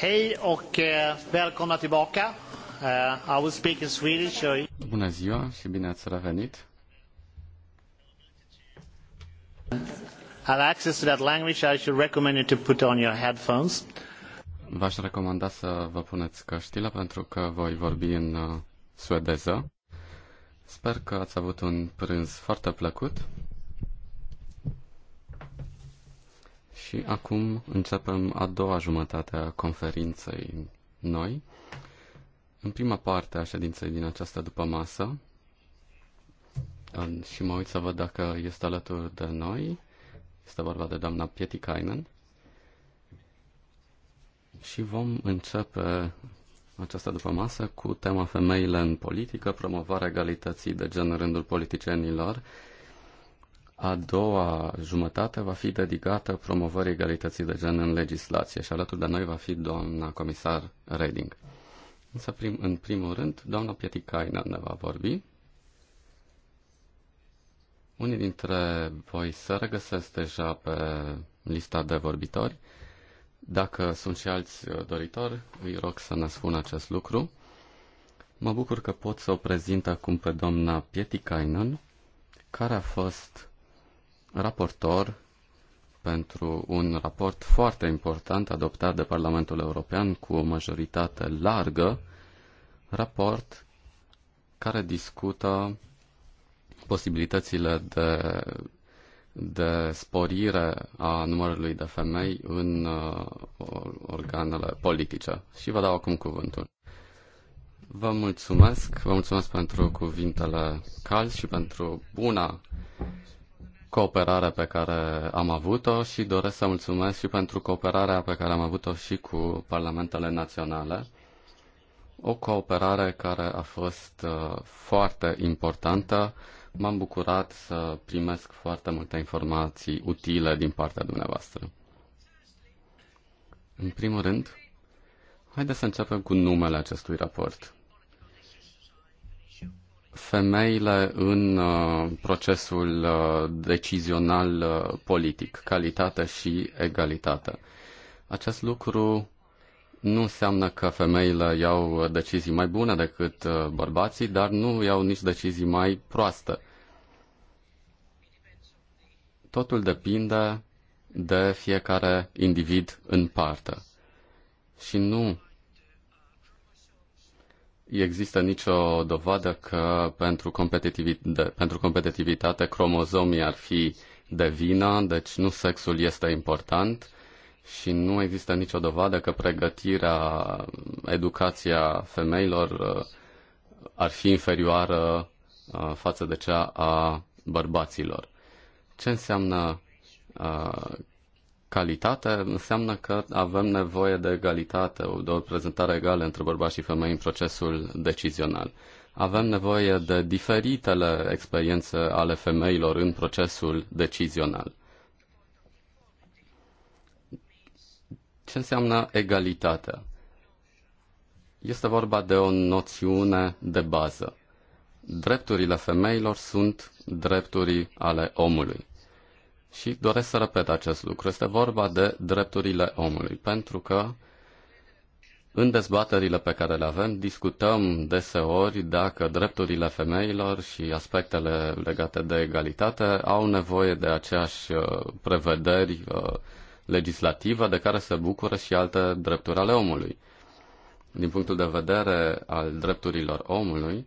Hej och eh, välkomna tillbaka. Uh, I will speak in Swedish. Bună ziua și bine ați revenit. Have access to that language, I should recommend you to put on your headphones. V-aș recomanda să vă puneți căștile pentru că voi vorbi în uh, suedeză. Sper că ați avut un prânz foarte plăcut. Și acum începem a doua jumătate a conferinței noi. În prima parte a ședinței din această după masă, și mă uit să văd dacă este alături de noi, este vorba de doamna Pietikainen, și vom începe această după masă cu tema femeile în politică, promovarea egalității de gen în rândul politicienilor. A doua jumătate va fi dedicată promovării egalității de gen în legislație și alături de noi va fi doamna comisar Reding. Însă, prim, în primul rând, doamna Pieticaina ne va vorbi. Unii dintre voi se regăsesc deja pe lista de vorbitori. Dacă sunt și alți uh, doritori, îi rog să ne acest lucru. Mă bucur că pot să o prezint acum pe doamna Pietikainen, care a fost raportor pentru un raport foarte important adoptat de Parlamentul European cu o majoritate largă, raport care discută posibilitățile de de sporire a numărului de femei în uh, organele politice. Și vă dau acum cuvântul. Vă mulțumesc, vă mulțumesc pentru cuvintele calzi și pentru buna cooperare pe care am avut-o și doresc să mulțumesc și pentru cooperarea pe care am avut-o și cu parlamentele naționale. O cooperare care a fost uh, foarte importantă M-am bucurat să primesc foarte multe informații utile din partea dumneavoastră. În primul rând, haideți să începem cu numele acestui raport. Femeile în uh, procesul uh, decizional uh, politic, calitate și egalitate. Acest lucru nu înseamnă că femeile iau decizii mai bune decât uh, bărbații, dar nu iau nici decizii mai proaste. Totul depinde de fiecare individ în parte. Și nu există nicio dovadă că pentru, competitivitate, pentru competitivitate cromozomii ar fi de vină, deci nu sexul este important și nu există nicio dovadă că pregătirea, educația femeilor uh, ar fi inferioară uh, față de cea a bărbaților. Ce înseamnă uh, calitate? Înseamnă că avem nevoie de egalitate, de o reprezentare egală între bărbați și femei în procesul decizional. Avem nevoie de diferitele experiențe ale femeilor în procesul decizional. Ce înseamnă egalitatea? Este vorba de o noțiune de bază drepturile femeilor sunt drepturi ale omului. Și doresc să repet acest lucru. Este vorba de drepturile omului, pentru că în dezbaterile pe care le avem discutăm deseori dacă drepturile femeilor și aspectele legate de egalitate au nevoie de aceeași uh, prevederi uh, legislative de care se bucură și alte drepturi ale omului. Din punctul de vedere al drepturilor omului,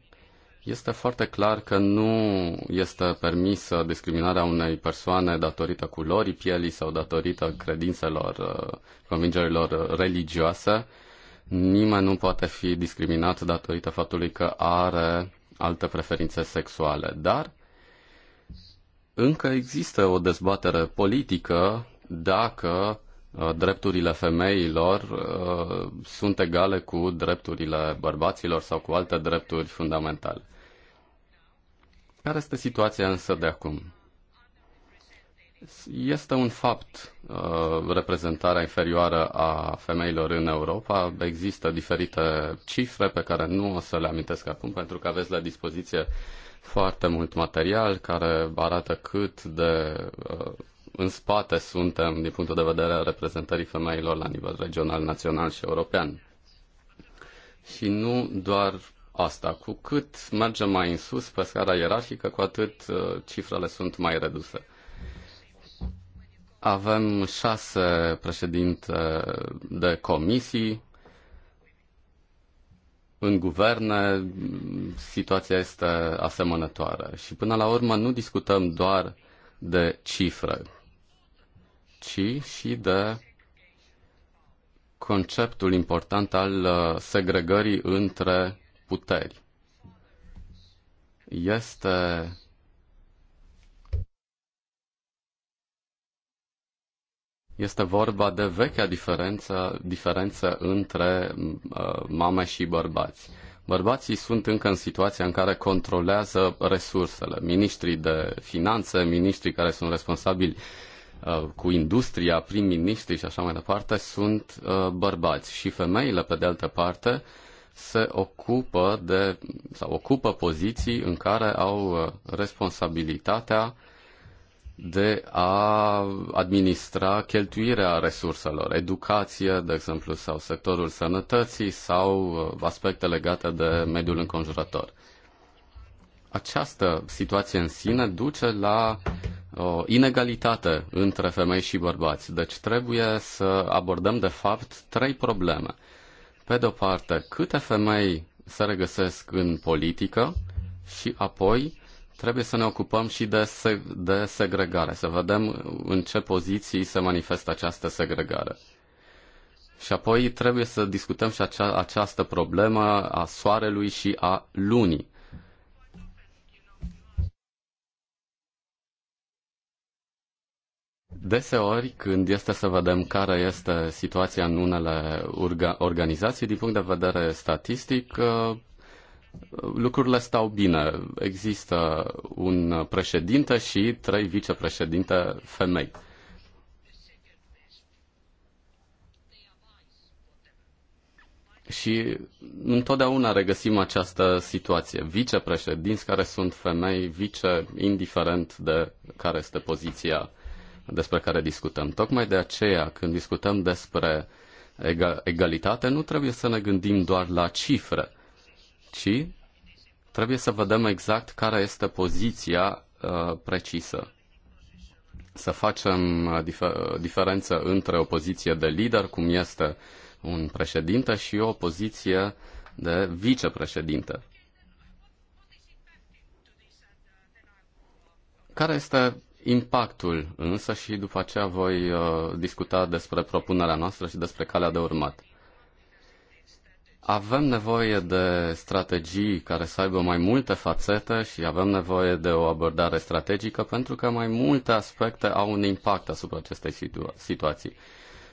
este foarte clar că nu este permisă discriminarea unei persoane datorită culorii pielii sau datorită credințelor, uh, convingerilor religioase. Nimeni nu poate fi discriminat datorită faptului că are alte preferințe sexuale. Dar încă există o dezbatere politică dacă uh, drepturile femeilor uh, sunt egale cu drepturile bărbaților sau cu alte drepturi fundamentale. Care este situația însă de acum? Este un fapt uh, reprezentarea inferioară a femeilor în Europa. Există diferite cifre pe care nu o să le amintesc acum pentru că aveți la dispoziție foarte mult material care arată cât de uh, în spate suntem din punctul de vedere al reprezentării femeilor la nivel regional, național și european. Și nu doar asta. Cu cât mergem mai în sus pe scara ierarhică, cu atât uh, cifrele sunt mai reduse. Avem șase președinte de comisii. În guverne situația este asemănătoare și până la urmă nu discutăm doar de cifre, ci și de conceptul important al uh, segregării între puteri. Este Este vorba de vechea diferență, diferență între uh, mame și bărbați. Bărbații sunt încă în situația în care controlează resursele. Ministrii de finanțe, ministrii care sunt responsabili uh, cu industria, prim-ministri și așa mai departe, sunt uh, bărbați. Și femeile, pe de altă parte, uh, se ocupă de sau ocupă poziții în care au uh, responsabilitatea de a administra cheltuirea resurselor, educație, de exemplu, sau sectorul sănătății sau uh, aspecte legate de mediul înconjurător. Această situație în sine duce la o inegalitate între femei și bărbați. Deci trebuie să abordăm, de fapt, trei probleme – pe de-o parte, câte femei se regăsesc în politică și apoi trebuie să ne ocupăm și de, se- de segregare, să vedem în ce poziții se manifestă această segregare. Și apoi trebuie să discutăm și acea- această problemă a soarelui și a lunii. Deseori, când este să vedem care este situația în unele organizații, din punct de vedere statistic, uh, lucrurile stau bine. Există un președinte și trei vicepreședinte femei. Și întotdeauna regăsim această situație. Vicepreședinți care sunt femei, vice, indiferent de care este poziția despre care discutăm. Tocmai de aceea, când discutăm despre egalitate, nu trebuie să ne gândim doar la cifre, ci trebuie să vedem exact care este poziția uh, precisă. Să facem uh, difer- uh, diferență între o poziție de lider, cum este un președinte, și o poziție de vicepreședinte. Care este impactul însă și după aceea voi uh, discuta despre propunerea noastră și despre calea de urmat. Avem nevoie de strategii care să aibă mai multe fațete și avem nevoie de o abordare strategică pentru că mai multe aspecte au un impact asupra acestei situa- situații.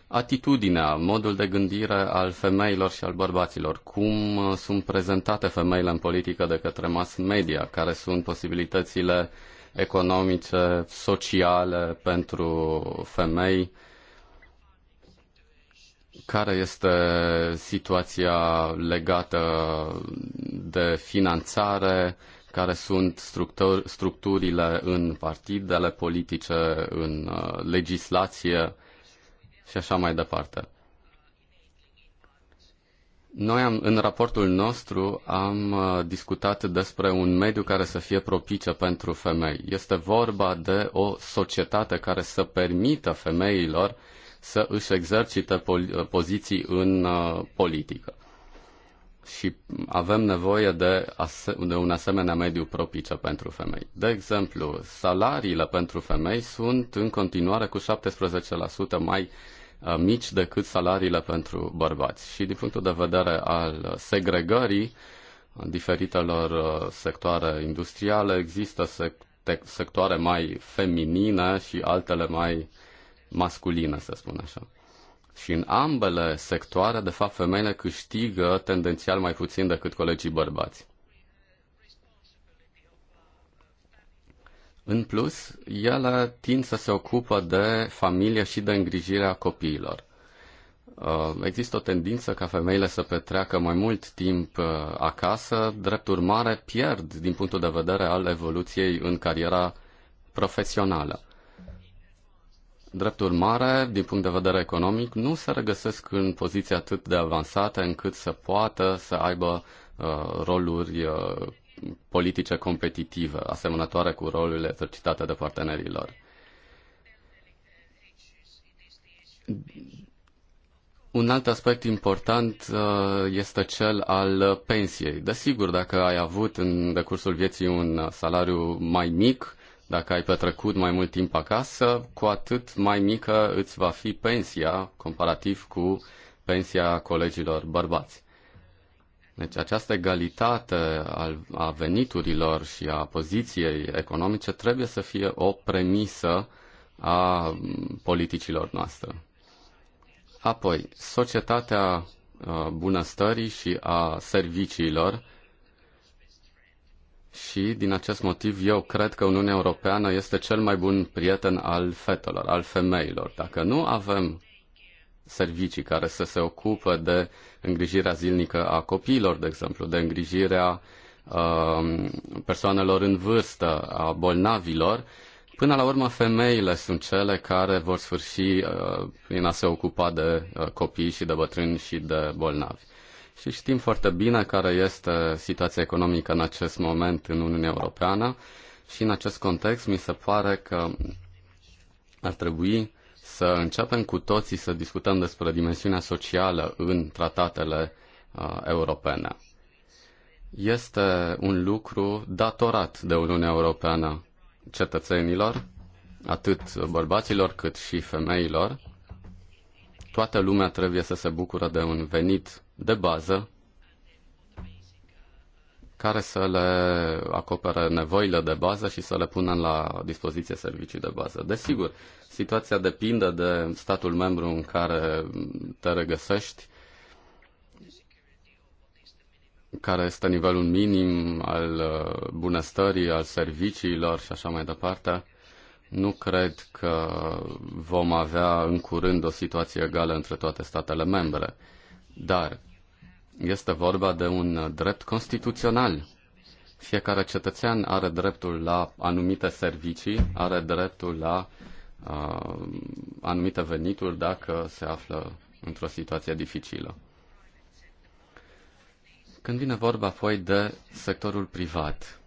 Atitudinea, modul de gândire al femeilor și al bărbaților, cum sunt prezentate femeile în politică de către mass media, care sunt posibilitățile uh, economice, sociale pentru femei, care este situația legată de finanțare, care sunt structurile în partidele politice, în uh, legislație și așa mai departe. Noi am, în raportul nostru am uh, discutat despre un mediu care să fie propice pentru femei. Este vorba de o societate care să permită femeilor să își exercite uh, poziții în uh, politică. Și avem nevoie de, de un asemenea mediu propice pentru femei. De exemplu, salariile pentru femei sunt în continuare cu 17% mai uh, Uh, mici decât salariile pentru bărbați. Și din punctul de vedere al segregării uh, diferitelor uh, sectoare industriale, există sectoare mai feminine și altele mai masculine, să spun așa. Și în ambele sectoare, de fapt, femeile câștigă tendențial mai puțin decât colegii bărbați. În plus, ele tind să se ocupă de familie și de îngrijirea copiilor. Uh, există o tendință ca femeile să petreacă mai mult timp uh, acasă, drept urmare pierd din punctul de vedere al evoluției în cariera profesională. Drept urmare, din punct de vedere economic, nu se regăsesc în poziții atât de avansate încât să poată să aibă uh, roluri uh, politice competitive, asemănătoare cu rolul exercitate de partenerilor. Un alt aspect important uh, este cel al pensiei. Desigur, dacă ai avut în decursul vieții un salariu mai mic, dacă ai petrecut mai mult timp acasă, cu atât mai mică îți va fi pensia comparativ cu pensia colegilor bărbați. Deci această egalitate a veniturilor și a poziției economice trebuie să fie o premisă a politicilor noastre. Apoi, societatea uh, bunăstării și a serviciilor și din acest motiv eu cred că Uniunea Europeană este cel mai bun prieten al fetelor, al femeilor. Dacă nu avem servicii care să se ocupe de îngrijirea zilnică a copiilor, de exemplu, de îngrijirea uh, persoanelor în vârstă, a bolnavilor. Până la urmă, femeile sunt cele care vor sfârși uh, prin a se ocupa de uh, copii și de bătrâni și de bolnavi. Și știm foarte bine care este situația economică în acest moment în Uniunea Europeană și în acest context mi se pare că ar trebui să începem cu toții să discutăm despre dimensiunea socială în tratatele uh, europene. Este un lucru datorat de Uniunea Europeană cetățenilor, atât bărbaților cât și femeilor. Toată lumea trebuie să se bucură de un venit de bază care să le acopere nevoile de bază și să le pună la dispoziție servicii de bază. Desigur, situația depinde de statul membru în care te regăsești, care este nivelul minim al uh, bunăstării, al serviciilor și așa mai departe. Nu cred că vom avea în curând o situație egală între toate statele membre, dar este vorba de un drept constituțional. Fiecare cetățean are dreptul la anumite servicii, are dreptul la uh, anumite venituri dacă se află într-o situație dificilă. Când vine vorba apoi de sectorul privat,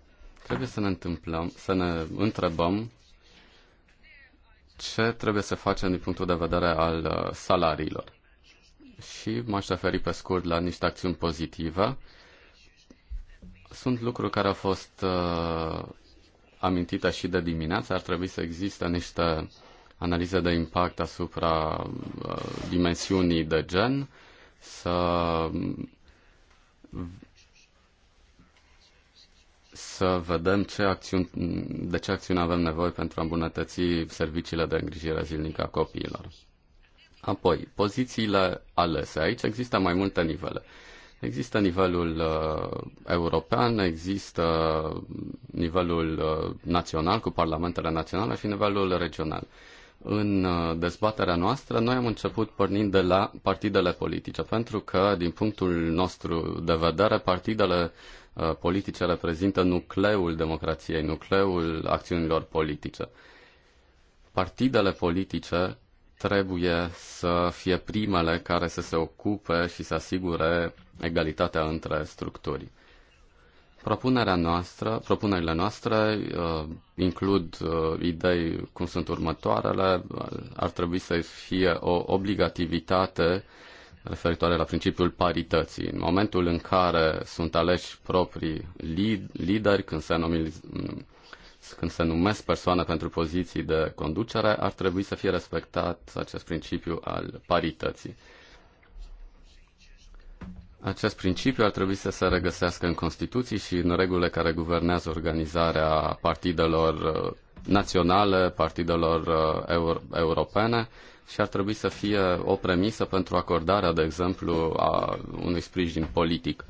trebuie să ne întâmplăm, să ne întrebăm ce trebuie să facem din punctul de vedere al uh, salariilor și m-aș referi pe scurt la niște acțiuni pozitive. Sunt lucruri care au fost uh, amintite și de dimineață. Ar trebui să existe niște analize de impact asupra uh, dimensiunii de gen, să să vedem ce acțiuni, de ce acțiuni avem nevoie pentru a îmbunătăți serviciile de îngrijire zilnică a copiilor. Apoi, pozițiile alese. Aici există mai multe nivele. Există nivelul uh, european, există nivelul uh, național cu parlamentele naționale și nivelul regional. În uh, dezbaterea noastră, noi am început pornind de la partidele politice, pentru că, din punctul nostru de vedere, partidele uh, politice reprezintă nucleul democrației, nucleul acțiunilor politice. Partidele politice trebuie să fie primele care să se ocupe și să asigure egalitatea între structuri. Propunerea noastră, propunerile noastre uh, includ uh, idei cum sunt următoarele. Ar trebui să fie o obligativitate referitoare la principiul parității. În momentul în care sunt aleși proprii lideri, când se când se numesc persoane pentru poziții de conducere, ar trebui să fie respectat acest principiu al parității. Acest principiu ar trebui să se regăsească în Constituții și în regulile care guvernează organizarea partidelor uh, naționale, partidelor uh, euro- europene și ar trebui să fie o premisă pentru acordarea, de exemplu, a unui sprijin politic.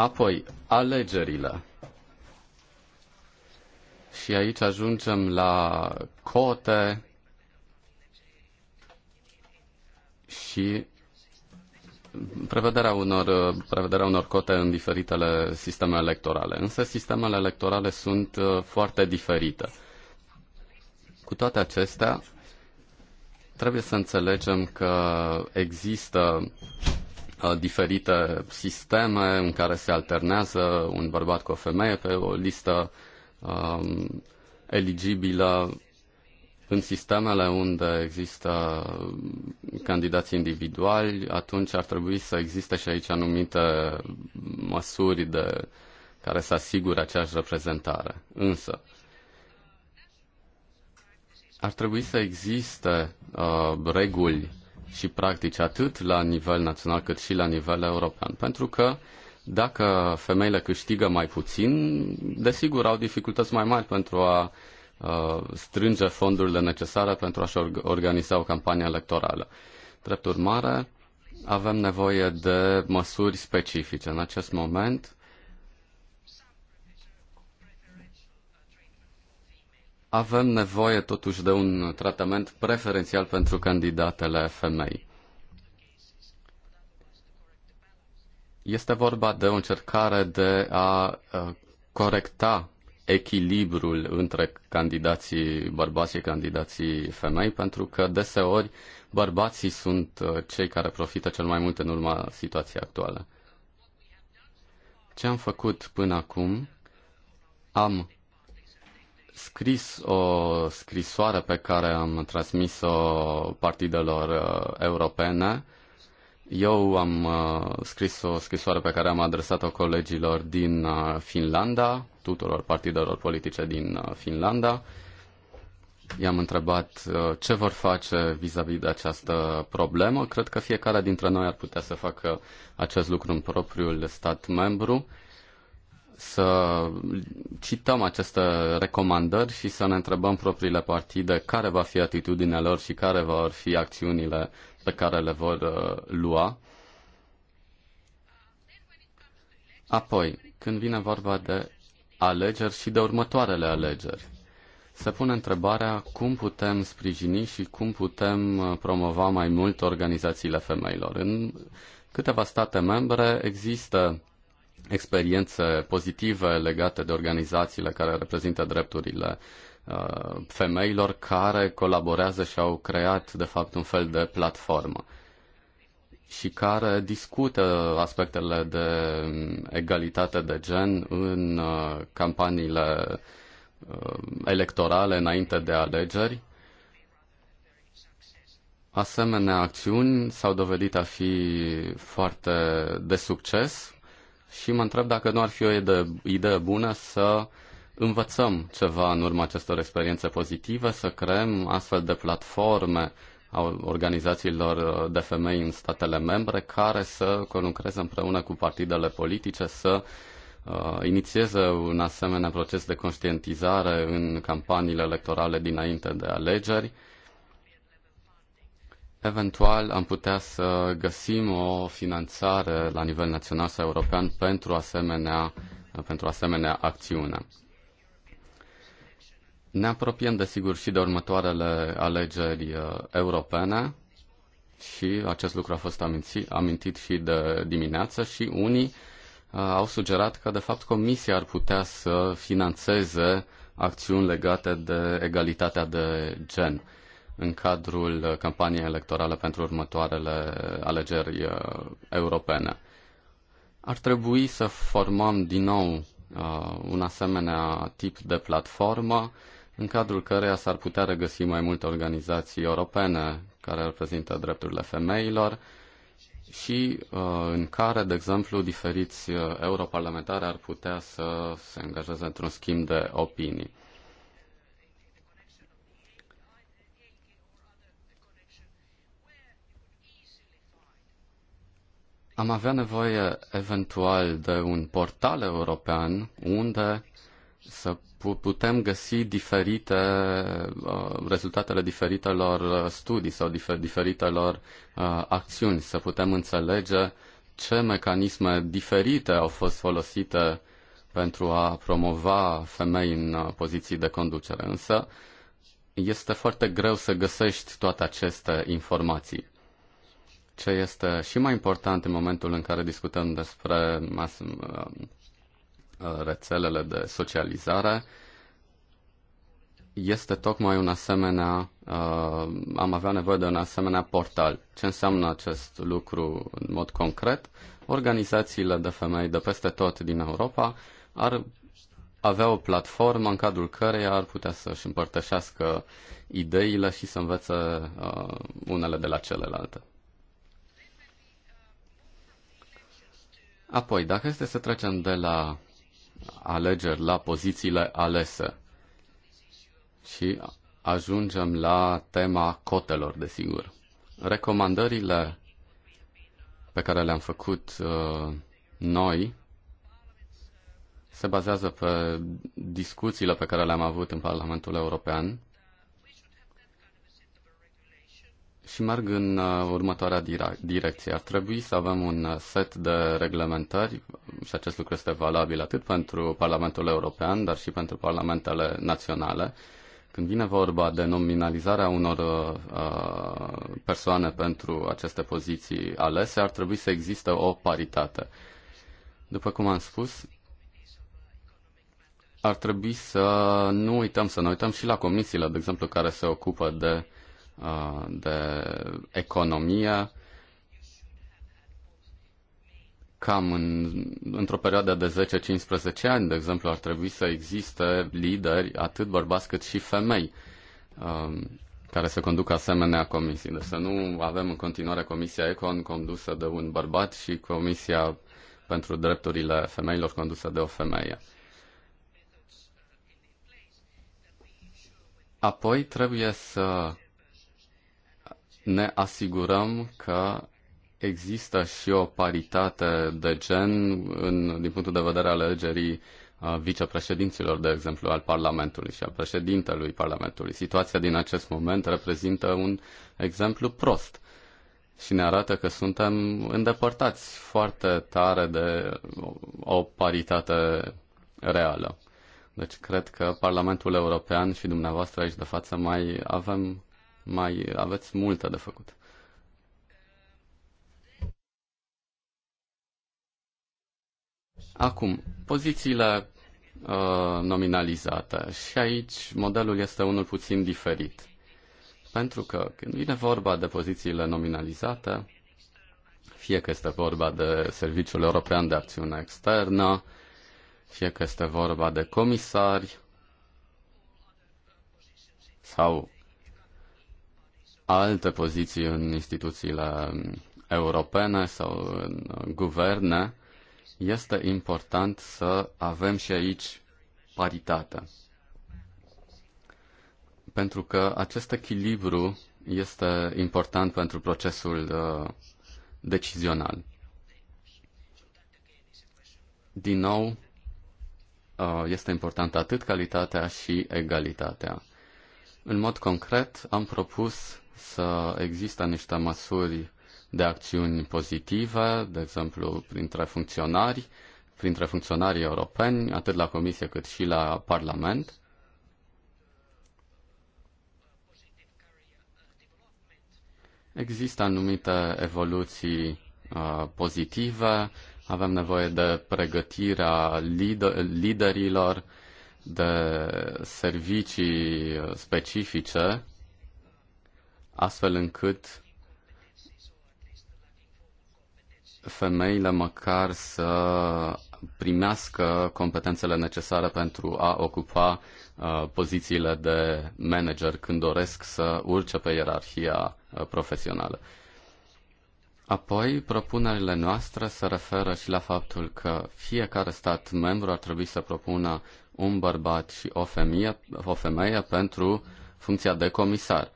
Apoi, alegerile. Și aici ajungem la cote și prevederea unor, prevederea unor cote în diferitele sisteme electorale. Însă sistemele electorale sunt uh, foarte diferite. Cu toate acestea, trebuie să înțelegem că există Uh, diferite sisteme în care se alternează un bărbat cu o femeie pe o listă um, eligibilă în sistemele unde există candidați individuali, atunci ar trebui să existe și aici anumite măsuri de, care să asigure aceeași reprezentare. Însă, ar trebui să existe uh, reguli și practici atât la nivel național cât și la nivel european. Pentru că dacă femeile câștigă mai puțin, desigur au dificultăți mai mari pentru a uh, strânge fondurile necesare pentru a-și organiza o campanie electorală. Drept urmare, avem nevoie de măsuri specifice. În acest moment, avem nevoie totuși de un tratament preferențial pentru candidatele femei. Este vorba de o încercare de a corecta echilibrul între candidații bărbați și candidații femei, pentru că deseori bărbații sunt uh, cei care profită cel mai mult în urma situației actuale. Ce am făcut până acum? Am scris o scrisoare pe care am transmis-o partidelor uh, europene. Eu am uh, scris o scrisoare pe care am adresat-o colegilor din uh, Finlanda, tuturor partidelor politice din Finlanda. I-am întrebat ce vor face vis-a-vis -vis de această problemă. Cred că fiecare dintre noi ar putea să facă acest lucru în propriul stat membru să cităm aceste recomandări și să ne întrebăm propriile partide care va fi atitudinea lor și care vor fi acțiunile pe care le vor uh, lua. Apoi, când vine vorba de alegeri și de următoarele alegeri, se pune întrebarea cum putem sprijini și cum putem uh, promova mai mult organizațiile femeilor. În câteva state membre există experiențe pozitive legate de organizațiile care reprezintă drepturile uh, femeilor care colaborează și au creat, de fapt, un fel de platformă și care discută aspectele de egalitate de gen în uh, campaniile uh, electorale înainte de alegeri. Asemenea acțiuni s-au dovedit a fi foarte de succes și mă întreb dacă nu ar fi o idee, idee bună să învățăm ceva în urma acestor experiențe pozitive, să creăm astfel de platforme a organizațiilor de femei în statele membre care să conlucreze împreună cu partidele politice, să uh, inițieze un asemenea proces de conștientizare în campaniile electorale dinainte de alegeri Eventual am putea să găsim o finanțare la nivel național sau european pentru asemenea, pentru asemenea acțiune. Ne apropiem, desigur, și de următoarele alegeri uh, europene și acest lucru a fost amintit, amintit și de dimineață și unii uh, au sugerat că, de fapt, Comisia ar putea să financeze acțiuni legate de egalitatea de gen în cadrul campaniei electorale pentru următoarele alegeri uh, europene. Ar trebui să formăm din nou uh, un asemenea tip de platformă în cadrul căreia s-ar putea regăsi mai multe organizații europene care reprezintă drepturile femeilor și uh, în care, de exemplu, diferiți europarlamentari ar putea să se angajeze într-un schimb de opinii. Am avea nevoie eventual de un portal european unde să putem găsi diferite uh, rezultatele diferitelor uh, studii sau diferitelor uh, acțiuni, să putem înțelege ce mecanisme diferite au fost folosite pentru a promova femei în poziții de conducere. Însă este foarte greu să găsești toate aceste informații ce este și mai important în momentul în care discutăm despre mas- uh, uh, rețelele de socializare este tocmai un asemenea, uh, am avea nevoie de un asemenea portal. Ce înseamnă acest lucru în mod concret? Organizațiile de femei de peste tot din Europa ar avea o platformă în cadrul căreia ar putea să-și împărtășească ideile și să învețe uh, unele de la celelalte. Apoi, dacă este să trecem de la alegeri la pozițiile alese și ajungem la tema cotelor, desigur. Recomandările pe care le-am făcut uh, noi se bazează pe discuțiile pe care le-am avut în Parlamentul European și merg în uh, următoarea direcție. Ar trebui să avem un uh, set de reglementări și acest lucru este valabil atât pentru Parlamentul European, dar și pentru parlamentele naționale. Când vine vorba de nominalizarea unor uh, uh persoane pentru aceste poziții alese, ar trebui să existe o paritate. După cum am spus, ar trebui să nu uităm, să ne uităm și la comisiile, de exemplu, care se ocupă de uh, de economie, cam în, într-o perioadă de 10-15 ani, de exemplu, ar trebui să existe lideri, atât bărbați cât și femei, um, care să conducă asemenea comisii. Deci să nu avem în continuare Comisia Econ condusă de un bărbat și Comisia pentru drepturile femeilor condusă de o femeie. Apoi trebuie să ne asigurăm că există și o paritate de gen în, din punctul de vedere al alegerii vicepreședinților, de exemplu, al Parlamentului și al președintelui Parlamentului. Situația din acest moment reprezintă un exemplu prost și ne arată că suntem îndepărtați foarte tare de o paritate reală. Deci cred că Parlamentul European și dumneavoastră aici de față mai avem mai aveți multe de făcut. Acum, pozițiile uh, nominalizate. Și aici modelul este unul puțin diferit. Pentru că când vine vorba de pozițiile nominalizate, fie că este vorba de Serviciul European de Acțiune Externă, fie că este vorba de comisari sau alte poziții în instituțiile europene sau în guverne, este important să avem și aici paritate. Pentru că acest echilibru este important pentru procesul uh, decizional. Din nou, uh, este importantă atât calitatea și egalitatea. În mod concret, am propus să existe niște măsuri de acțiuni pozitive, de exemplu, printre funcționari, printre funcționarii europeni, atât la Comisie cât și la Parlament. Există anumite evoluții uh, pozitive, avem nevoie de pregătirea lider- liderilor, de servicii specifice astfel încât femeile măcar să primească competențele necesare pentru a ocupa uh, pozițiile de manager când doresc să urce pe ierarhia uh, profesională. Apoi, propunerile noastre se referă și la faptul că fiecare stat membru ar trebui să propună un bărbat și o femeie, o femeie pentru funcția de comisar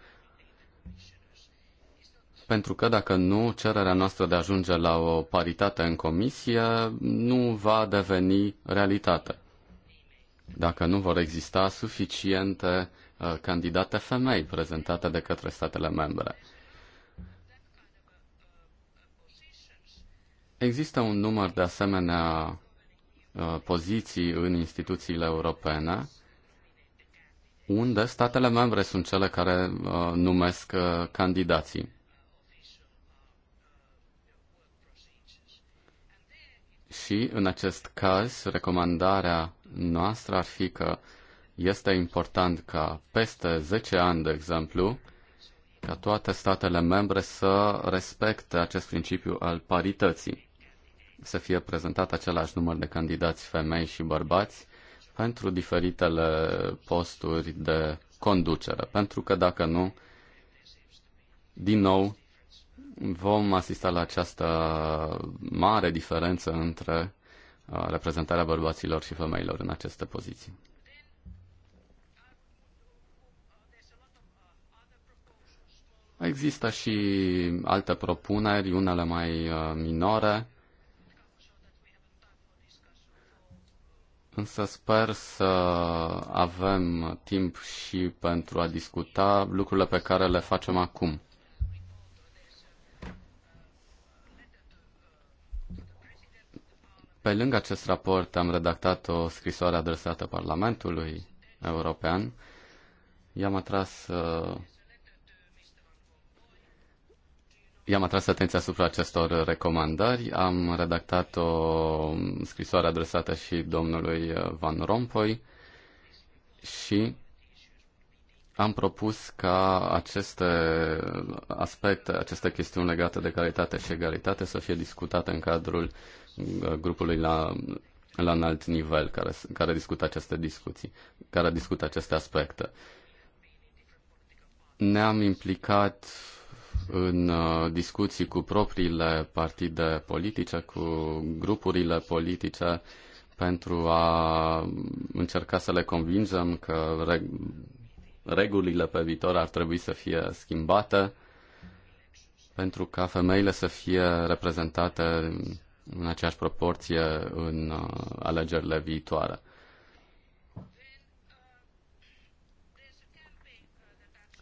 pentru că dacă nu, cererea noastră de a ajunge la o paritate în comisie nu va deveni realitate. Dacă nu vor exista suficiente uh, candidate femei prezentate de către statele membre. Există un număr de asemenea uh, poziții în instituțiile europene unde statele membre sunt cele care uh, numesc uh, candidații. Și, în acest caz, recomandarea noastră ar fi că este important ca peste 10 ani, de exemplu, ca toate statele membre să respecte acest principiu al parității, să fie prezentat același număr de candidați femei și bărbați pentru diferitele posturi de conducere, pentru că dacă nu, din nou, vom asista la această mare diferență între uh, reprezentarea bărbaților și femeilor în aceste poziții. Există și alte propuneri, unele mai uh, minore, însă sper să avem timp și pentru a discuta lucrurile pe care le facem acum. Pe lângă acest raport am redactat o scrisoare adresată Parlamentului European. I-am atras uh, I-am atras atenția asupra acestor recomandări. Am redactat o scrisoare adresată și domnului uh, Van Rompuy și am propus ca aceste aspecte, aceste chestiuni legate de calitate și egalitate să fie discutate în cadrul grupului la, la un alt nivel care, care discută aceste discuții, care discută aceste aspecte. Ne-am implicat în uh, discuții cu propriile partide politice, cu grupurile politice, pentru a încerca să le convingem că regulile pe viitor ar trebui să fie schimbate pentru ca femeile să fie reprezentate în aceeași proporție în uh, alegerile viitoare.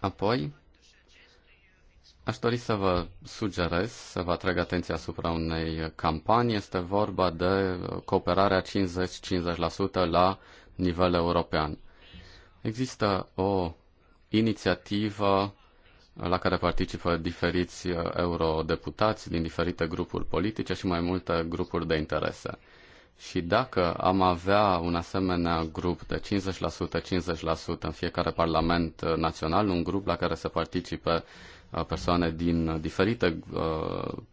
Apoi, aș dori să vă sugerez, să vă atrag atenția asupra unei campanii. Este vorba de cooperarea 50-50% la nivel european. Există o inițiativă la care participă diferiți uh, eurodeputați din diferite grupuri politice și mai multe grupuri de interese. Și dacă am avea un asemenea grup de 50%-50% în fiecare parlament uh, național, un grup la care să participe uh, persoane din diferite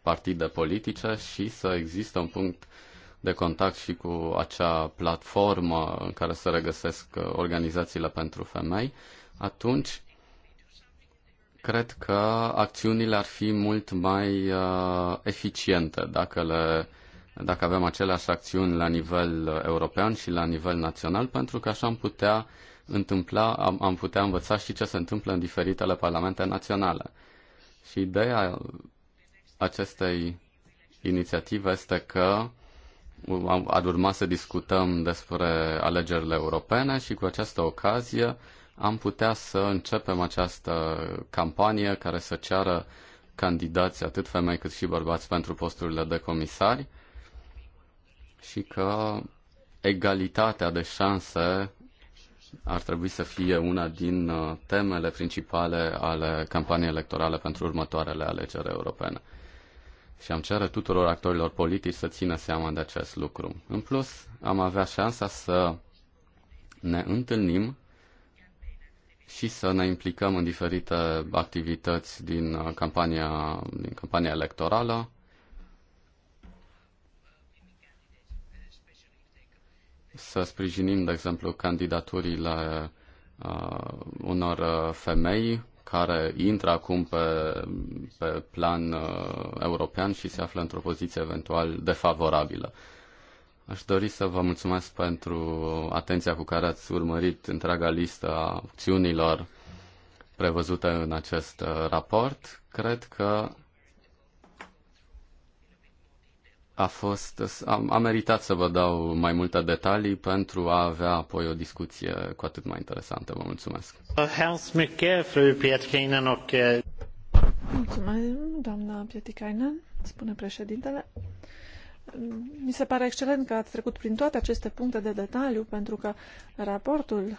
partide politice și să există un punct de contact și cu acea platformă în care se regăsesc organizațiile pentru femei, atunci cred că acțiunile ar fi mult mai uh, eficiente dacă, le, dacă avem aceleași acțiuni la nivel uh, european și la nivel național, pentru că așa am putea întâmpla, am, am putea învăța și ce se întâmplă în diferitele parlamente naționale. Și ideea acestei inițiative este că ar urma să discutăm despre alegerile europene și cu această ocazie uh, am putea să începem această campanie care să ceară candidați, atât femei cât și bărbați, pentru posturile de comisari și că egalitatea de șanse ar trebui să fie una din uh, temele principale ale campaniei electorale pentru următoarele alegeri europene. Și am cere tuturor actorilor politici să țină seama de acest lucru. În plus, am avea șansa să ne întâlnim și să ne implicăm în diferite activități din uh, campania, din campania electorală. Să sprijinim, de exemplu, candidaturile uh, unor uh, femei care intră acum pe, pe plan uh, european și se află într-o poziție eventual defavorabilă. Uh, Aș dori să vă mulțumesc pentru atenția cu care ați urmărit întreaga listă a opțiunilor prevăzute în acest uh, raport. Cred că a fost, a, a meritat să vă dau mai multe detalii pentru a avea apoi o discuție cu atât mai interesantă. Vă mulțumesc. Eh, mulțumesc, doamna Pietikainen, spune președintele. Mi se pare excelent că ați trecut prin toate aceste puncte de detaliu, pentru că raportul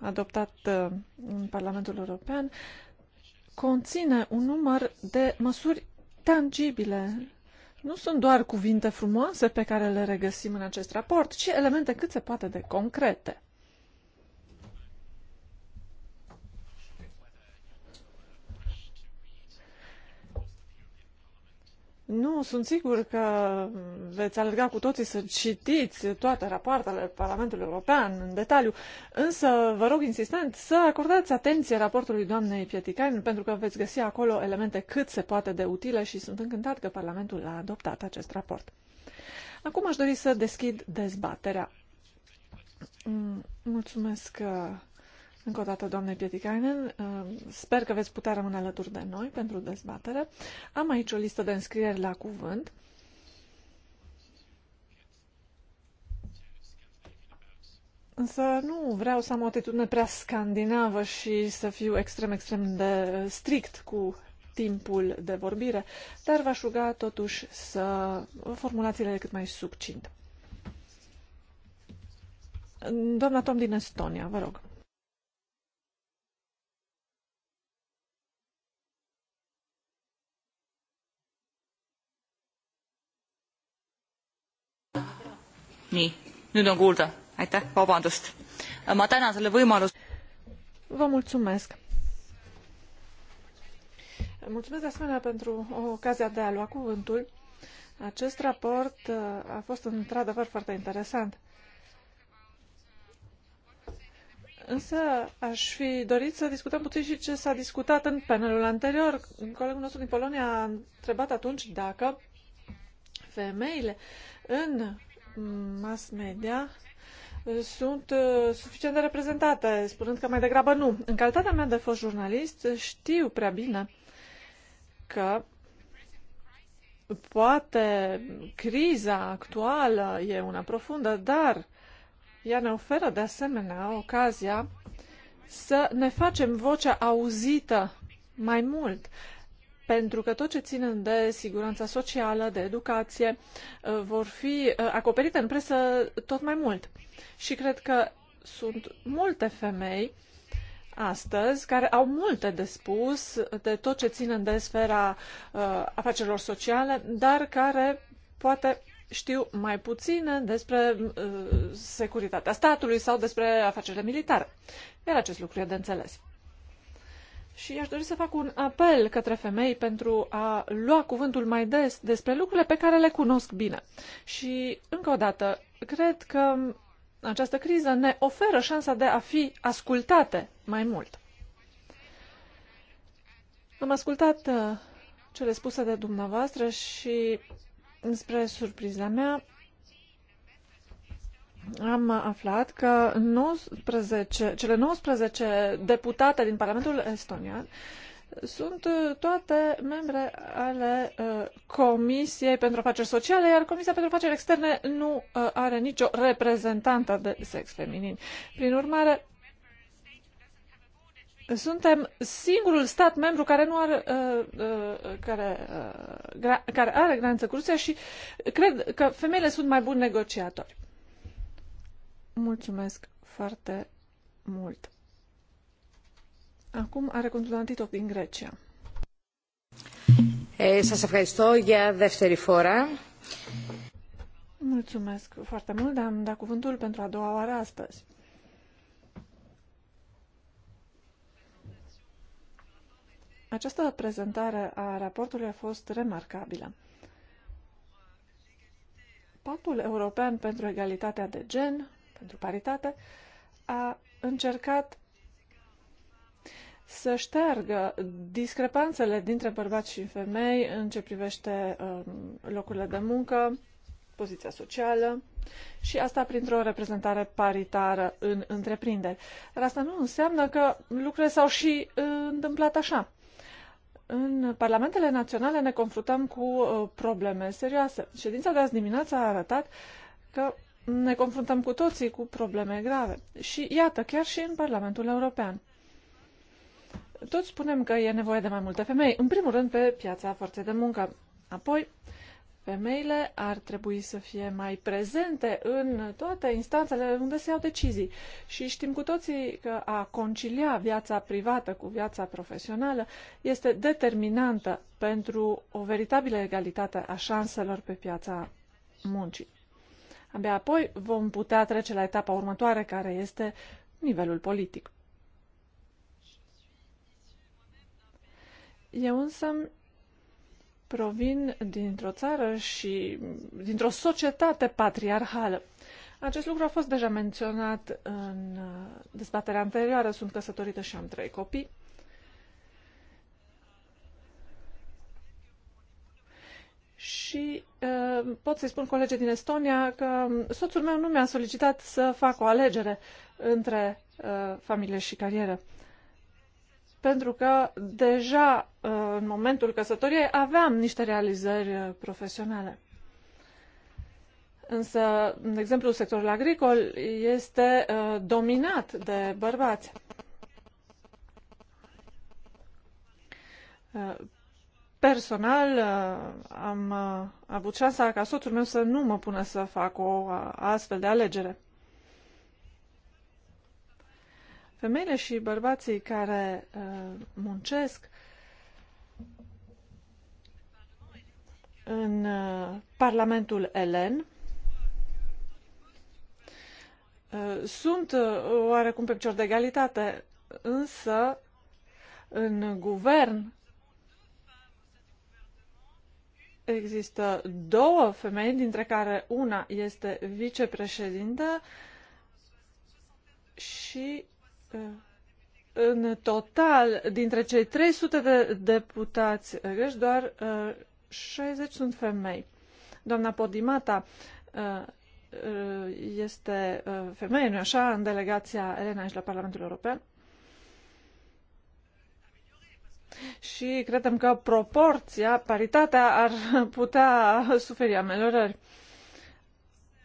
adoptat uh, în Parlamentul European conține un număr de măsuri tangibile. Nu sunt doar cuvinte frumoase pe care le regăsim în acest raport, ci elemente cât se poate de concrete. Nu, sunt sigur că veți alerga cu toții să citiți toate rapoartele Parlamentului European în detaliu, însă vă rog insistent să acordați atenție raportului doamnei Pieticainen, pentru că veți găsi acolo elemente cât se poate de utile și sunt încântat că Parlamentul a adoptat acest raport. Acum aș dori să deschid dezbaterea. Mm, mulțumesc uh, încă o dată, doamne Pietikainen, uh, sper că veți putea rămâne alături de noi pentru dezbatere. Am aici o listă de înscrieri la cuvânt. Însă nu vreau să am o atitudine prea scandinavă și să fiu extrem, extrem de strict cu timpul de vorbire, dar v-aș ruga totuși să formulațiile cât mai succint. Doamna Tom din Estonia, vă rog. nii nüüd on kuulda aitäh vabandust ma tänan selle võimaluse Vă mulțumesc. Mulțumesc de asemenea pentru ocazia de a lua cuvântul. Acest raport uh, a fost într-adevăr foarte interesant. Însă aș fi dorit să discutăm puțin și ce s-a discutat în panelul anterior. Colegul nostru din Polonia a întrebat atunci dacă femeile în mass media uh, sunt uh, suficient de reprezentate, spunând că mai degrabă nu. În calitatea mea de fost jurnalist, știu prea bine că poate criza actuală e una profundă, dar ea ne oferă de asemenea ocazia să ne facem vocea auzită mai mult, pentru că tot ce ține de siguranța socială, de educație, uh, vor fi uh, acoperite în presă tot mai mult. Și cred că sunt multe femei astăzi care au multe de spus de tot ce ține de sfera uh, afacerilor sociale, dar care poate știu mai puține despre uh, securitatea statului sau despre afacerile militare. Iar acest lucru e de înțeles. Și aș dori să fac un apel către femei pentru a lua cuvântul mai des despre lucrurile pe care le cunosc bine. Și, încă o dată, cred că această criză ne oferă șansa de a fi ascultate mai mult. Am ascultat uh, cele spuse de dumneavoastră și, spre surpriza mea, am aflat că 19, cele 19 deputate din Parlamentul Estonian sunt uh, toate membre ale uh, Comisiei pentru Afaceri Sociale, iar Comisia pentru Afaceri Externe nu uh, are nicio reprezentantă de sex feminin. Prin urmare, suntem singurul stat membru care nu are, uh, uh, care, uh, gra, care are graniță cu Rusia și cred că femeile sunt mai buni negociatori. Mulțumesc foarte mult. Acum are cuvântul Antitop din Grecia. Σας ευχαριστώ για δεύτερη φορά. Mulțumesc foarte mult, dar am dat cuvântul pentru a doua oară astăzi. Această prezentare a raportului a fost remarcabilă. Pactul European pentru Egalitatea de Gen pentru paritate a încercat să șteargă discrepanțele dintre bărbați și femei în ce privește um, locurile de muncă, poziția socială și asta printr-o reprezentare paritară în întreprinderi. Dar asta nu înseamnă că lucrurile s-au și întâmplat așa. În parlamentele naționale ne confruntăm cu uh, probleme serioase. Ședința de azi dimineață a arătat că ne confruntăm cu toții cu probleme grave. Și iată, chiar și în Parlamentul European. Toți spunem că e nevoie de mai multe femei, în primul rând pe piața forței de muncă. Apoi, femeile ar trebui să fie mai prezente în toate instanțele unde se iau decizii. Și știm cu toții că a concilia viața privată cu viața profesională este determinantă pentru o veritabilă egalitate a șanselor pe piața muncii. Abia apoi vom putea trece la etapa următoare, care este nivelul politic. Eu însă provin dintr-o țară și dintr-o societate patriarhală. Acest lucru a fost deja menționat în uh, dezbaterea anterioară. Sunt căsătorită și am trei copii. și uh, pot să-i spun colegii din Estonia că soțul meu nu mi-a solicitat să fac o alegere între uh, familie și carieră. Pentru că deja uh, în momentul căsătoriei aveam niște realizări profesionale. Însă, de exemplu, sectorul agricol este dominat de bărbați. Personal, uh, am uh, avut șansa ca soțul meu să nu mă pună să fac o uh, astfel de alegere. Femeile și bărbații care muncesc în Parlamentul Elen sunt oarecum pe picior de egalitate, însă în guvern Există două femei, dintre care una este vicepreședintă și uh, în total, dintre cei 300 de deputați greși, doar 60 uh, sunt femei. Doamna Podimata uh, este femeie, nu așa, în delegația Elena și la Parlamentul European și credem că proporția, paritatea ar putea suferi ameliorări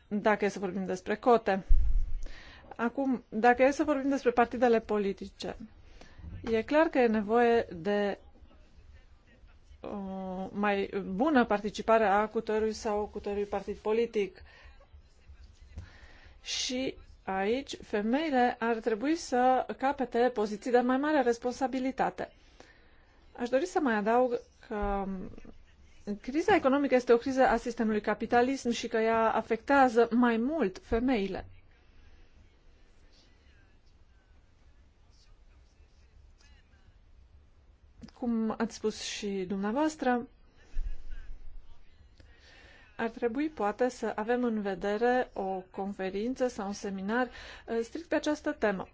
dacă e să vorbim despre cote. Acum, dacă e să vorbim despre partidele politice, e clar că e nevoie de o mai bună participare a cutărui sau cutărui partid politic. Și aici femeile ar trebui să capete poziții de mai mare responsabilitate. Aș dori să mai adaug că criza economică este o criză a sistemului capitalism și că ea afectează mai mult femeile. Cum ați spus și dumneavoastră, ar trebui poate să avem în vedere o conferință sau un seminar eh, strict pe această temă.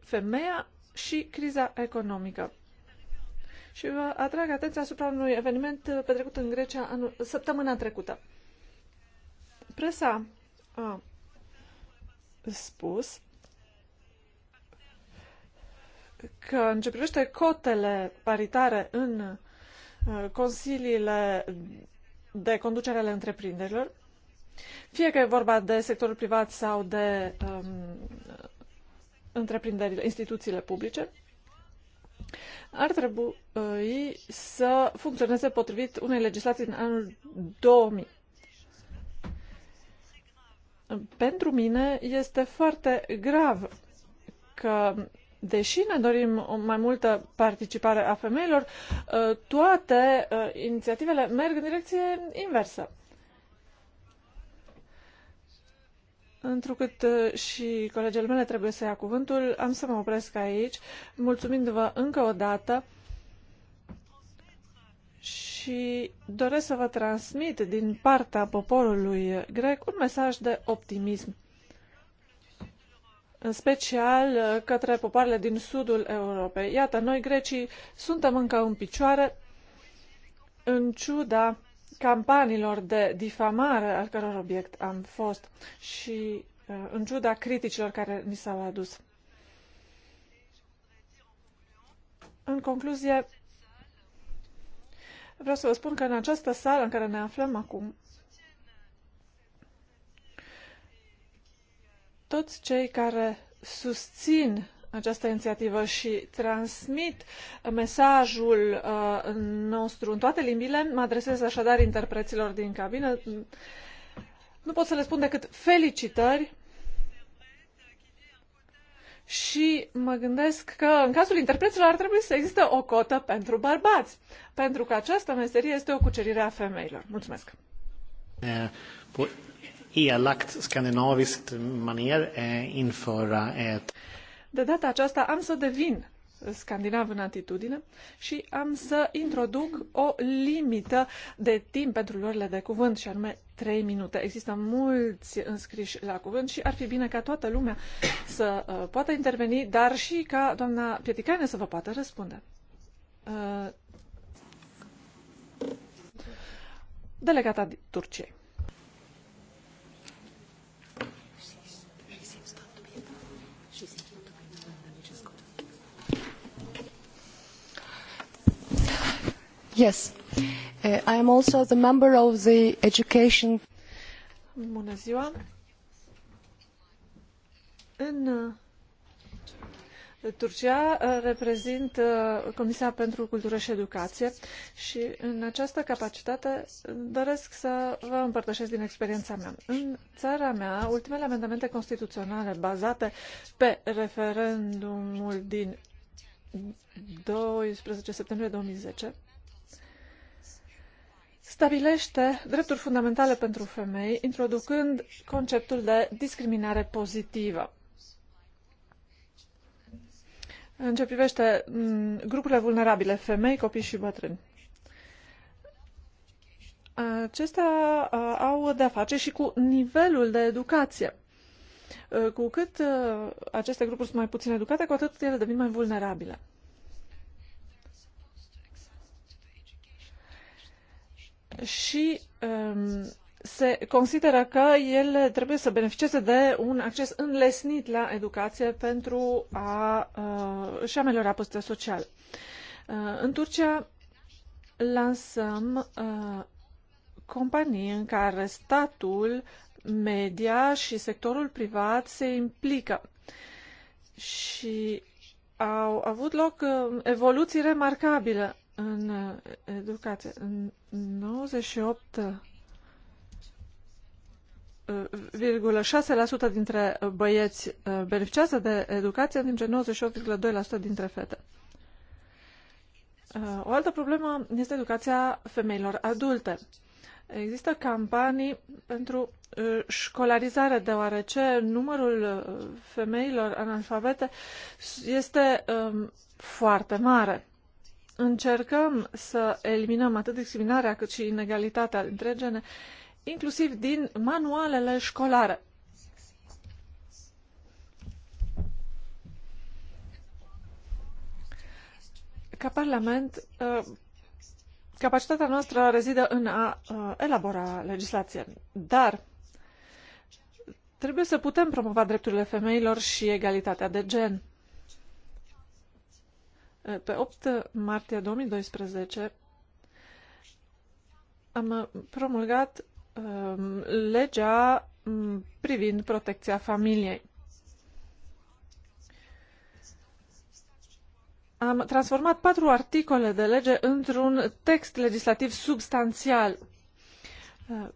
Femeia și criza economică și vă atrag atenția asupra unui eveniment petrecut în Grecia anul, săptămâna trecută. Presa a spus că în ce privește cotele paritare în uh, consiliile de conducere ale întreprinderilor, fie că e vorba de sectorul privat sau de um, întreprinderile, instituțiile publice, ar trebui uh, să funcționeze potrivit unei legislații din anul 2000. Pentru mine este foarte grav că, deși ne dorim o mai multă participare a femeilor, uh, toate uh, inițiativele merg în direcție inversă. Întrucât uh, și colegele mele trebuie să ia cuvântul, am să mă opresc aici, mulțumindu-vă încă o dată și doresc să vă transmit din partea poporului grec un mesaj de optimism, în special uh, către popoarele din sudul Europei. Iată, noi grecii suntem încă în picioare, în ciuda campaniilor de difamare al căror obiect am fost și uh, în ciuda criticilor care mi s-au adus. În concluzie, vreau să vă spun că în această sală în care ne aflăm acum, toți cei care susțin această inițiativă și transmit mesajul uh, nostru în toate limbile. Mă adresez așadar interpreților din cabină. Nu pot să le spun decât felicitări și mă gândesc că în cazul interpreților ar trebui să existe o cotă pentru bărbați, pentru că această meserie este o cucerire a femeilor. Mulțumesc! Eh, på elakt skandinaviskt maner eh, införa ett de data aceasta am să devin scandinav în atitudine și am să introduc o limită de timp pentru luările de cuvânt și anume 3 minute. Există mulți înscriși la cuvânt și ar fi bine ca toată lumea să uh, poată interveni, dar și ca doamna Pieticane să vă poată răspunde. Uh, delegata Turciei. Yes. Uh, I am also the member of the education. Bună ziua. În uh, Turcia uh, reprezint uh, Comisia pentru Cultură și Educație și în această capacitate doresc să vă împărtășesc din experiența mea. În țara mea, ultimele amendamente constituționale bazate pe referendumul din 12 septembrie 2010 stabilește drepturi fundamentale pentru femei, introducând conceptul de discriminare pozitivă. În ce privește mm, grupurile vulnerabile, femei, copii și bătrâni. Acestea au de-a face și cu nivelul de educație. Cu cât aceste grupuri sunt mai puțin educate, cu atât ele devin mai vulnerabile. și um, se consideră că ele trebuie să beneficieze de un acces înlesnit la educație pentru a uh, își ameliora poziția socială. Uh, în Turcia lansăm uh, companii în care statul, media și sectorul privat se implică și au avut loc uh, evoluții remarcabile în uh, educație. În 98 6% uh, dintre băieți uh, beneficiază de educație, în timp ce 98,2% dintre fete. O altă problemă este educația femeilor adulte. Există campanii pentru școlarizare, deoarece numărul femeilor analfabete este um, foarte mare încercăm să eliminăm atât discriminarea cât și inegalitatea dintre gene, inclusiv din manualele școlare. Ca Parlament, uh, capacitatea noastră rezidă în a uh, elabora legislație, dar trebuie să putem promova drepturile femeilor și egalitatea de gen. Pe 8 martie 2012 am promulgat um, legea um, privind protecția familiei. Am transformat patru articole de lege într-un text legislativ substanțial. Uh,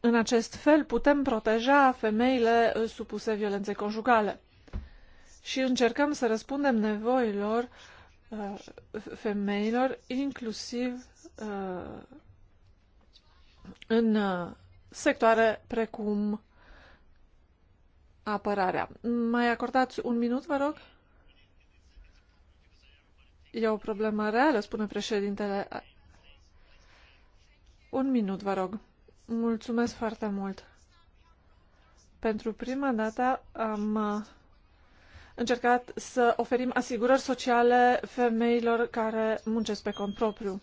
în acest fel putem proteja femeile supuse violenței conjugale și încercăm să răspundem nevoilor uh, femeilor, inclusiv uh, în uh, sectoare precum apărarea. Mai acordați un minut, vă rog? E o problemă reală, spune președintele. Un minut, vă rog. Mulțumesc foarte mult. Pentru prima dată am uh, încercat să oferim asigurări sociale femeilor care muncesc pe cont propriu.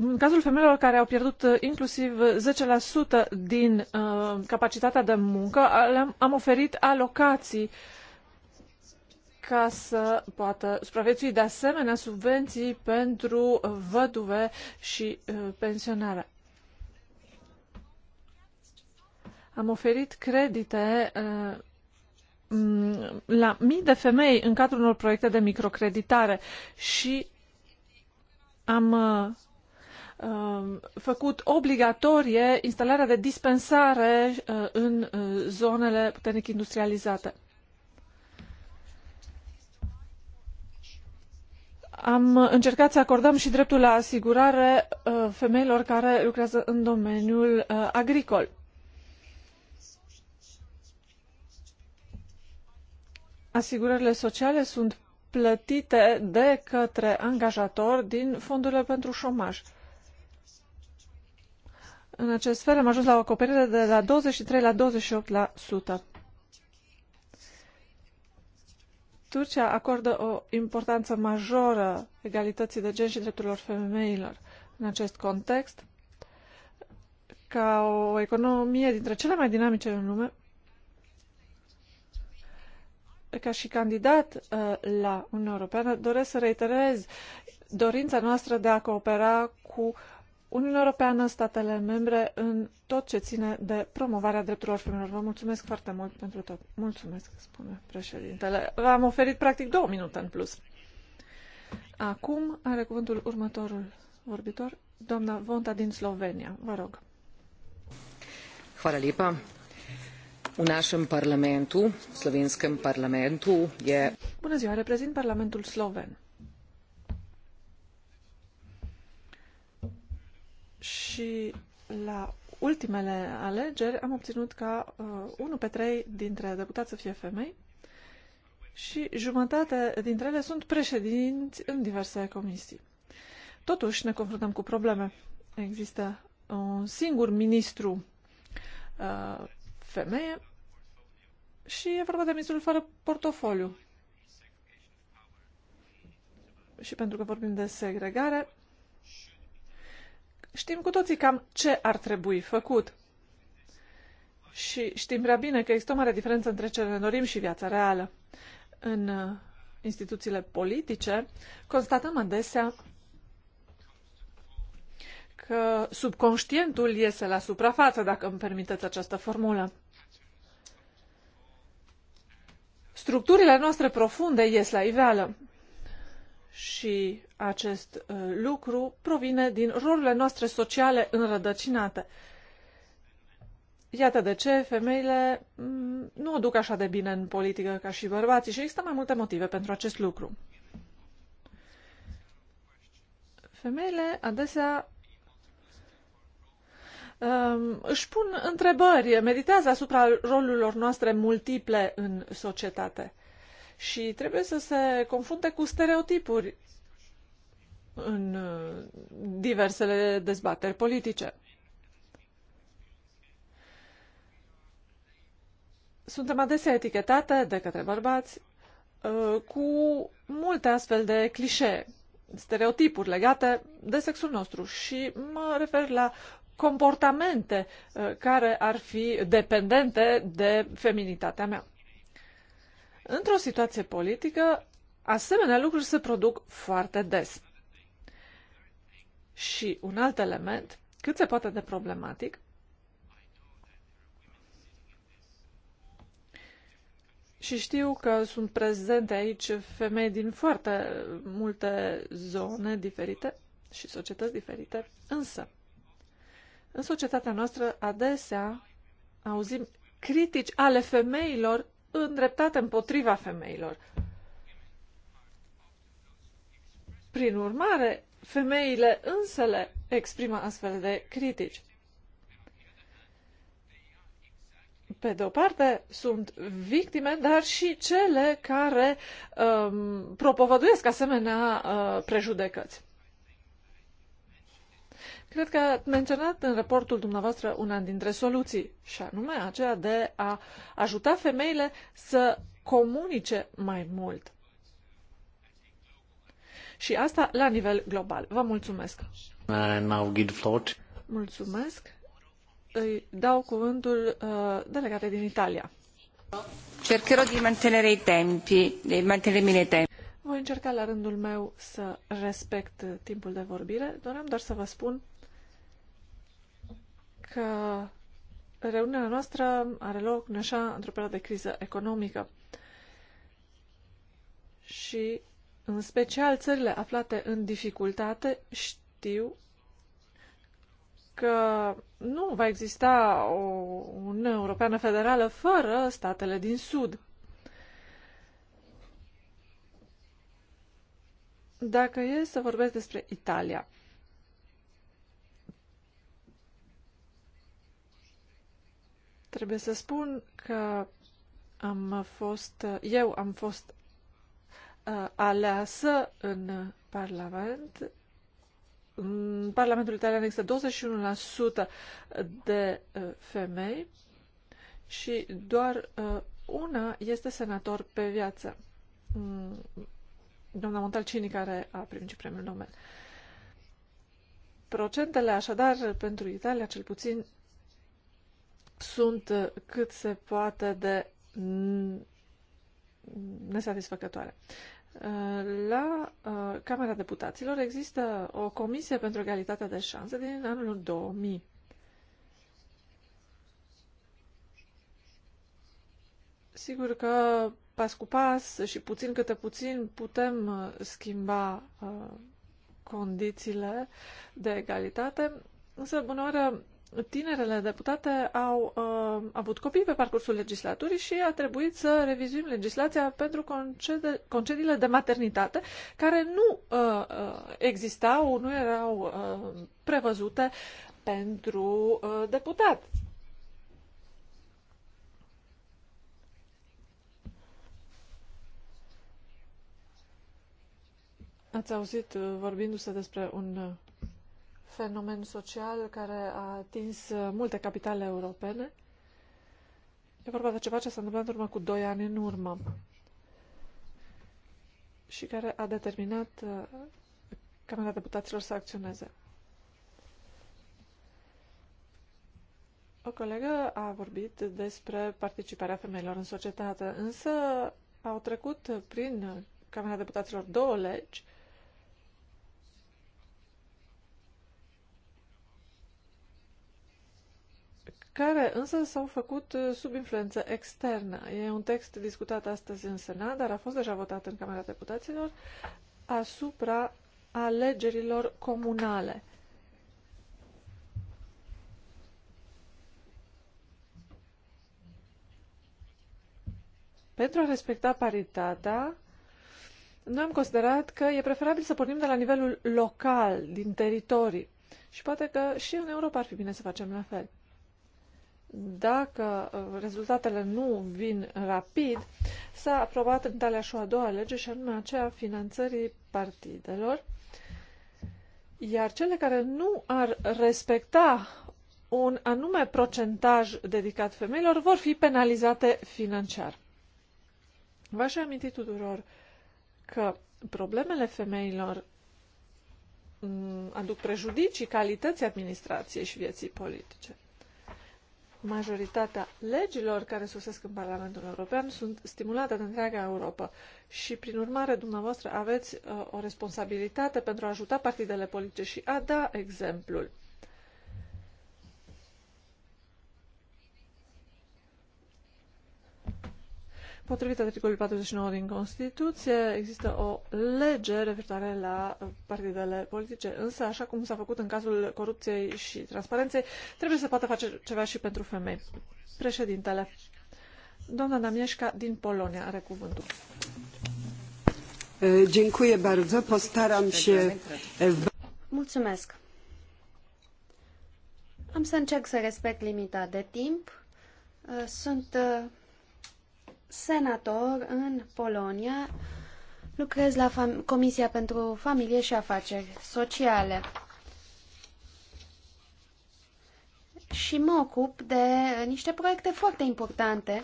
în cazul femeilor care au pierdut uh, inclusiv 10% din uh, capacitatea de muncă, am oferit alocații ca să poată supraviețui de asemenea subvenții pentru văduve și uh, pensionare. Am oferit credite uh, mm, la mii de femei în cadrul unor proiecte de microcreditare și am uh, uh, făcut obligatorie instalarea de dispensare în zonele puternic industrializate. Am încercat să acordăm și dreptul la asigurare femeilor care lucrează în domeniul agricol. asigurările sociale sunt plătite de către angajator din fondurile pentru șomaj. În acest fel am ajuns la o acoperire de la 23 la 28%. Turcia acordă o importanță majoră egalității de gen și drepturilor femeilor. În acest context, ca o economie dintre cele mai dinamice în lume, ca și candidat uh, la Uniunea Europeană, doresc să reiterez dorința noastră de a coopera cu Uniunea Europeană, statele membre, în tot ce ține de promovarea drepturilor femeilor. Vă mulțumesc foarte mult pentru tot. Mulțumesc, spune președintele. V-am oferit practic două minute în plus. Acum are cuvântul următorul vorbitor, doamna Vonta din Slovenia. Vă rog. Hvala lijepa. V našem parlamentu, slovenskem parlamentu, je... Bună ziua, reprezint Parlamentul Sloven. Și la ultimele alegeri am obținut ca uh, 1 pe 3 dintre deputați să fie femei și jumătate dintre ele sunt președinți în diverse comisii. Totuși ne confruntăm cu probleme. Există un singur ministru uh, femeie și e vorba de misul fără portofoliu. Și pentru că vorbim de segregare, știm cu toții cam ce ar trebui făcut. Și știm prea bine că există o mare diferență între ce ne dorim și viața reală. În uh, instituțiile politice constatăm adesea că subconștientul iese la suprafață, dacă îmi permiteți această formulă. Structurile noastre profunde ies la iveală și acest uh, lucru provine din rolurile noastre sociale înrădăcinate. Iată de ce femeile mm, nu o duc așa de bine în politică ca și bărbații și există mai multe motive pentru acest lucru. Femeile adesea Ehm, își pun întrebări, meditează asupra rolurilor noastre multiple în societate și trebuie să se confunte cu stereotipuri în uh, diversele dezbateri politice. Suntem adesea etichetate de către bărbați uh, cu multe astfel de clișee, stereotipuri legate de sexul nostru și mă refer la comportamente uh, care ar fi dependente de feminitatea mea. Într-o situație politică, asemenea lucruri se produc foarte des. Și un alt element, cât se poate de problematic, Și știu că sunt prezente aici femei din foarte multe zone diferite și societăți diferite, însă în societatea noastră, adesea, auzim critici ale femeilor îndreptate împotriva femeilor. Prin urmare, femeile însele exprimă astfel de critici. Pe de o parte, sunt victime, dar și cele care um, propovăduiesc asemenea uh, prejudecăți. Cred că ați menționat în raportul dumneavoastră una dintre soluții, și anume aceea de a ajuta femeile să comunice mai mult. Și asta la nivel global. Vă mulțumesc! Uh, mulțumesc! Îi dau cuvântul uh, delegate din Italia. Cercherò di mantenere i tempi, di mantenere i tempi. Voi încerca la rândul meu să respect timpul de vorbire. Doream doar să vă spun că reuniunea noastră are loc în așa, într-o perioadă de criză economică. Și, în special, țările aflate în dificultate știu că nu va exista o Uniune Europeană Federală fără statele din Sud. Dacă e să vorbesc despre Italia, Trebuie să spun că am fost, eu am fost uh, aleasă în Parlament. În Parlamentul Italian există 21% de uh, femei și doar uh, una este senator pe viață. Mm, doamna Montalcini, care a primit premiul Nobel. Procentele, așadar, pentru Italia, cel puțin, sunt uh, cât se poate de nesatisfăcătoare. Uh, la uh, Camera Deputaților există o comisie pentru egalitatea de șanse din anul 2000. Sigur că pas cu pas și puțin câte puțin putem schimba condițiile de egalitate, însă bună oară tinerele deputate au uh, avut copii pe parcursul legislaturii și a trebuit să revizuim legislația pentru concede, concediile de maternitate, care nu uh, uh existau, nu erau uh, prevăzute pentru uh, deputat. Ați auzit uh, vorbindu-se despre un uh, fenomen social care a atins uh, multe capitale europene. E vorba de ceva ce s-a întâmplat în urmă cu doi ani în urmă și care a determinat uh, Camera Deputaților să acționeze. O colegă a vorbit despre participarea femeilor în societate, însă au trecut prin Camera Deputaților două legi care însă s-au făcut uh, sub influență externă. E un text discutat astăzi în Senat, dar a fost deja votat în Camera Deputaților, asupra alegerilor comunale. Pentru a respecta paritatea, noi am considerat că e preferabil să pornim de la nivelul local, din teritorii. Și poate că și în Europa ar fi bine să facem la fel dacă uh, rezultatele nu vin rapid, s-a aprobat în Italia și o a doua lege, și anume aceea finanțării partidelor, iar cele care nu ar respecta un anume procentaj dedicat femeilor vor fi penalizate financiar. V-aș aminti tuturor că problemele femeilor mm, aduc prejudicii calității administrației și vieții politice majoritatea legilor care sosesc în Parlamentul European sunt stimulate de întreaga Europa și, prin urmare, dumneavoastră aveți uh, o responsabilitate pentru a ajuta partidele politice și a da exemplul. Potrivit articolului 49 din Constituție, există o lege referitoare la partidele politice, însă, așa cum s-a făcut în cazul corupției și transparenței, trebuie să poată face ceva și pentru femei. Președintele, doamna Damieșca din Polonia are cuvântul. Dziękuję bardzo. Postaram się... Mulțumesc. Am să încerc să respect limita de timp. Sunt senator în Polonia. Lucrez la Comisia pentru Familie și Afaceri Sociale. Și mă ocup de niște proiecte foarte importante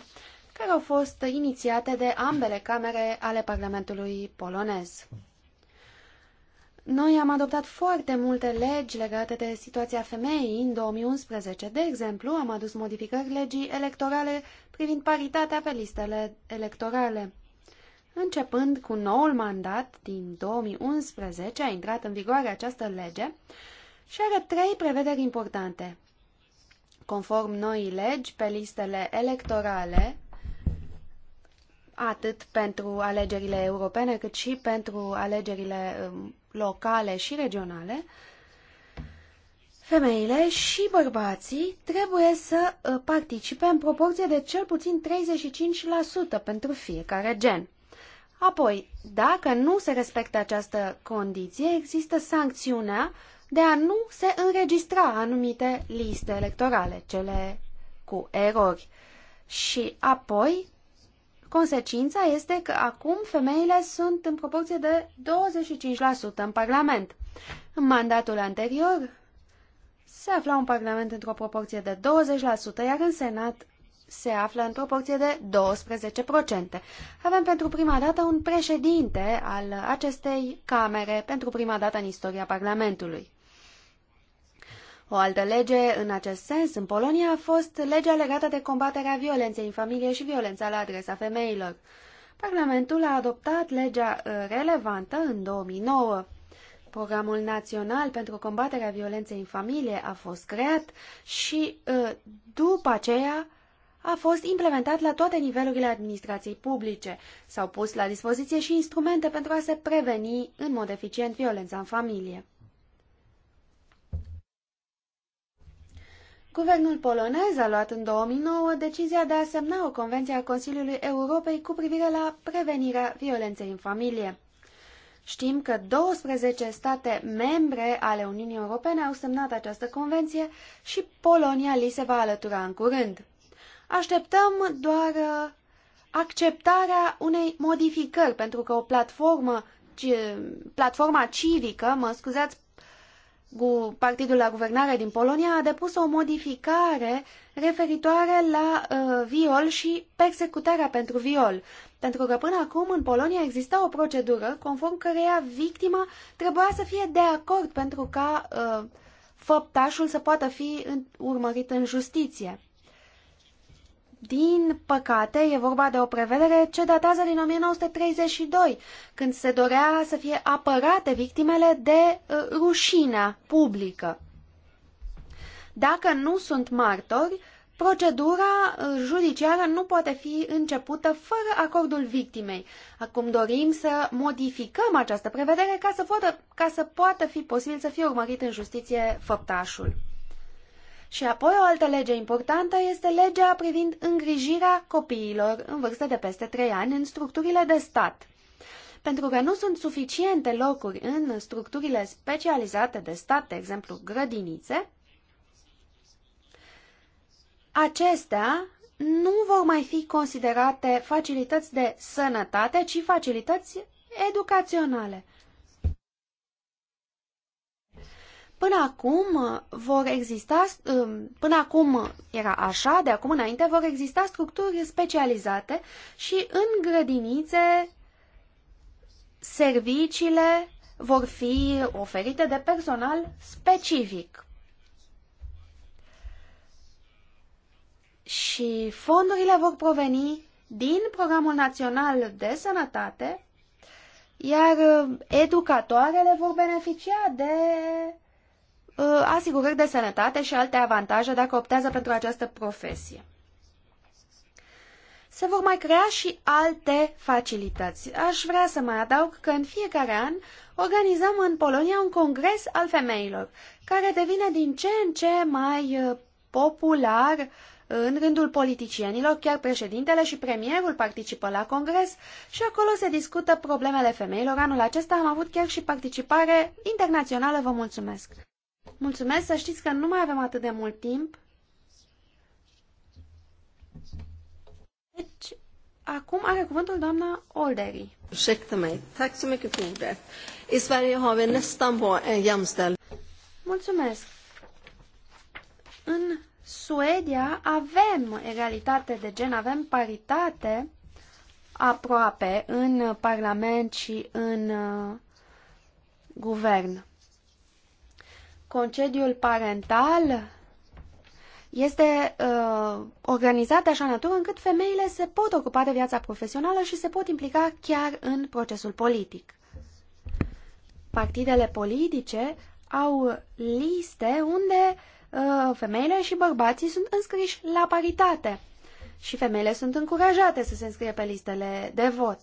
care au fost inițiate de ambele camere ale Parlamentului polonez. Noi am adoptat foarte multe legi legate de situația femeii în 2011. De exemplu, am adus modificări legii electorale privind paritatea pe listele electorale. Începând cu noul mandat din 2011, a intrat în vigoare această lege și are trei prevederi importante. Conform noii legi, pe listele electorale, atât pentru alegerile europene cât și pentru alegerile um, locale și regionale, femeile și bărbații trebuie să uh, participe în proporție de cel puțin 35% pentru fiecare gen. Apoi, dacă nu se respectă această condiție, există sancțiunea de a nu se înregistra anumite liste electorale, cele cu erori. Și apoi, Consecința este că acum femeile sunt în proporție de 25% în Parlament. În mandatul anterior se afla un Parlament într-o proporție de 20%, iar în Senat se află în proporție de 12%. Avem pentru prima dată un președinte al acestei camere, pentru prima dată în istoria Parlamentului. O altă lege în acest sens în Polonia a fost legea legată de combaterea violenței în familie și violența la adresa femeilor. Parlamentul a adoptat legea uh, relevantă în 2009. Programul Național pentru combaterea violenței în familie a fost creat și, uh, după aceea, a fost implementat la toate nivelurile administrației publice. S-au pus la dispoziție și instrumente pentru a se preveni în mod eficient violența în familie. Guvernul polonez a luat în 2009 decizia de a semna o convenție a Consiliului Europei cu privire la prevenirea violenței în familie. Știm că 12 state membre ale Uniunii Europene au semnat această convenție și Polonia li se va alătura în curând. Așteptăm doar uh, acceptarea unei modificări, pentru că o platformă, platforma civică, mă scuzați, partidul la guvernare din Polonia a depus o modificare referitoare la uh, viol și persecutarea pentru viol. Pentru că până acum în Polonia exista o procedură conform căreia victima trebuia să fie de acord pentru ca uh, făptașul să poată fi urmărit în justiție. Din păcate, e vorba de o prevedere ce datează din 1932, când se dorea să fie apărate victimele de uh, rușinea publică. Dacă nu sunt martori, procedura uh, judiciară nu poate fi începută fără acordul victimei. Acum dorim să modificăm această prevedere ca să poată, ca să poată fi posibil să fie urmărit în justiție făptașul. Și apoi o altă lege importantă este legea privind îngrijirea copiilor în vârstă de peste 3 ani în structurile de stat. Pentru că nu sunt suficiente locuri în structurile specializate de stat, de exemplu grădinițe, acestea nu vor mai fi considerate facilități de sănătate, ci facilități educaționale. Până acum uh, vor exista, um, până acum era așa, de acum înainte vor exista structuri specializate și în grădinițe serviciile vor fi oferite de personal specific. Și fondurile vor proveni din Programul Național de Sănătate, iar uh, educatoarele vor beneficia de Uh, asigurări de sănătate și alte avantaje dacă optează pentru această profesie. Se vor mai crea și alte facilități. Aș vrea să mai adaug că în fiecare an organizăm în Polonia un congres al femeilor, care devine din ce în ce mai uh, popular uh, în rândul politicienilor, chiar președintele și premierul participă la congres și acolo se discută problemele femeilor. Anul acesta am avut chiar și participare internațională, vă mulțumesc. Mulțumesc, să știți că nu mai avem atât de mult timp. Deci, acum are cuvântul doamna Olderi. Ursäkta mig. Tack så mycket för Mulțumesc. În Suedia avem egalitate de gen, avem paritate aproape în Parlament și în uh, guvern concediul parental este uh, organizat de așa natură încât femeile se pot ocupa de viața profesională și se pot implica chiar în procesul politic. Partidele politice au liste unde uh, femeile și bărbații sunt înscriși la paritate și femeile sunt încurajate să se înscrie pe listele de vot.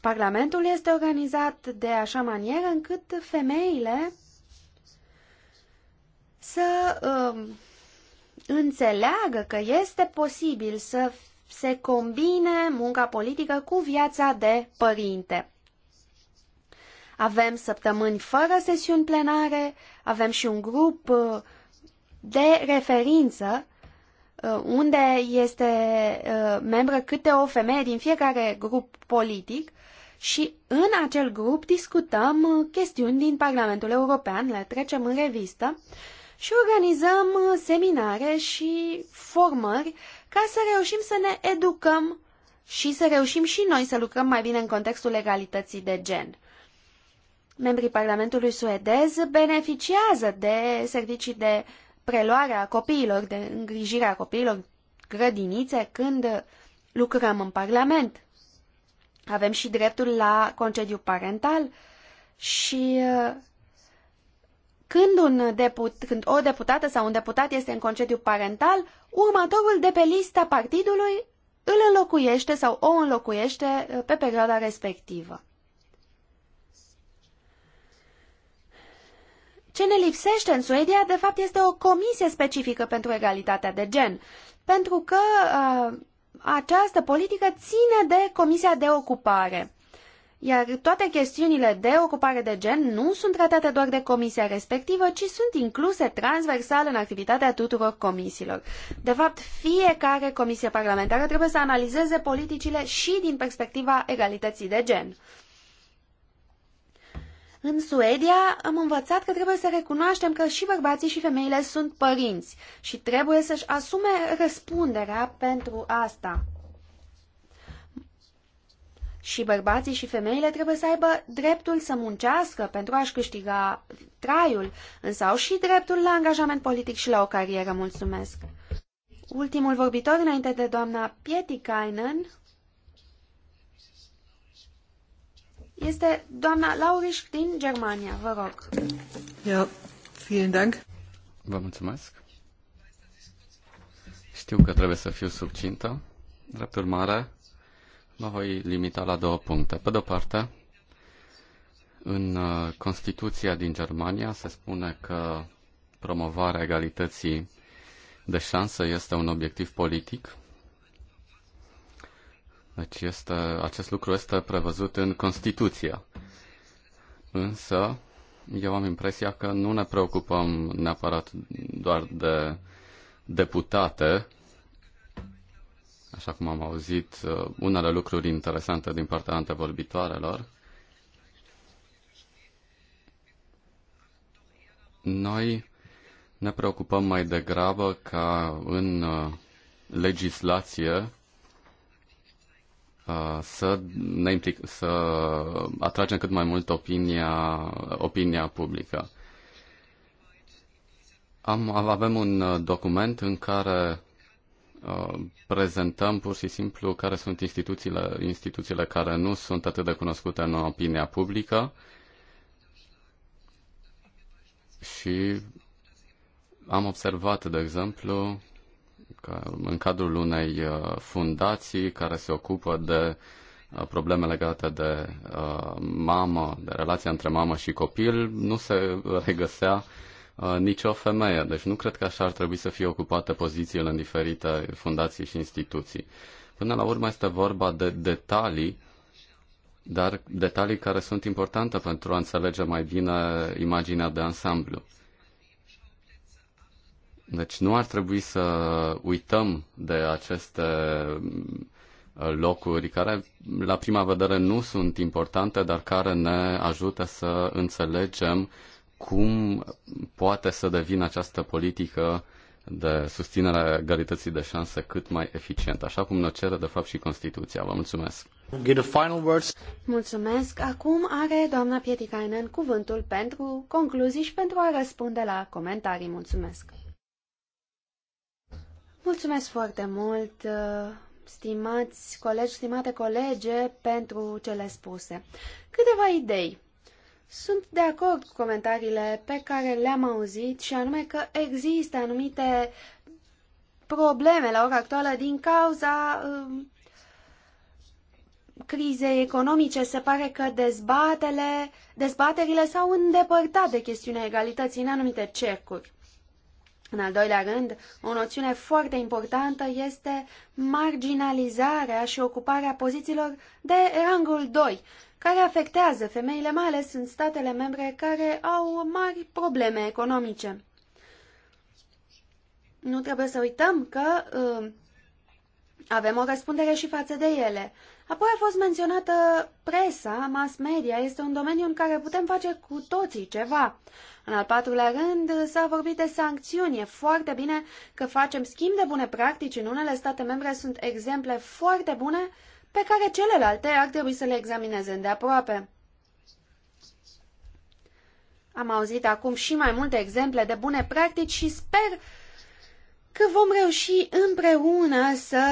Parlamentul este organizat de așa manieră încât femeile să uh, înțeleagă că este posibil să se combine munca politică cu viața de părinte. Avem săptămâni fără sesiuni plenare, avem și un grup uh, de referință uh, unde este uh, membră câte o femeie din fiecare grup politic și în acel grup discutăm chestiuni din Parlamentul European, le trecem în revistă și organizăm uh, seminare și formări ca să reușim să ne educăm și să reușim și noi să lucrăm mai bine în contextul legalității de gen. Membrii Parlamentului suedez beneficiază de servicii de preluare a copiilor, de îngrijire a copiilor, grădinițe, când lucrăm în Parlament. Avem și dreptul la concediu parental și uh, când, un deput, când o deputată sau un deputat este în concediu parental, următorul de pe lista partidului îl înlocuiește sau o înlocuiește uh, pe perioada respectivă. Ce ne lipsește în Suedia, de fapt, este o comisie specifică pentru egalitatea de gen, pentru că uh, această politică ține de Comisia de Ocupare. Iar toate chestiunile de ocupare de gen nu sunt tratate doar de comisia respectivă, ci sunt incluse transversal în activitatea tuturor comisiilor. De fapt, fiecare comisie parlamentară trebuie să analizeze politicile și din perspectiva egalității de gen. În Suedia am învățat că trebuie să recunoaștem că și bărbații și femeile sunt părinți și trebuie să-și asume răspunderea pentru asta. Și bărbații și femeile trebuie să aibă dreptul să muncească pentru a-și câștiga traiul, însă au și dreptul la angajament politic și la o carieră. Mulțumesc! Ultimul vorbitor înainte de doamna Pietikainen este doamna Laurisch din Germania. Vă rog. Ja, vielen Dank. Vă mulțumesc. Știu că trebuie să fiu subcintă. Drept urmare, Mă voi limita la două puncte. Pe de-o parte, în uh, Constituția din Germania se spune că promovarea egalității de șansă este un obiectiv politic. Deci este, acest lucru este prevăzut în Constituția. Însă, eu am impresia că nu ne preocupăm neapărat doar de deputate, așa cum am auzit, uh, unele lucruri interesante din partea antevorbitoarelor. Noi ne preocupăm mai degrabă ca în uh, legislație uh, să ne implic, să atragem cât mai mult opinia, opinia publică. Am, avem un document în care Uh, prezentăm pur și simplu care sunt instituțiile, instituțiile care nu sunt atât de cunoscute în opinia publică și am observat, de exemplu, că în cadrul unei uh, fundații care se ocupă de uh, probleme legate de mamă, de relația între mamă și copil, nu se regăsea uh, Uh, nicio femeie. Deci nu cred că așa ar trebui să fie ocupate pozițiile în diferite fundații și instituții. Până la urmă este vorba de detalii, dar detalii care sunt importante pentru a înțelege mai bine imaginea de ansamblu. Deci nu ar trebui să uităm de aceste uh, locuri care la prima vedere nu sunt importante, dar care ne ajută să înțelegem cum poate să devină această politică de susținere a egalității de șanse cât mai eficientă? așa cum ne cere de fapt și Constituția. Vă mulțumesc! Mulțumesc! Acum are doamna Pietikainen cuvântul pentru concluzii și pentru a răspunde la comentarii. Mulțumesc! Mulțumesc foarte mult, uh, stimați colegi, stimate colege, pentru cele spuse. Câteva idei. Sunt de acord cu comentariile pe care le-am auzit și anume că există anumite probleme la ora actuală din cauza um, crizei economice. Se pare că dezbatele, dezbaterile s-au îndepărtat de chestiunea egalității în anumite cercuri. În al doilea rând, o noțiune foarte importantă este marginalizarea și ocuparea pozițiilor de rangul 2 care afectează femeile, mai ales în statele membre care au mari probleme economice. Nu trebuie să uităm că uh, avem o răspundere și față de ele. Apoi a fost menționată presa, mass media, este un domeniu în care putem face cu toții ceva. În al patrulea rând, s-a vorbit de sancțiuni. E foarte bine că facem schimb de bune practici. În unele state membre sunt exemple foarte bune uh, pe care celelalte ar trebui să le examineze îndeaproape. Am auzit acum și mai multe exemple de bune practici și sper că vom reuși împreună să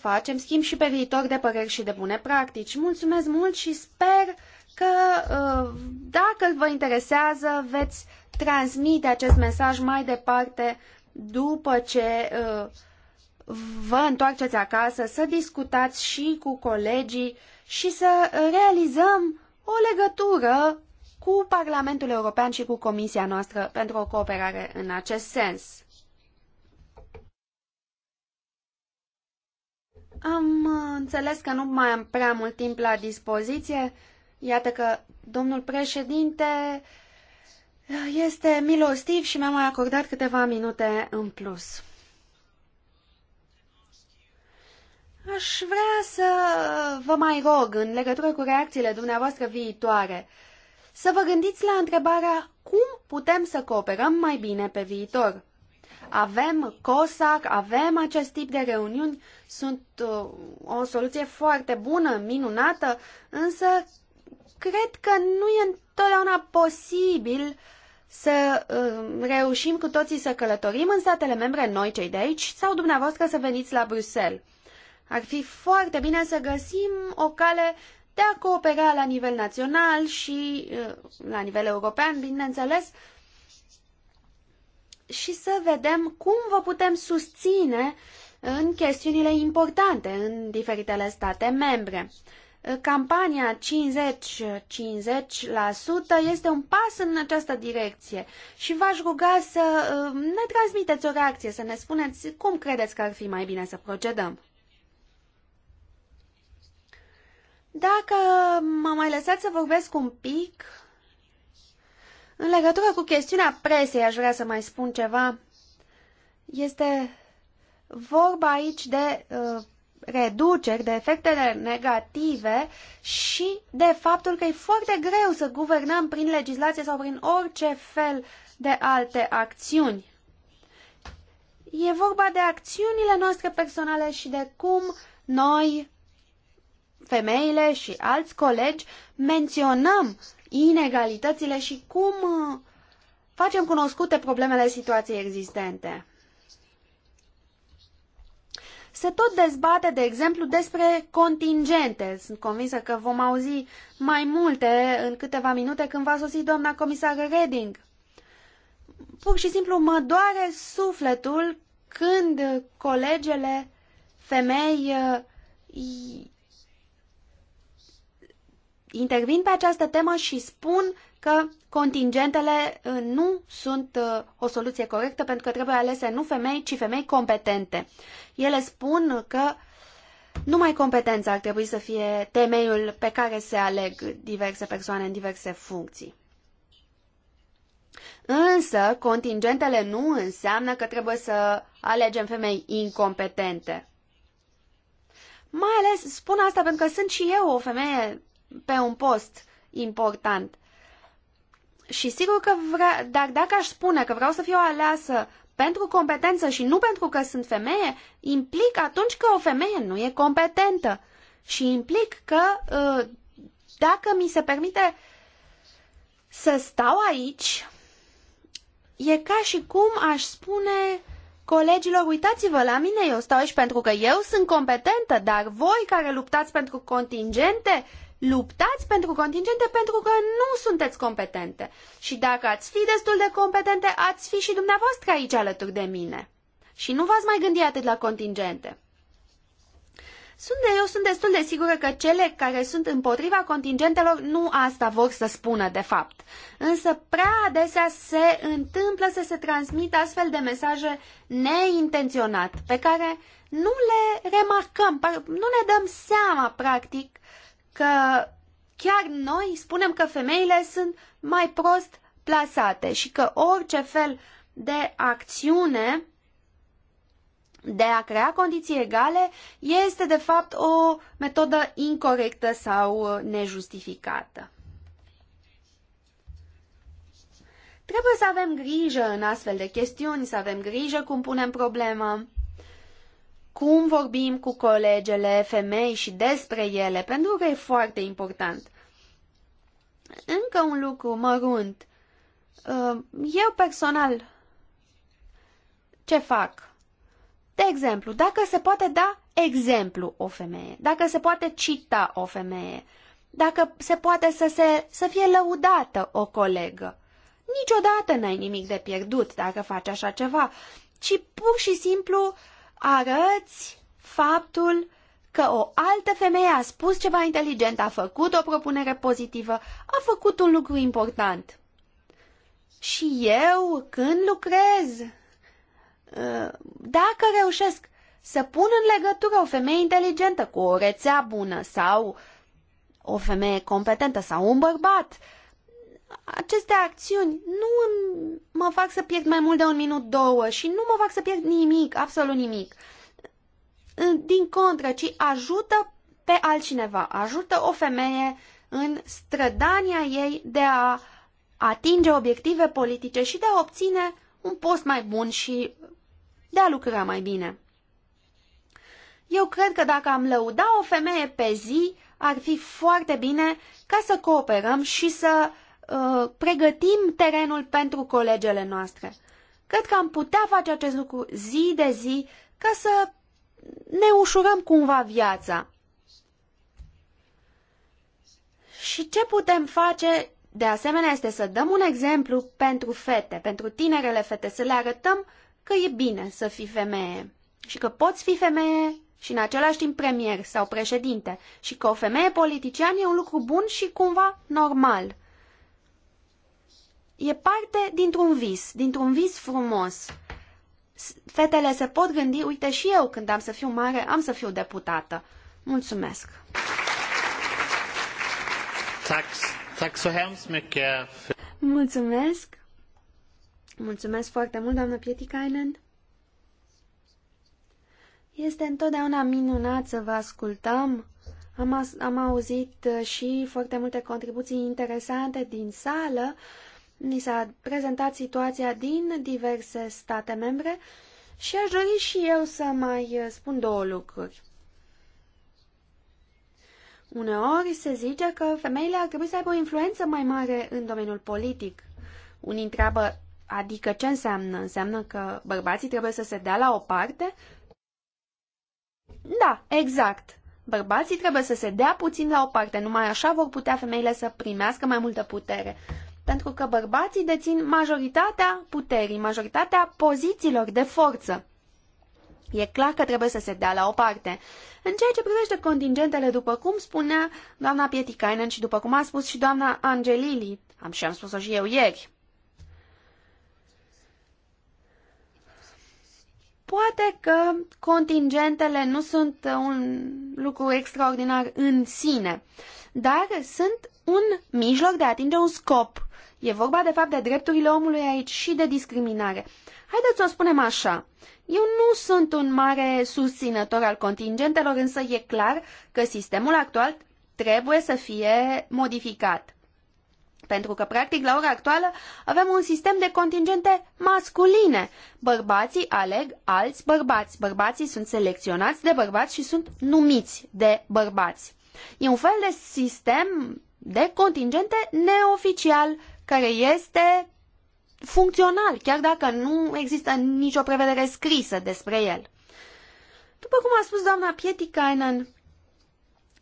facem schimb și pe viitor de păreri și de bune practici. Mulțumesc mult și sper că uh, dacă vă interesează veți transmite acest mesaj mai departe după ce uh, vă întoarceți acasă, să discutați și cu colegii și să realizăm o legătură cu Parlamentul European și cu Comisia noastră pentru o cooperare în acest sens. Am înțeles că nu mai am prea mult timp la dispoziție. Iată că domnul președinte este milostiv și mi-a mai acordat câteva minute în plus. Aș vrea să vă mai rog, în legătură cu reacțiile dumneavoastră viitoare, să vă gândiți la întrebarea cum putem să cooperăm mai bine pe viitor. Avem COSAC, avem acest tip de reuniuni, sunt uh, o soluție foarte bună, minunată, însă cred că nu e întotdeauna posibil să uh, reușim cu toții să călătorim în statele membre, noi cei de aici, sau dumneavoastră să veniți la Bruxelles. Ar fi foarte bine să găsim o cale de a coopera la nivel național și uh, la nivel european, bineînțeles, și să vedem cum vă putem susține în chestiunile importante în diferitele state membre. Campania 50-50% este un pas în această direcție și v-aș ruga să uh, ne transmiteți o reacție, să ne spuneți cum credeți că ar fi mai bine să procedăm. Dacă mă mai lăsați să vorbesc un pic, în legătură cu chestiunea presei aș vrea să mai spun ceva. Este vorba aici de uh, reduceri, de efectele negative și de faptul că e foarte greu să guvernăm prin legislație sau prin orice fel de alte acțiuni. E vorba de acțiunile noastre personale și de cum noi femeile și alți colegi menționăm inegalitățile și cum uh, facem cunoscute problemele situației existente. Se tot dezbate, de exemplu, despre contingente. Sunt convinsă că vom auzi mai multe în câteva minute când va sosi doamna comisară Reding. Pur și simplu mă doare sufletul când colegele femei uh, intervin pe această temă și spun că contingentele uh, nu sunt uh, o soluție corectă pentru că trebuie alese nu femei, ci femei competente. Ele spun că numai competența ar trebui să fie temeiul pe care se aleg diverse persoane în diverse funcții. Însă, contingentele nu înseamnă că trebuie să alegem femei incompetente. Mai ales spun asta pentru că sunt și eu o femeie pe un post important. Și sigur că vrea, dar dacă aș spune că vreau să fiu aleasă pentru competență și nu pentru că sunt femeie, implic atunci că o femeie nu e competentă. Și implic că uh, dacă mi se permite să stau aici, e ca și cum aș spune colegilor, uitați-vă la mine, eu stau aici pentru că eu sunt competentă, dar voi care luptați pentru contingente, luptați pentru contingente pentru că nu sunteți competente. Și dacă ați fi destul de competente, ați fi și dumneavoastră aici alături de mine. Și nu v-ați mai gândit atât la contingente. Sunt de, eu sunt destul de sigură că cele care sunt împotriva contingentelor nu asta vor să spună de fapt. Însă prea adesea se întâmplă să se transmit astfel de mesaje neintenționat, pe care nu le remarcăm, nu ne dăm seama practic că chiar noi spunem că femeile sunt mai prost plasate și că orice fel de acțiune de a crea condiții egale este de fapt o metodă incorrectă sau nejustificată. Trebuie să avem grijă în astfel de chestiuni, să avem grijă cum punem problema cum vorbim cu colegele femei și despre ele, pentru că e foarte important. Încă un lucru mărunt. Uh, Eu personal ce fac? De exemplu, dacă se poate da exemplu o femeie, dacă se poate cita o femeie, dacă se poate să, se, să fie lăudată o colegă. Niciodată n-ai nimic de pierdut dacă faci așa ceva, ci pur și simplu arăți faptul că o altă femeie a spus ceva inteligent, a făcut o propunere pozitivă, a făcut un lucru important. Și eu, când lucrez, uh, dacă reușesc să pun în legătură o femeie inteligentă cu o rețea bună sau o femeie competentă sau un bărbat aceste acțiuni nu mă fac să pierd mai mult de un minut, două și nu mă fac să pierd nimic, absolut nimic. Din contră, ci ajută pe altcineva, ajută o femeie în strădania ei de a atinge obiective politice și de a obține un post mai bun și de a lucra mai bine. Eu cred că dacă am lăuda o femeie pe zi, ar fi foarte bine ca să cooperăm și să uh, Uh, pregătim terenul pentru colegele noastre. Cred că am putea face acest lucru zi de zi ca să ne ușurăm cumva viața. Și ce putem face, de asemenea, este să dăm un exemplu pentru fete, pentru tinerele fete, să le arătăm că e bine să fii femeie și că poți fi femeie și în același timp premier sau președinte și că o femeie politician e un lucru bun și cumva normal e parte dintr-un vis, dintr-un vis frumos. Fetele se pot gândi, uite și eu când am să fiu mare, am să fiu deputată. Mulțumesc! Mulțumesc! Mulțumesc foarte mult, doamnă Pietikainen! Este întotdeauna minunat să vă ascultăm. Am, am auzit și foarte multe contribuții interesante din sală Ni s-a prezentat situația din diverse state membre și aș dori și eu să mai uh, spun două lucruri. Uneori se zice că femeile ar trebui să aibă o influență mai mare în domeniul politic. Unii întreabă, adică ce înseamnă? Înseamnă că bărbații trebuie să se dea la o parte? Da, exact. Bărbații trebuie să se dea puțin la o parte, numai așa vor putea femeile să primească mai multă putere pentru că bărbații dețin majoritatea puterii, majoritatea pozițiilor de forță. E clar că trebuie să se dea la o parte. În ceea ce privește contingentele, după cum spunea doamna Pietikainen și după cum a spus și doamna Angelili, am și am spus-o și eu ieri, Poate că contingentele nu sunt un lucru extraordinar în sine, dar sunt un mijloc de a atinge un scop E vorba, de fapt, de drepturile omului aici și de discriminare. Haideți să o spunem așa. Eu nu sunt un mare susținător al contingentelor, însă e clar că sistemul actual trebuie să fie modificat. Pentru că, practic, la ora actuală avem un sistem de contingente masculine. Bărbații aleg alți bărbați. Bărbații sunt selecționați de bărbați și sunt numiți de bărbați. E un fel de sistem de contingente neoficial care este funcțional, chiar dacă nu există nicio prevedere scrisă despre el. După cum a spus doamna Pietikainen,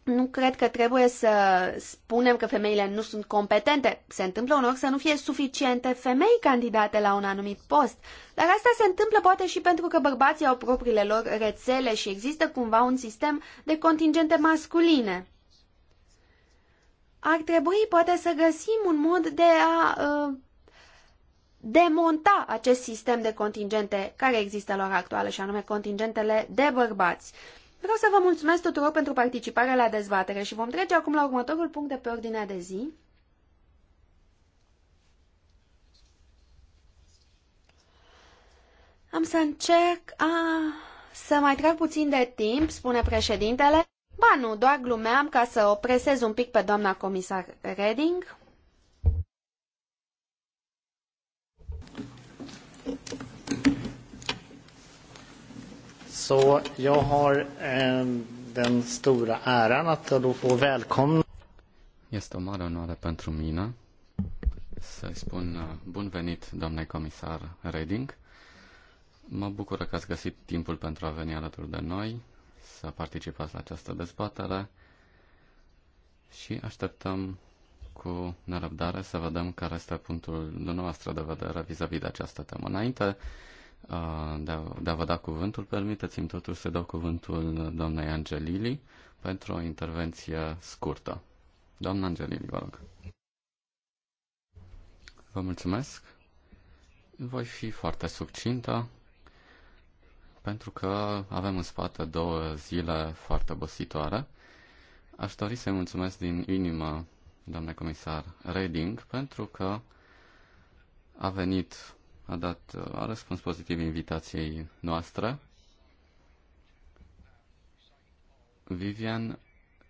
nu cred că trebuie să spunem că femeile nu sunt competente. Se întâmplă uneori să nu fie suficiente femei candidate la un anumit post. Dar asta se întâmplă poate și pentru că bărbații au propriile lor rețele și există cumva un sistem de contingente masculine ar trebui poate să găsim un mod de a uh, demonta acest sistem de contingente care există la ora actuală și anume contingentele de bărbați. Vreau să vă mulțumesc tuturor pentru participarea la dezbatere și vom trece acum la următorul punct de pe ordinea de zi. Am să încerc a, să mai trag puțin de timp, spune președintele. Ba nu, doar glumeam ca să o presez un pic pe doamna comisar Reding. Så jag har eh, den stora äran att då få välkomna... Este o mare onoare pentru mine să-i spun eh, bun venit, doamne comisar Reding. Mă bucură că ați găsit timpul pentru a veni alături de noi să participați la această dezbatere și așteptăm cu nerăbdare să vedem care este punctul dumneavoastră de vedere vis-a-vis -vis de această temă. Înainte uh, de a, de a vă da cuvântul, permiteți-mi totuși să dau cuvântul doamnei Angelili pentru o intervenție scurtă. Doamna Angelili, vă rog. Vă mulțumesc. Voi fi foarte succintă pentru că avem în spate două zile foarte obositoare. Aș dori să-i mulțumesc din inimă, doamne comisar Reding, pentru că a venit, a dat, a răspuns pozitiv invitației noastre. Vivian,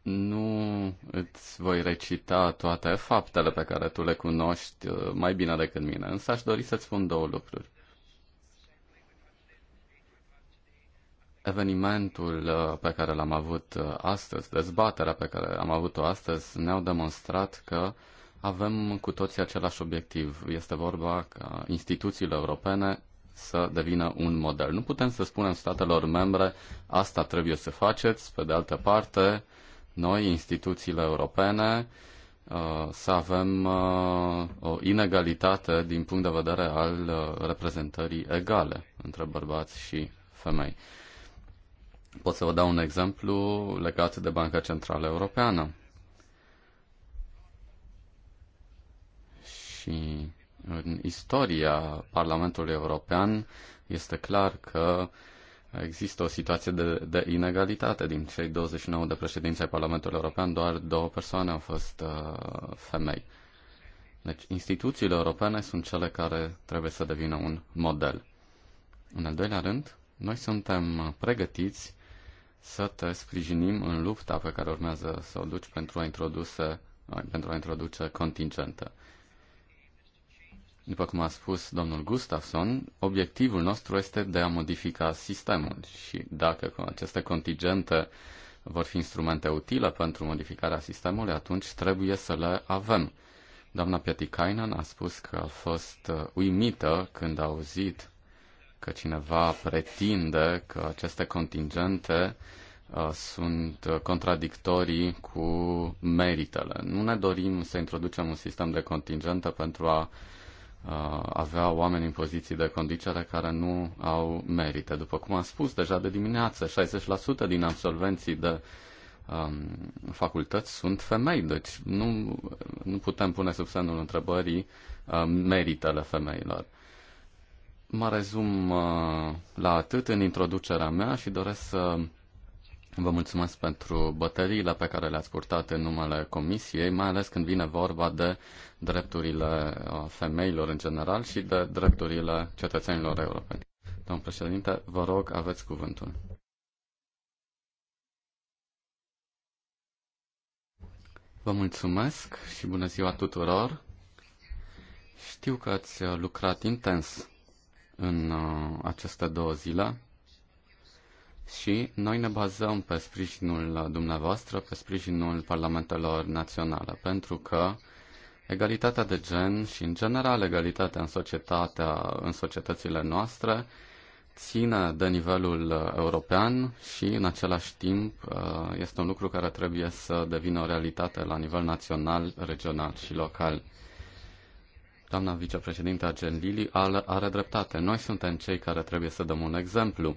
nu îți voi recita toate faptele pe care tu le cunoști uh, mai bine decât mine, însă aș dori să-ți spun două lucruri. Evenimentul uh, pe care l-am avut uh, astăzi, dezbaterea pe care am avut-o astăzi, ne-au demonstrat că avem cu toții același obiectiv. Este vorba ca instituțiile europene să devină un model. Nu putem să spunem statelor membre, asta trebuie să faceți, pe de altă parte, noi, instituțiile europene, uh, să avem o inegalitate din punct de vedere al reprezentării egale între bărbați și femei. Pot să vă dau un exemplu legat de Banca Centrală Europeană. Și în istoria Parlamentului European este clar că există o situație de, de inegalitate. Din cei 29 de președinți ai Parlamentului European, doar două persoane au fost uh, femei. Deci instituțiile europene sunt cele care trebuie să devină un model. În al doilea rând, noi suntem pregătiți să te sprijinim în lupta pe care urmează să o duci pentru a introduce, pentru a introduce contingentă. După cum a spus domnul Gustafson, obiectivul nostru este de a modifica sistemul și dacă aceste contingente vor fi instrumente utile pentru modificarea sistemului, atunci trebuie să le avem. Doamna Pietikainen a spus că a fost uh, uimită când a auzit că cineva pretinde că aceste contingente uh, sunt uh, contradictorii cu meritele. Nu ne dorim să introducem un sistem de contingente pentru a uh, avea oameni în poziții de conducere care nu au merite. După cum am spus deja de dimineață, 60% din absolvenții de um, facultăți sunt femei, deci nu, nu putem pune sub semnul întrebării um, meritele femeilor. Mă rezum uh, la atât în introducerea mea și doresc să vă mulțumesc pentru bătăliile pe care le-ați purtat în numele Comisiei, mai ales când vine vorba de drepturile uh, femeilor în general și de drepturile cetățenilor europeni. Domnul președinte, vă rog, aveți cuvântul. Vă mulțumesc și bună ziua tuturor. Știu că ați uh, lucrat intens în uh, aceste două zile și noi ne bazăm pe sprijinul dumneavoastră, pe sprijinul parlamentelor naționale, pentru că egalitatea de gen și, în general, egalitatea în, societatea, în societățile noastre ține de nivelul european și, în același timp, uh, este un lucru care trebuie să devină o realitate la nivel național, regional și local. Doamna vicepreședinte a Gen Lili are dreptate. Noi suntem cei care trebuie să dăm un exemplu.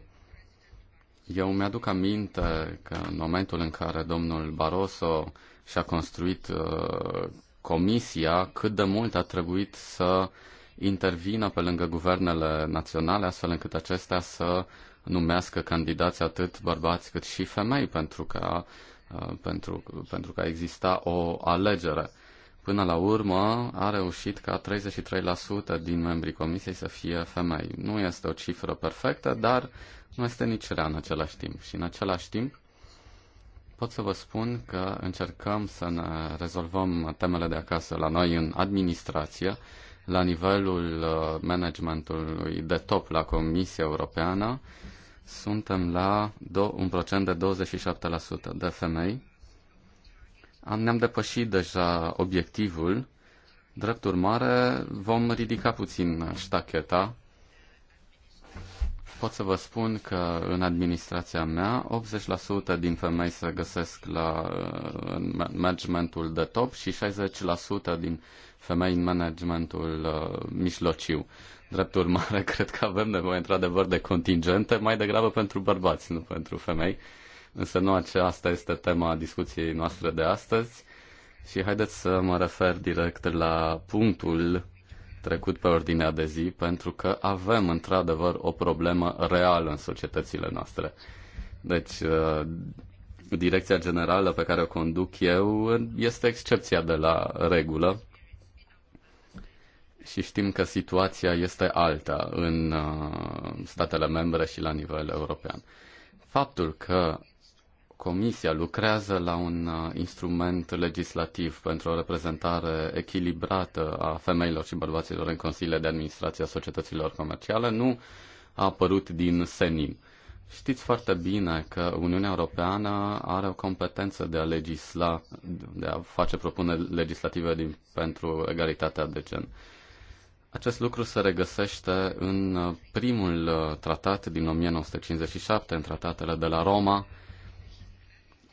Eu mi-aduc aminte că în momentul în care domnul Barroso și-a construit uh, comisia, cât de mult a trebuit să intervină pe lângă guvernele naționale, astfel încât acestea să numească candidați atât bărbați cât și femei, pentru că, uh, pentru, pentru că exista o alegere. Până la urmă, a reușit ca 33% din membrii comisiei să fie femei. Nu este o cifră perfectă, dar nu este nici rea în același timp. Și în același timp, pot să vă spun că încercăm să ne rezolvăm temele de acasă la noi în administrație, la nivelul uh, managementului de top la Comisia Europeană, suntem la un procent de 27% de femei am, ne-am depășit deja obiectivul, drept urmare vom ridica puțin ștacheta. Pot să vă spun că în administrația mea 80% din femei se găsesc la managementul de top și 60% din femei în managementul uh, mijlociu. Drept urmare, cred că avem nevoie într-adevăr de contingente, mai degrabă pentru bărbați, nu pentru femei. Uh, însă nu aceasta este tema discuției noastre de astăzi și haideți să mă refer direct la punctul trecut pe ordinea de zi, pentru că avem într-adevăr o problemă reală în societățile noastre. Deci, uh, direcția generală pe care o conduc eu este excepția de la regulă și știm că situația este alta în uh, statele membre și la nivel european. Faptul că Comisia lucrează la un uh, instrument legislativ pentru o reprezentare echilibrată a femeilor și bărbaților în consiliile de administrație a societăților comerciale nu a apărut din senin. Știți foarte bine că Uniunea Europeană are o competență de a legisla, de a face propuneri legislative din, pentru egalitatea de gen. Acest lucru se regăsește în uh, primul uh, tratat din 1957, în tratatele de la Roma,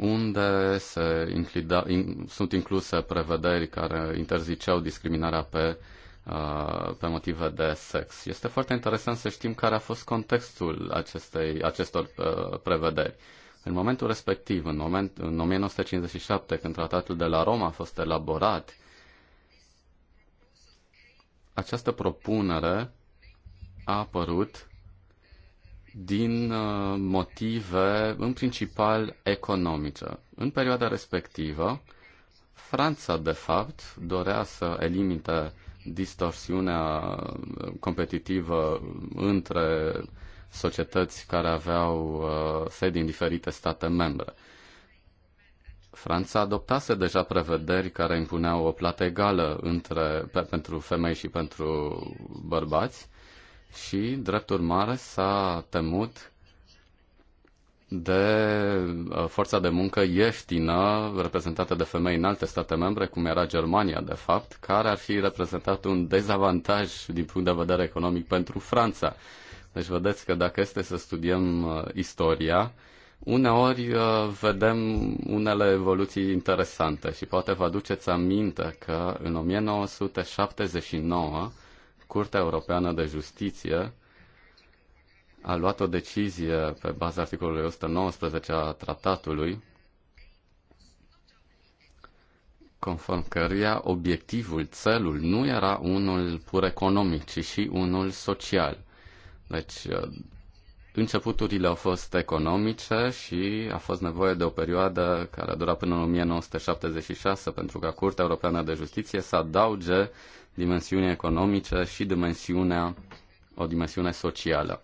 unde se inclida, in, sunt incluse prevederi care interziceau discriminarea pe, uh, pe motive de sex. Este foarte interesant să știm care a fost contextul acestei, acestor uh, prevederi. În momentul respectiv, în, moment, în 1957, când tratatul de la Roma a fost elaborat, această propunere a apărut din uh, motive în principal economice. În perioada respectivă, Franța, de fapt, dorea să elimine distorsiunea uh, competitivă între societăți care aveau uh, sedi în diferite state membre. Franța adoptase deja prevederi care impuneau o plată egală între, pe, pentru femei și pentru bărbați și, drept urmare, s-a temut de uh, forța de muncă ieftină reprezentată de femei în alte state membre, cum era Germania, de fapt, care ar fi reprezentat un dezavantaj din punct de vedere economic pentru Franța. Deci vedeți că dacă este să studiem uh, istoria, uneori uh, vedem unele evoluții interesante și poate vă aduceți aminte că în 1979 Curtea Europeană de Justiție a luat o decizie pe baza articolului 119 a tratatului, conform căruia obiectivul, țelul nu era unul pur economic, ci și unul social. Deci, începuturile au fost economice și a fost nevoie de o perioadă care a durat până în 1976 pentru ca Curtea Europeană de Justiție să adauge dimensiune economică și dimensiunea, o dimensiune socială.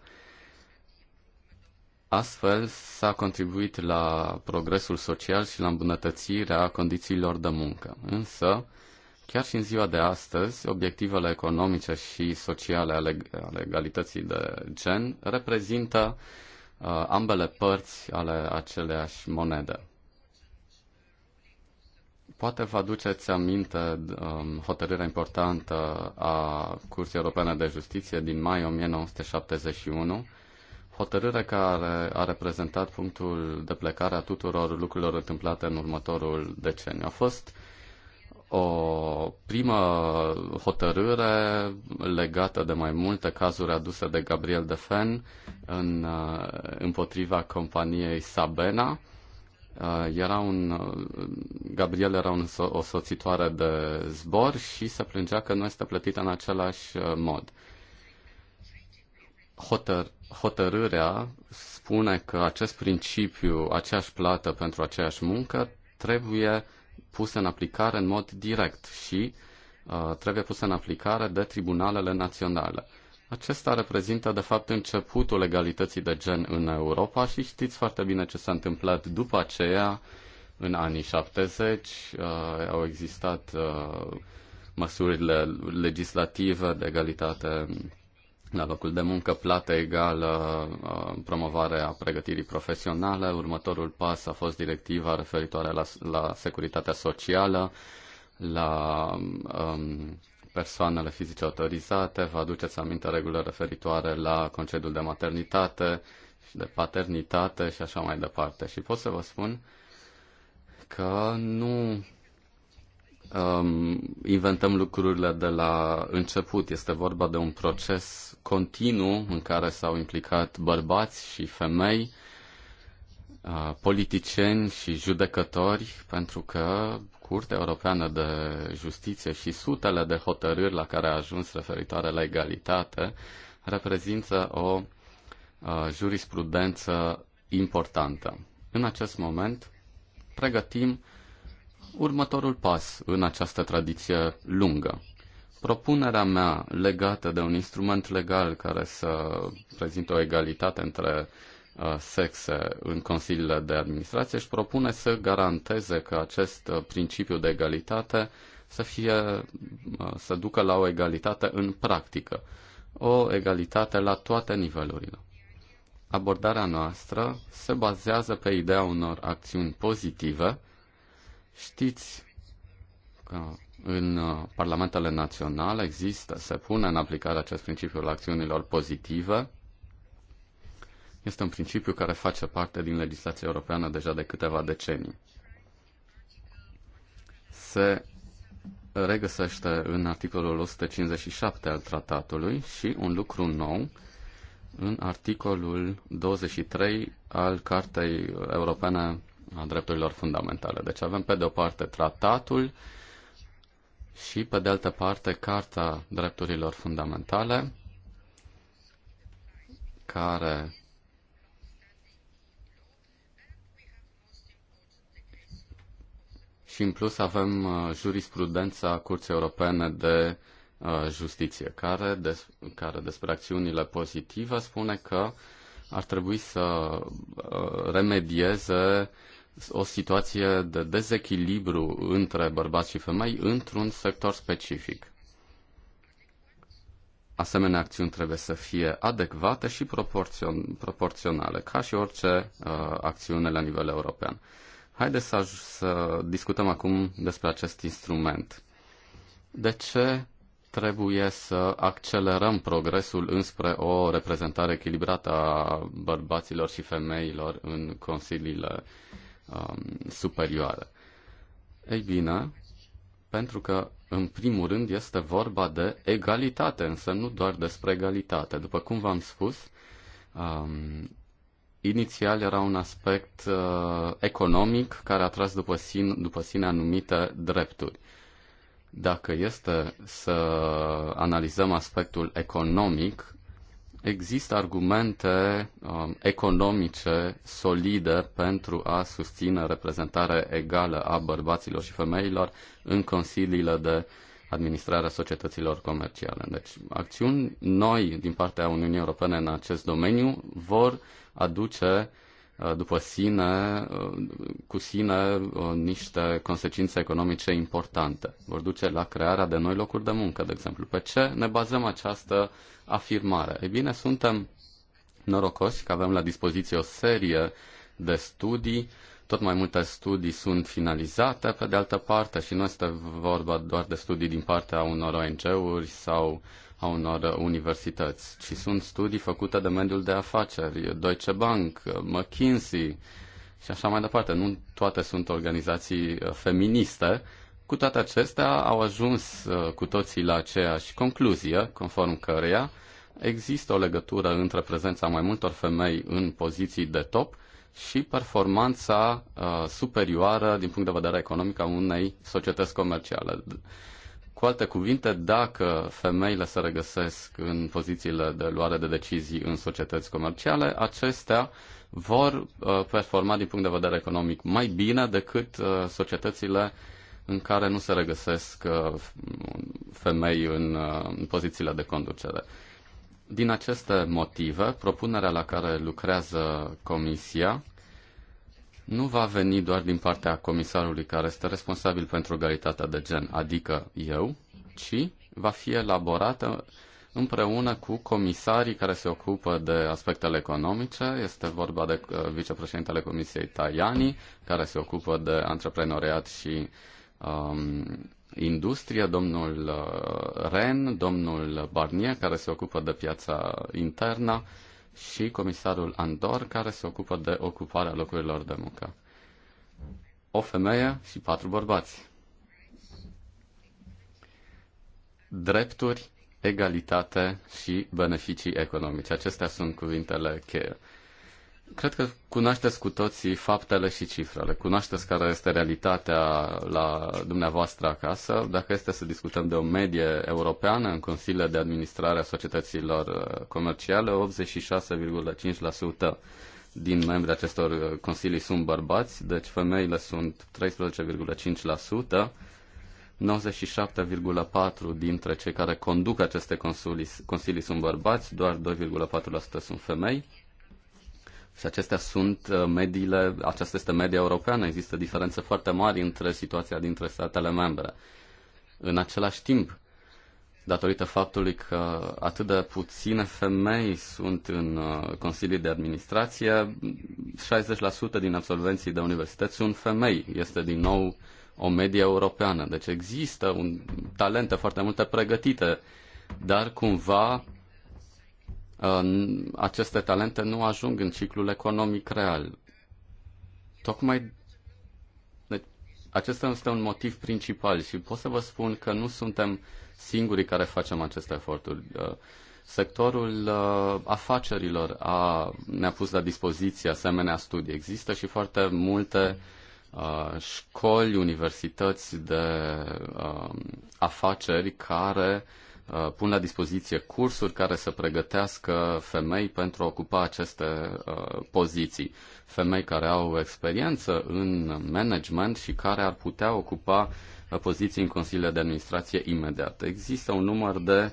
Astfel s-a contribuit la progresul social și la îmbunătățirea condițiilor de muncă. Însă, chiar și în ziua de astăzi, obiectivele economice și sociale ale, ale egalității de gen reprezintă uh, ambele părți ale aceleași monede. Poate vă aduceți aminte um, hotărârea importantă a Curții Europene de Justiție din mai 1971, hotărâre care a reprezentat punctul de plecare a tuturor lucrurilor întâmplate în următorul deceniu. A fost o primă hotărâre legată de mai multe cazuri aduse de Gabriel Defen în, uh, împotriva companiei Sabena, Uh, era un, uh, Gabriel era un, o soțitoare de zbor și se plângea că nu este plătită în același uh, mod. Hotăr, hotărârea spune că acest principiu, aceeași plată pentru aceeași muncă, trebuie pus în aplicare în mod direct și uh, trebuie pus în aplicare de tribunalele naționale. Acesta reprezintă, de fapt, începutul egalității de gen în Europa și știți foarte bine ce s-a întâmplat după aceea, în anii 70. Uh, au existat uh, măsurile legislative de egalitate la locul de muncă, plată egală, uh, promovarea pregătirii profesionale. Următorul pas a fost directiva referitoare la, la securitatea socială, la um, persoanele fizice autorizate, vă aduceți aminte regulile referitoare la concediul de maternitate și de paternitate și așa mai departe. Și pot să vă spun că nu um, inventăm lucrurile de la început. Este vorba de un proces continuu în care s-au implicat bărbați și femei, uh, politicieni și judecători, pentru că Curtea Europeană de Justiție și sutele de hotărâri la care a ajuns referitoare la egalitate reprezintă o uh, jurisprudență importantă. În acest moment pregătim următorul pas în această tradiție lungă. Propunerea mea legată de un instrument legal care să prezintă o egalitate între Uh, sexe în consiliile de administrație și propune să garanteze că acest uh, principiu de egalitate să, fie, uh, să ducă la o egalitate în practică, o egalitate la toate nivelurile. Abordarea noastră se bazează pe ideea unor acțiuni pozitive. Știți că în parlamentele naționale există, se pune în aplicare acest principiu al acțiunilor pozitive, este un principiu care face parte din legislația europeană deja de câteva decenii. Se regăsește în articolul 157 al tratatului și un lucru nou în articolul 23 al Cartei Europene a Drepturilor Fundamentale. Deci avem pe de o parte tratatul și pe de altă parte Carta Drepturilor Fundamentale care și în plus avem uh, jurisprudența Curții Europene de uh, Justiție, care, des, care despre acțiunile pozitive spune că ar trebui să uh, remedieze o situație de dezechilibru între bărbați și femei într-un sector specific. Asemenea, acțiuni trebuie să fie adecvate și proporțion, proporționale, ca și orice uh, acțiune la nivel european. Uh, Haideți să, să discutăm acum despre acest instrument. De ce trebuie să accelerăm progresul înspre o reprezentare echilibrată a bărbaților și femeilor în consiliile um, superioare? Ei bine, pentru că, în primul rând, este vorba de egalitate, însă nu doar despre egalitate. După cum v-am spus, um, inițial era un aspect uh, economic care a tras după sine, după sine anumite drepturi. Dacă este să analizăm aspectul economic, există argumente um, economice solide pentru a susține reprezentare egală a bărbaților și femeilor în consiliile de administrare societăților comerciale. Deci, acțiuni noi din partea Uniunii Europene în acest domeniu vor aduce uh, după sine, uh, cu sine uh, niște consecințe economice importante. Vor duce la crearea de noi locuri de muncă, de exemplu. Pe ce ne bazăm această afirmare? Ei bine, suntem norocoși că avem la dispoziție o serie de studii, tot mai multe studii sunt finalizate, pe de altă parte, și nu este vorba doar de studii din partea unor ONG-uri sau uh, a unor universități, ci sunt studii făcute de mediul de afaceri, Deutsche Bank, McKinsey și așa mai departe. Nu toate sunt organizații uh, feministe. Cu toate acestea au ajuns uh, cu toții la aceeași concluzie, conform căreia există o legătură între prezența mai multor femei în poziții de top și performanța uh, superioară din punct de vedere economic a unei societăți comerciale. Cu alte cuvinte, dacă femeile se regăsesc în pozițiile de luare de decizii în societăți comerciale, acestea vor uh, performa din punct de vedere economic mai bine decât uh, societățile în care nu se regăsesc uh, femei în pozițiile de conducere. Din aceste motive, propunerea la care lucrează Comisia nu va veni doar din partea comisarului care este responsabil pentru egalitatea de gen, adică eu, ci va fi elaborată împreună cu comisarii care se ocupă de aspectele economice. Este vorba de uh, vicepreședintele Comisiei Tajani, care se ocupă de antreprenoriat și um, industrie, domnul uh, Ren, domnul Barnier, care se ocupă de piața internă și comisarul Andor, care se ocupă de ocuparea locurilor de muncă. O femeie și patru bărbați. Drepturi, egalitate și beneficii economice. Acestea sunt cuvintele cheie. Cred că cunoașteți cu toții faptele și cifrele. Cunoașteți care este realitatea la dumneavoastră acasă. Dacă este să discutăm de o medie europeană în Consiliile de Administrare a Societăților uh, Comerciale, 86,5% din membrii acestor uh, consilii sunt bărbați, deci femeile sunt 13,5%. 97,4% dintre cei care conduc aceste consilii, consilii sunt bărbați, doar 2,4% sunt femei și acestea sunt uh, mediile, aceasta este media europeană, există diferențe foarte mari între situația dintre statele membre. În același timp, datorită faptului că atât de puține femei sunt în uh, consilii de administrație, 60% din absolvenții de universități sunt femei. Este din nou o medie europeană. Deci există un talente foarte multe pregătite, dar cumva aceste talente nu ajung în ciclul economic real. Tocmai deci, acesta este un motiv principal și pot să vă spun că nu suntem singurii care facem aceste eforturi. Uh, sectorul uh, afacerilor a, ne-a pus la dispoziție asemenea studii. Există și foarte multe uh, școli, universități de afaceri care Uh, pun la dispoziție cursuri care să pregătească femei pentru a ocupa aceste uh, poziții. Femei care au experiență în management și care ar putea ocupa uh, poziții în consiliile de administrație imediat. Există un număr de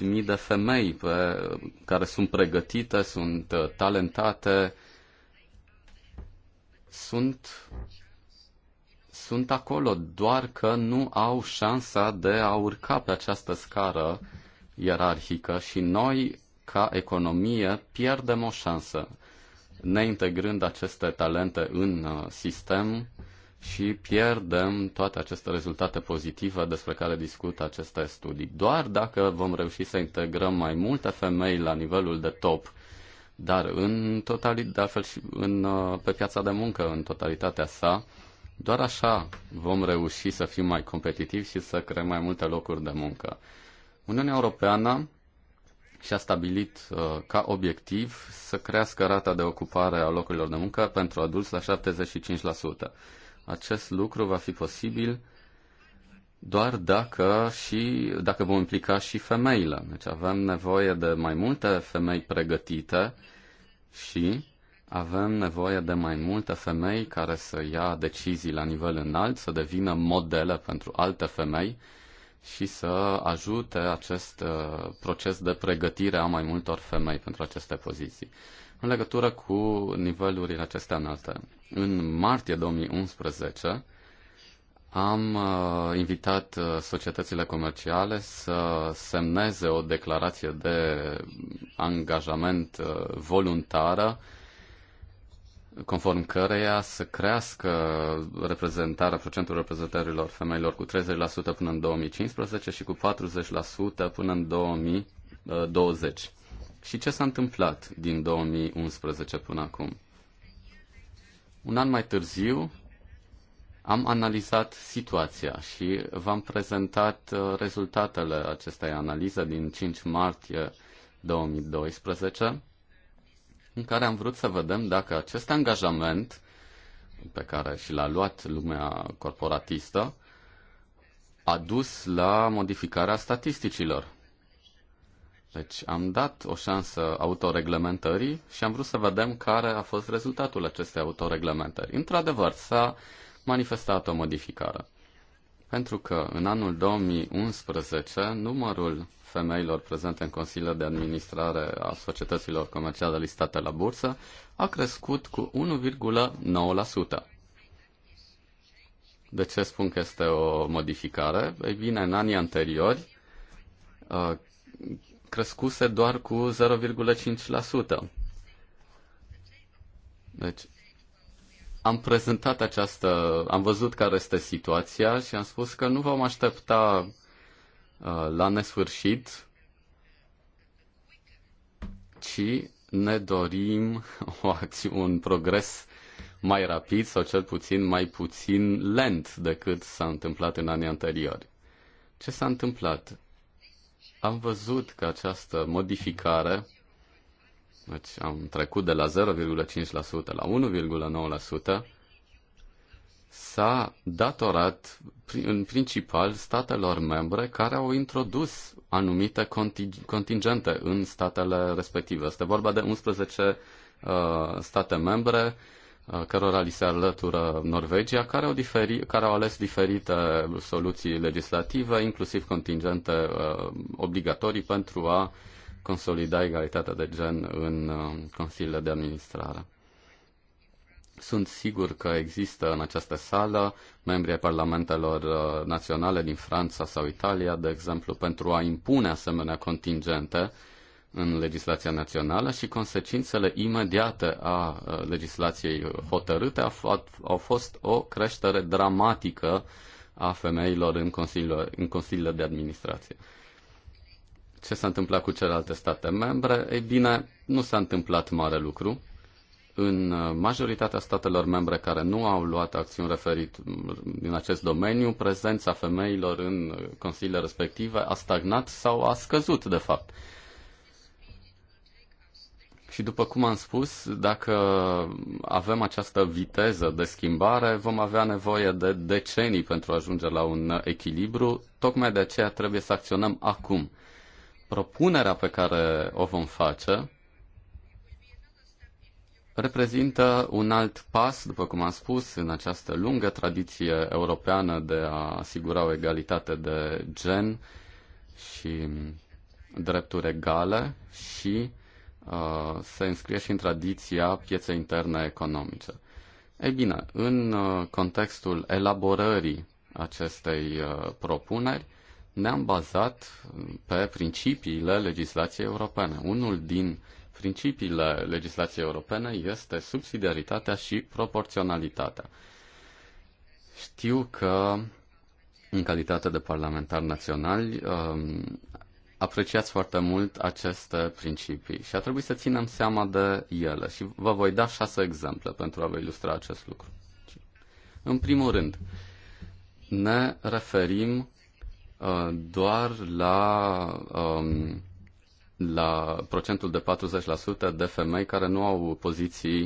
8.000 de femei pe, care sunt pregătite, sunt talentate, sunt sunt acolo, doar că nu au șansa de a urca pe această scară ierarhică și noi, ca economie, pierdem o șansă, neintegrând aceste talente în uh, sistem și pierdem toate aceste rezultate pozitive despre care discută aceste studii. Doar dacă vom reuși să integrăm mai multe femei la nivelul de top, dar în totalitate, de altfel și în, uh, pe piața de muncă în totalitatea sa, doar așa vom reuși să fim mai competitivi și să creăm mai multe locuri de muncă. Uniunea Europeană și-a stabilit uh, ca obiectiv să crească rata de ocupare a locurilor de muncă pentru adulți la 75%. Acest lucru va fi posibil doar dacă, și, dacă vom implica și femeile. Deci avem nevoie de mai multe femei pregătite și avem nevoie de mai multe femei care să ia decizii la nivel înalt, să devină modele pentru alte femei și să ajute acest uh, proces de pregătire a mai multor femei pentru aceste poziții. În legătură cu nivelurile acestea înalte, în martie 2011 am uh, invitat uh, societățile comerciale să semneze o declarație de angajament voluntară conform căreia să crească reprezentarea, procentul reprezentărilor femeilor cu 30% până în 2015 și cu 40% până în 2020. Și ce s-a întâmplat din 2011 până acum? Un an mai târziu am analizat situația și v-am prezentat uh, rezultatele acestei analize din 5 martie 2012 în care am vrut să vedem dacă acest angajament pe care și l-a luat lumea corporatistă a dus la modificarea statisticilor. Deci am dat o șansă autoreglementării și am vrut să vedem care a fost rezultatul acestei autoreglementări. Într-adevăr, s-a manifestat o modificare. Pentru că în anul 2011 numărul femeilor prezente în Consiliul de Administrare a societăților comerciale listate la bursă a crescut cu 1,9%. De ce spun că este o modificare? Ei bine, în anii anteriori crescuse doar cu 0,5%. Deci, am prezentat această, am văzut care este situația și am spus că nu vom aștepta Uh, la nesfârșit, ci ne dorim o acțiune, un progres mai rapid sau cel puțin mai puțin lent decât s-a întâmplat în anii anteriori. Ce s-a întâmplat? Am văzut că această modificare, deci am trecut de la 0,5% la 1,9%, s-a datorat în principal statelor membre care au introdus anumite contingente în statele respective. Este vorba de 11 uh, state membre uh, cărora li se alătură Norvegia, care au, diferi, care au ales diferite soluții legislative, inclusiv contingente uh, obligatorii pentru a consolida egalitatea de gen în uh, consiliile de administrare. Sunt sigur că există în această sală membrii parlamentelor uh, naționale din Franța sau Italia, de exemplu, pentru a impune asemenea contingente în legislația națională și consecințele imediate a uh, legislației hotărâte au fost o creștere dramatică a femeilor în consiliile, în consiliile de administrație. Ce s-a întâmplat cu celelalte state membre? Ei bine, nu s-a întâmplat mare lucru. În uh, majoritatea statelor membre care nu au luat acțiuni referit mm, din acest domeniu, prezența femeilor în uh, consiliile respective a stagnat sau a scăzut, de fapt. Și după cum am spus, dacă avem această viteză de schimbare, vom avea nevoie de decenii pentru a ajunge la un echilibru. Tocmai de aceea trebuie să acționăm acum. Propunerea pe care o vom face reprezintă un alt pas, după cum am spus, în această lungă tradiție europeană de a asigura o egalitate de gen și drepturi egale și uh, se înscrie și în tradiția pieței interne economice. Ei bine, în uh, contextul elaborării acestei uh, propuneri, ne-am bazat pe principiile legislației europene. Unul din uh, principiile legislației europene este subsidiaritatea și proporționalitatea. Știu că, în calitate de parlamentar național, um, apreciați foarte mult aceste principii și a trebuit să ținem seama de ele. Și vă voi da șase exemple pentru a vă ilustra acest lucru. În primul rând, ne referim uh, doar la um, la procentul de 40% de femei care nu au poziții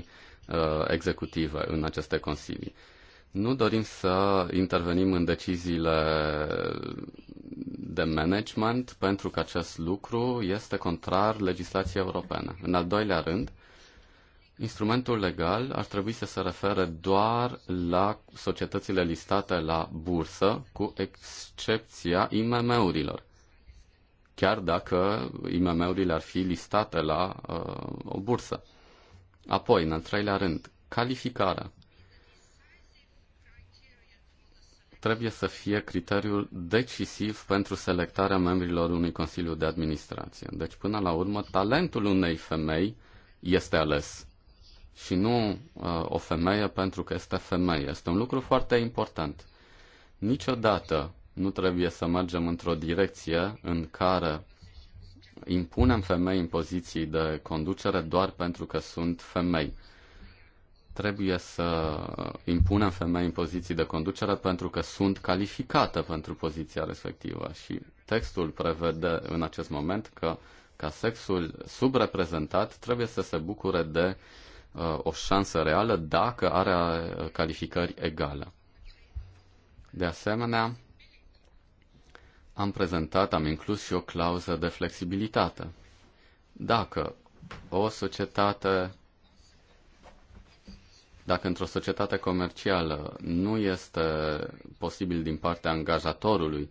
uh, executive în aceste consilii. Nu dorim să intervenim în deciziile de management pentru că acest lucru este contrar legislației europene. În al doilea rând, instrumentul legal ar trebui să se refere doar la societățile listate la bursă, cu excepția IMM-urilor chiar dacă IMM-urile ar fi listate la uh, o bursă. Apoi, în al treilea rând, calificarea. trebuie să fie criteriul decisiv pentru selectarea membrilor unui Consiliu de Administrație. Deci, până la urmă, talentul unei femei este ales și nu uh, o femeie pentru că este femeie. Este un lucru foarte important. Niciodată nu trebuie să mergem într-o direcție în care impunem femei în poziții de conducere doar pentru că sunt femei. Trebuie să impunem femei în poziții de conducere pentru că sunt calificate pentru poziția respectivă și textul prevede în acest moment că ca sexul subreprezentat trebuie să se bucure de uh, o șansă reală dacă are calificări egale. De asemenea, am prezentat, am inclus și o clauză de flexibilitate. Dacă o societate, dacă într-o societate comercială nu este posibil din partea angajatorului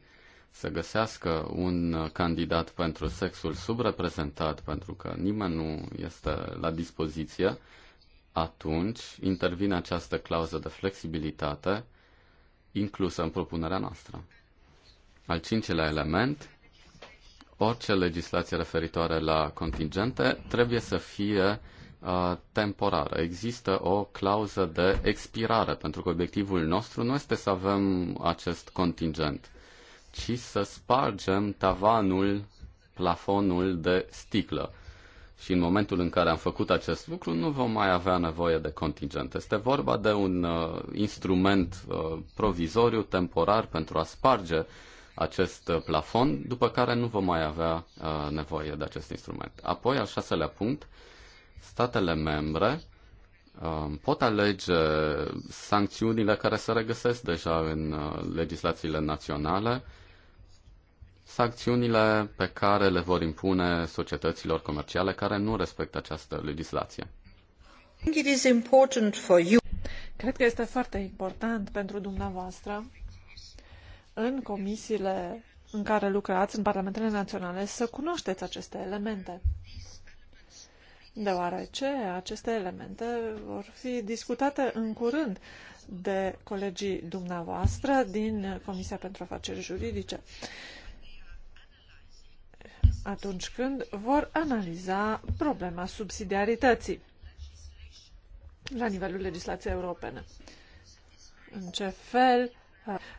să găsească un candidat pentru sexul subreprezentat, pentru că nimeni nu este la dispoziție, atunci intervine această clauză de flexibilitate inclusă în propunerea noastră. Al cincilea element, orice legislație referitoare la contingente trebuie să fie uh, temporară. Există o clauză de expirare, pentru că obiectivul nostru nu este să avem acest contingent, ci să spargem tavanul, plafonul de sticlă. Și în momentul în care am făcut acest lucru, nu vom mai avea nevoie de contingent. Este vorba de un uh, instrument uh, provizoriu, temporar, pentru a sparge uh, acest uh, plafon, după care nu vom mai avea uh, nevoie de acest instrument. Apoi, al șaselea punct, statele membre um, pot alege sancțiunile care se regăsesc deja în uh, legislațiile naționale, sancțiunile pe care le vor impune societăților comerciale care nu respectă această legislație. Cred că este foarte important pentru dumneavoastră în comisiile în care lucrați, în parlamentele naționale, să cunoașteți aceste elemente. Deoarece aceste elemente vor fi discutate în curând de colegii dumneavoastră din Comisia pentru Afaceri Juridice atunci când vor analiza problema subsidiarității la nivelul legislației europene. În ce fel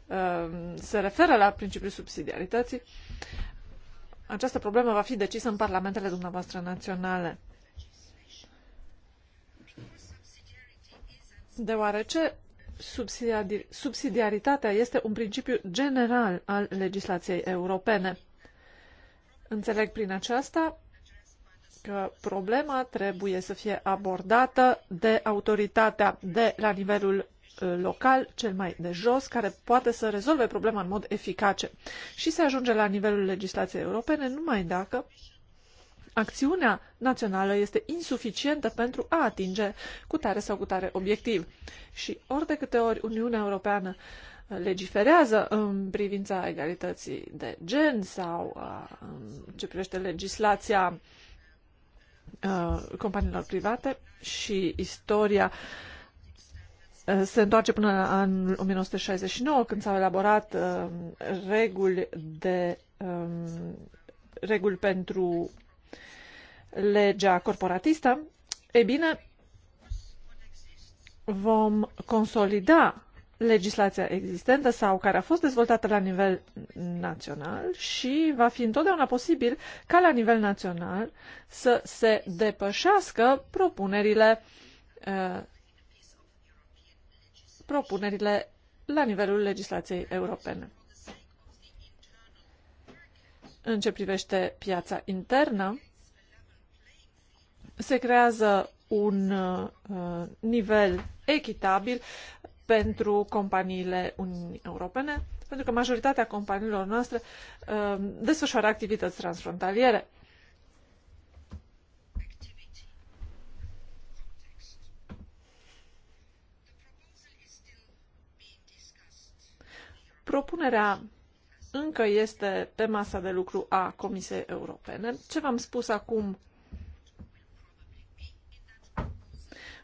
Ehm, se referă la principiul subsidiarității, această problemă va fi decisă în parlamentele dumneavoastră naționale. Deoarece subsidiaritatea este un principiu general al legislației europene. Înțeleg prin aceasta că problema trebuie să fie abordată de autoritatea de la nivelul Uh, local, cel mai de jos, care poate să rezolve problema în mod eficace și se ajunge la nivelul legislației europene numai dacă acțiunea națională este insuficientă pentru a atinge cu tare sau cu tare obiectiv. Și ori de câte ori Uniunea Europeană uh, legiferează în privința egalității de gen sau uh, în ce privește legislația companiilor private și istoria uh, Uh, se întoarce până în 1969, când s-au elaborat uh, reguli, de, uh, reguli pentru legea corporatistă, e bine, vom consolida legislația existentă sau care a fost dezvoltată la nivel național și va fi întotdeauna posibil ca la nivel național să se depășească propunerile uh, propunerile la nivelul legislației europene. În ce privește piața internă, se creează un uh, nivel echitabil pentru companiile Uniunii Europene, pentru că majoritatea companiilor noastre uh, desfășoară activități transfrontaliere. Propunerea încă este pe masa de lucru a Comisiei Europene. Ce v-am spus acum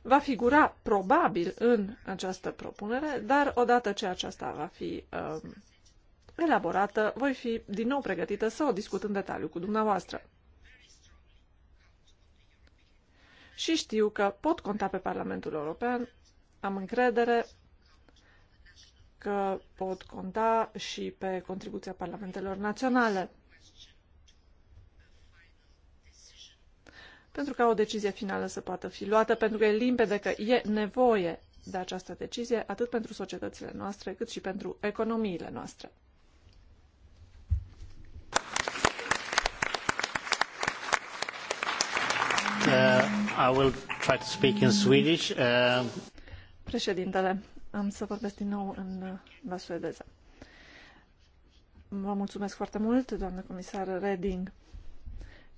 va figura probabil în această propunere, dar odată ce aceasta va fi uh, elaborată, voi fi din nou pregătită să o discut în detaliu cu dumneavoastră. Și știu că pot conta pe Parlamentul European, am încredere că pot conta și pe contribuția parlamentelor naționale. Pentru ca o decizie finală să poată fi luată, pentru că e limpede că e nevoie de această decizie, atât pentru societățile noastre, cât și pentru economiile noastre. Uh, I will try to speak in Swedish. Uh... Președintele, am să vorbesc din nou în uh, la suedeză. Vă mulțumesc foarte mult, doamnă comisar Reding.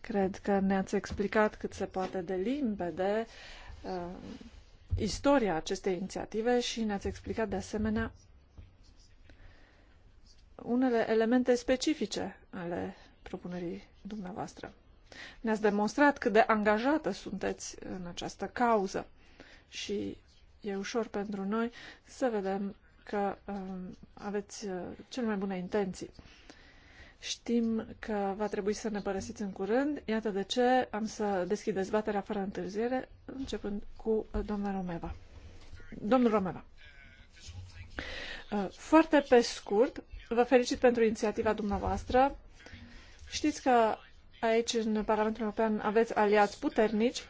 Cred că ne-ați explicat cât se poate de de uh, istoria acestei inițiative și ne-ați explicat de asemenea unele elemente specifice ale propunerii dumneavoastră. Ne-ați demonstrat cât de angajată sunteți în această cauză și e ușor pentru noi să vedem că uh, aveți uh, cele mai bune intenții. Știm că va trebui să ne părăsiți în curând. Iată de ce am să deschid dezbaterea fără întârziere, începând cu uh, doamna Romeva. Domnul Romeva. Uh, foarte pe scurt, vă felicit pentru inițiativa dumneavoastră. Știți că aici, în Parlamentul European, aveți aliați puternici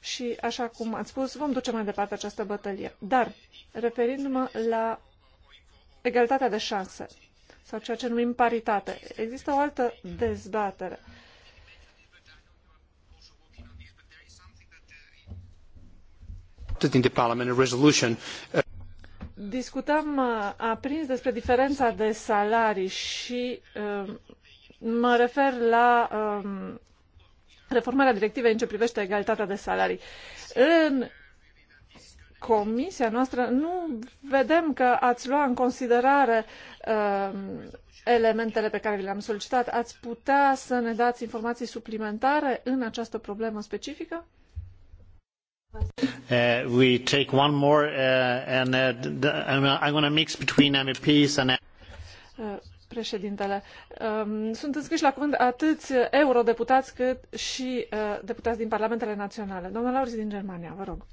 și, așa cum ați spus, vom duce mai departe această bătălie. Dar, referindu-mă la egalitatea de șanse, sau ceea ce numim paritate, există o altă dezbatere. Discutam a uh, Discutăm aprins despre diferența de salarii și uh, mă refer la uh, reformarea directivei în ce privește egalitatea de salarii. În comisia noastră nu vedem că ați lua în considerare uh, elementele pe care vi le-am solicitat. Ați putea să ne dați informații suplimentare în această problemă specifică? Uh, we take one more uh, and uh, uh I'm going to mix between MEPs and uh, Președintele, ehm, sunt înscriși la cuvânt atâți eurodeputați cât și eh, deputați din parlamentele naționale. Domnul Laurzi din Germania, vă rog.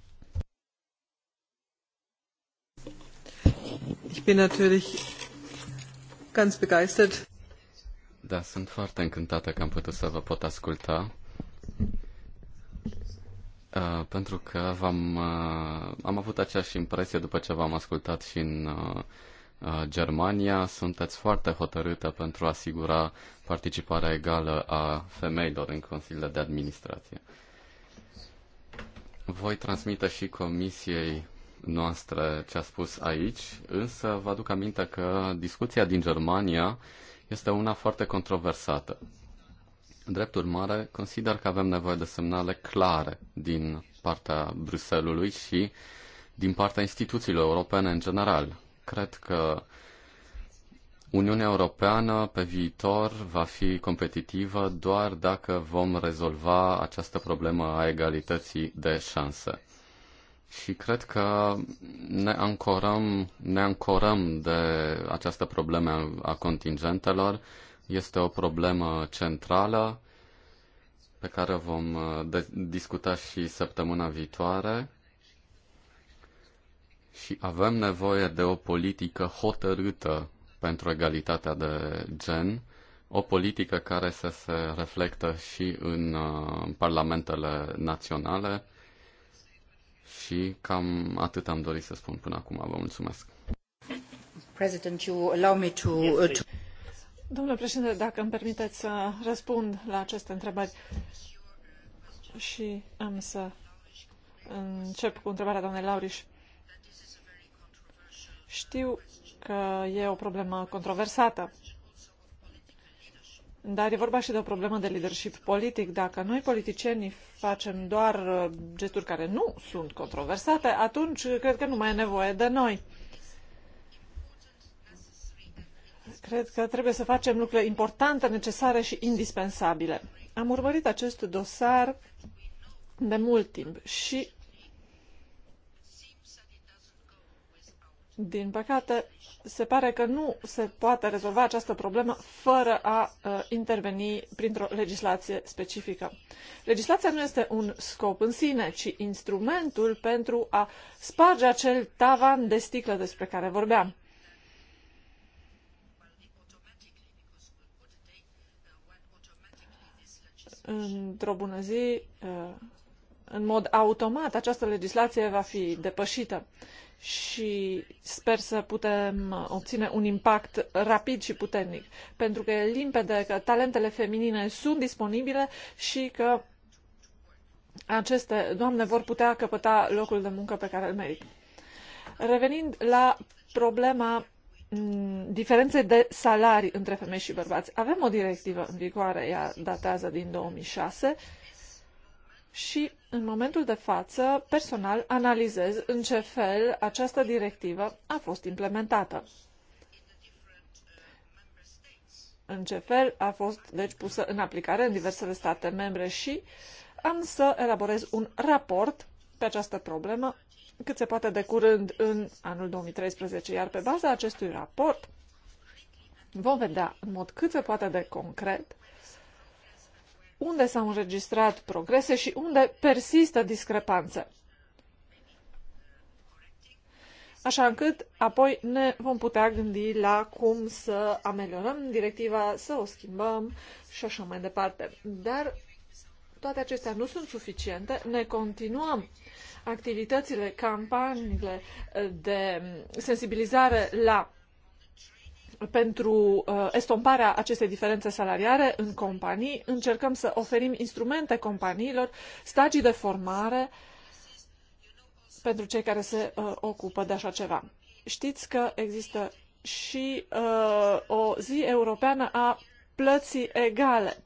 Ich bin natürlich ganz begeistert. Da, sunt foarte încântată că am putut să vă pot asculta. Uh, pentru că am uh, eh, am avut aceeași impresie după ce v-am ascultat și în uh, Uh, Germania, sunteți foarte hotărâtă pentru a asigura participarea egală a femeilor în consiliile de administrație. Voi transmite și comisiei noastre ce a spus aici, însă vă aduc aminte că discuția din Germania este una foarte controversată. Drept urmare, consider că avem nevoie de semnale clare din partea Bruselului și din partea instituțiilor europene în general. Cred că Uniunea Europeană pe viitor va fi competitivă doar dacă vom rezolva această problemă a egalității de șanse. Și cred că ne ancorăm, ne ancorăm de această problemă a contingentelor. Este o problemă centrală pe care vom uh, discuta și săptămâna viitoare și avem nevoie de o politică hotărâtă pentru egalitatea de gen, o politică care să se reflectă și în uh, parlamentele naționale și cam atât am dorit să spun până acum. Vă mulțumesc. President, you allow me to... Uh, Domnule președinte, dacă îmi permiteți să răspund la aceste întrebări și am să încep cu întrebarea doamnei Lauriș. Știu că e o problemă controversată, dar e vorba și de o problemă de leadership politic. Dacă noi, politicienii, facem doar uh, gesturi care nu sunt controversate, atunci cred că nu mai e nevoie de noi. Cred că trebuie să facem lucruri importante, necesare și indispensabile. Am urmărit acest dosar de mult timp și Din păcate, se pare că nu se poate rezolva această problemă fără a uh, interveni printr-o legislație specifică. Legislația nu este un scop în sine, ci instrumentul pentru a sparge acel tavan de sticlă despre care vorbeam. Într-o bună zi, uh, în mod automat, această legislație va fi depășită și sper să putem obține un impact rapid și puternic, pentru că e limpede că talentele feminine sunt disponibile și că aceste doamne vor putea căpăta locul de muncă pe care îl merită. Revenind la problema mm, diferenței de salarii între femei și bărbați. Avem o directivă în vigoare, ea datează din 2006 și în momentul de față, personal analizez în ce fel această directivă a fost implementată. În ce fel a fost, deci, pusă în aplicare în diversele state membre și am să elaborez un raport pe această problemă cât se poate de curând în anul 2013, iar pe baza acestui raport vom vedea în mod cât se poate de concret unde s-au înregistrat progrese și unde persistă discrepanțe. Așa încât apoi ne vom putea gândi la cum să ameliorăm directiva, să o schimbăm și așa mai departe. Dar toate acestea nu sunt suficiente. Ne continuăm activitățile, campaniile de sensibilizare la pentru uh, estomparea acestei diferențe salariare în companii. Încercăm să oferim instrumente companiilor, stagii de formare pentru cei care se uh, ocupă de așa ceva. Știți că există și uh, o zi europeană a plății egale.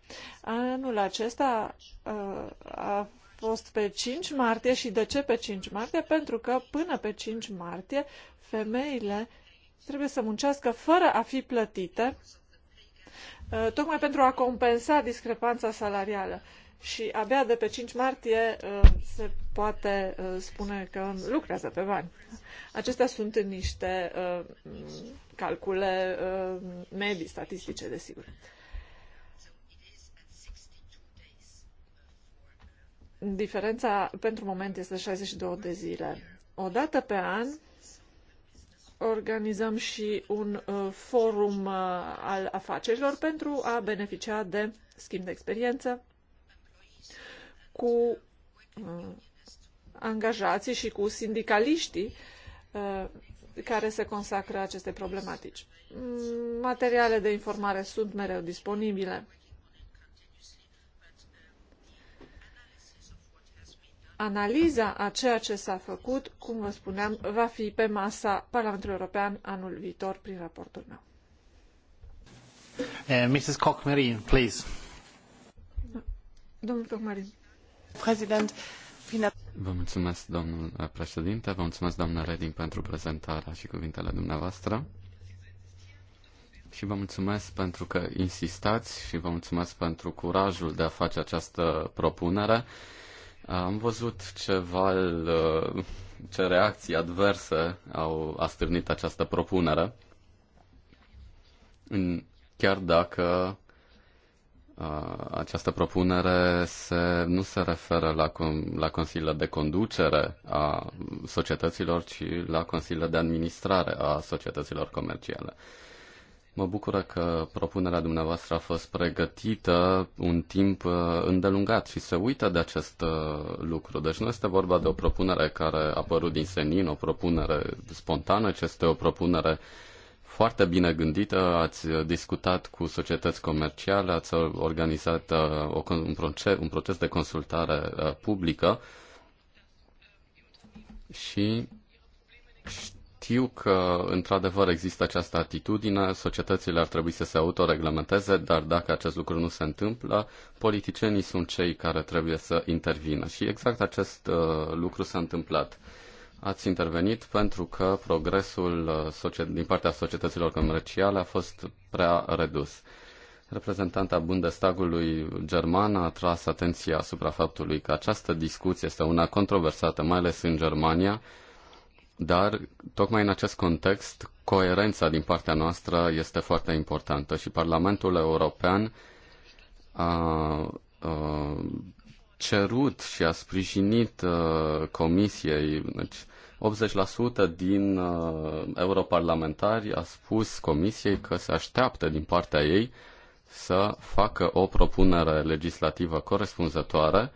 Anul acesta uh, a fost pe 5 martie și de ce pe 5 martie? Pentru că până pe 5 martie femeile trebuie să muncească fără a fi plătite, uh, tocmai pentru a compensa discrepanța salarială. Și abia de pe 5 martie uh, se poate uh, spune că lucrează pe bani. Acestea sunt niște calcule medii, statistice, desigur. Diferența pentru moment este 62 de zile. O dată pe an, organizăm și un uh, forum uh, al afacerilor pentru a beneficia de schimb de experiență cu uh, angajații și cu sindicaliștii care se consacră aceste problematici. Mm, materiale de informare sunt mereu disponibile. analiza a ceea ce s-a făcut, cum vă spuneam, va fi pe masa Parlamentului European anul viitor prin raportul meu. Uh, Mrs. Cochmarin, please. Domnul Cochmarin. President, Vă mulțumesc, domnul eh, președinte, vă mulțumesc, doamna Reding, pentru prezentarea și cuvintele dumneavoastră. Și vă mulțumesc pentru că insistați și vă mulțumesc pentru curajul de a face această propunere. Am văzut ce val, uh, ce reacții adverse au, a stârnit această propunere, chiar dacă uh, această propunere se, nu se referă la, la consiliile de conducere a societăților, ci la consiliile de administrare a societăților comerciale. Mă bucură că propunerea dumneavoastră a fost pregătită un timp uh, îndelungat și se uită de acest uh, lucru. Deci nu este vorba de o propunere care a apărut din senin, o propunere spontană, ci este o propunere foarte bine gândită. Ați discutat cu societăți comerciale, ați organizat uh, un, proces, un proces de consultare publică și știu că, într-adevăr, există această atitudine, societățile ar trebui să se autoreglementeze, dar dacă acest lucru nu se întâmplă, politicienii sunt cei care trebuie să intervină. Și exact acest uh, lucru s-a întâmplat. Ați intervenit pentru că progresul uh, din partea societăților comerciale a fost prea redus. Reprezentanta Bundestagului german a tras atenția asupra faptului că această discuție este una controversată, mai ales în Germania, dar, tocmai în acest context, coerența din partea noastră este foarte importantă și Parlamentul European a, a cerut și a sprijinit a, comisiei. Deci, 80% din a, europarlamentari a spus comisiei că se așteaptă din partea ei să facă o propunere legislativă corespunzătoare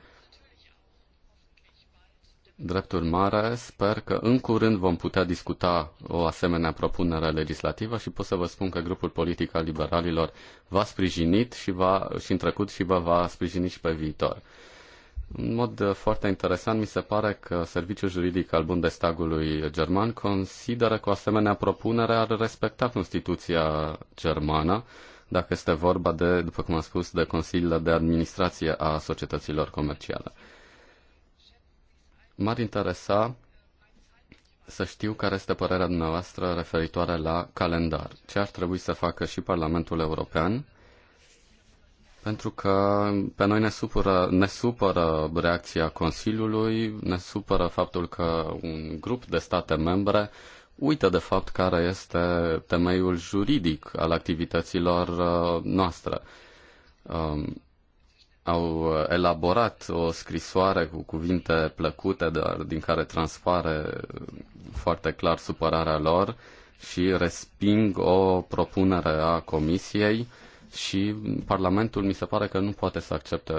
Drept urmare, sper că în curând vom putea discuta o asemenea propunere legislativă și pot să vă spun că grupul politic al liberalilor va sprijinit și, va, și în trecut și vă va sprijini și pe viitor. În mod uh, foarte interesant, mi se pare că Serviciul Juridic al Bundestagului German consideră că o asemenea propunere ar respecta Constituția germană, dacă este vorba de, după cum am spus, de Consiliul de administrație a societăților comerciale. M-ar interesa să știu care este părerea dumneavoastră referitoare la calendar. Ce ar trebui să facă și Parlamentul European? Pentru că pe noi ne supără, ne supără reacția Consiliului, ne supără faptul că un grup de state membre uită de fapt care este temeiul juridic al activităților uh, noastre. Um, au uh, elaborat o scrisoare cu cuvinte plăcute, dar din care transpare uh, foarte clar supărarea lor și resping o propunere a Comisiei și Parlamentul mi se pare că nu poate să accepte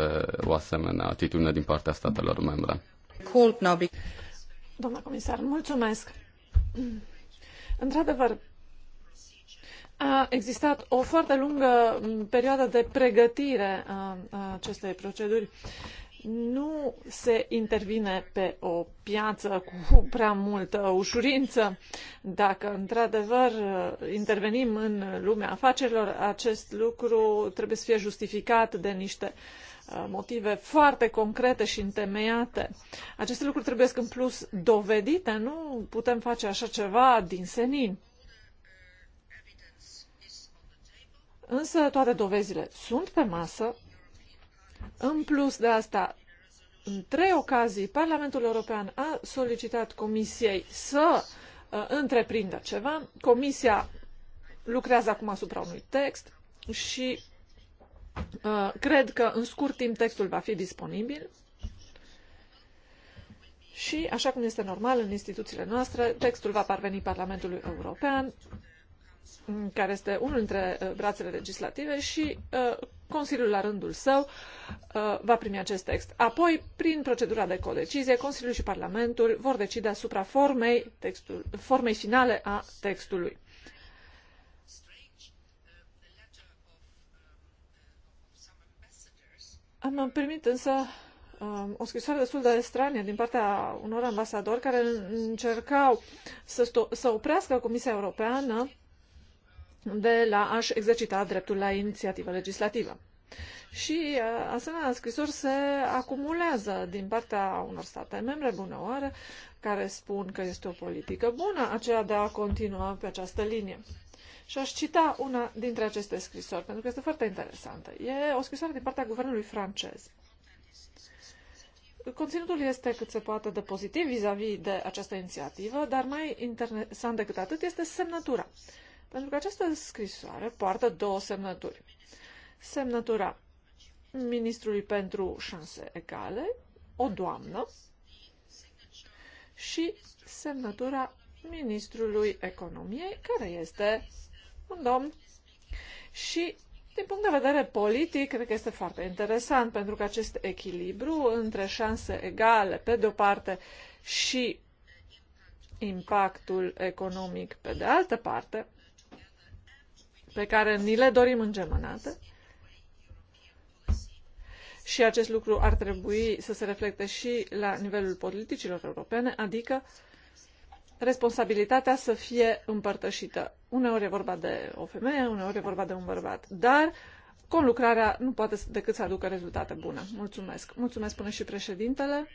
o asemenea atitudine din partea statelor membre. Doamna comisar, mulțumesc! Într-adevăr, a existat o foarte lungă mm, perioadă de pregătire a, acestei proceduri. Nu se intervine pe o piață cu prea multă ușurință. Dacă într-adevăr intervenim în lumea afacerilor, acest lucru trebuie să fie justificat de niște motive foarte concrete și întemeiate. Aceste lucruri trebuie în plus dovedite, nu putem face așa ceva din senin. Însă toate dovezile sunt pe masă. În plus de asta, în trei ocazii, Parlamentul European a solicitat Comisiei să uh, întreprindă ceva. Comisia lucrează acum asupra unui text și uh, cred că în scurt timp textul va fi disponibil. Și, așa cum este normal în instituțiile noastre, textul va parveni Parlamentului European care este unul dintre uh, brațele legislative și uh, Consiliul la rândul său uh, va primi acest text. Apoi, prin procedura de codecizie, Consiliul și Parlamentul vor decide asupra formei, textul, formei finale a textului. Am primit însă um, o scrisoare destul de stranie din partea unor ambasadori care încercau să, să oprească Comisia Europeană de la a-și exercita dreptul la inițiativă legislativă. Și uh, asemenea scrisori se acumulează din partea unor state membre bună oară, care spun că este o politică bună aceea de a continua pe această linie. Și aș cita una dintre aceste scrisori, pentru că este foarte interesantă. E o scrisoare din partea guvernului francez. Conținutul este cât se poate de pozitiv vis-a-vis -vis de această inițiativă, dar mai interesant decât atât este semnătura. Pentru că această scrisoare poartă două semnături. Semnătura ministrului pentru șanse egale, o doamnă, și semnătura ministrului economiei, care este un domn. Și, din punct de vedere politic, cred că este foarte interesant, pentru că acest echilibru între șanse egale, pe de-o parte, și impactul economic, pe de altă parte, pe care ni le dorim îngemânate și acest lucru ar trebui să se reflecte și la nivelul politicilor europene, adică responsabilitatea să fie împărtășită. Uneori e vorba de o femeie, uneori e vorba de un bărbat, dar conlucrarea nu poate decât să aducă rezultate bune. Mulțumesc. Mulțumesc până și președintele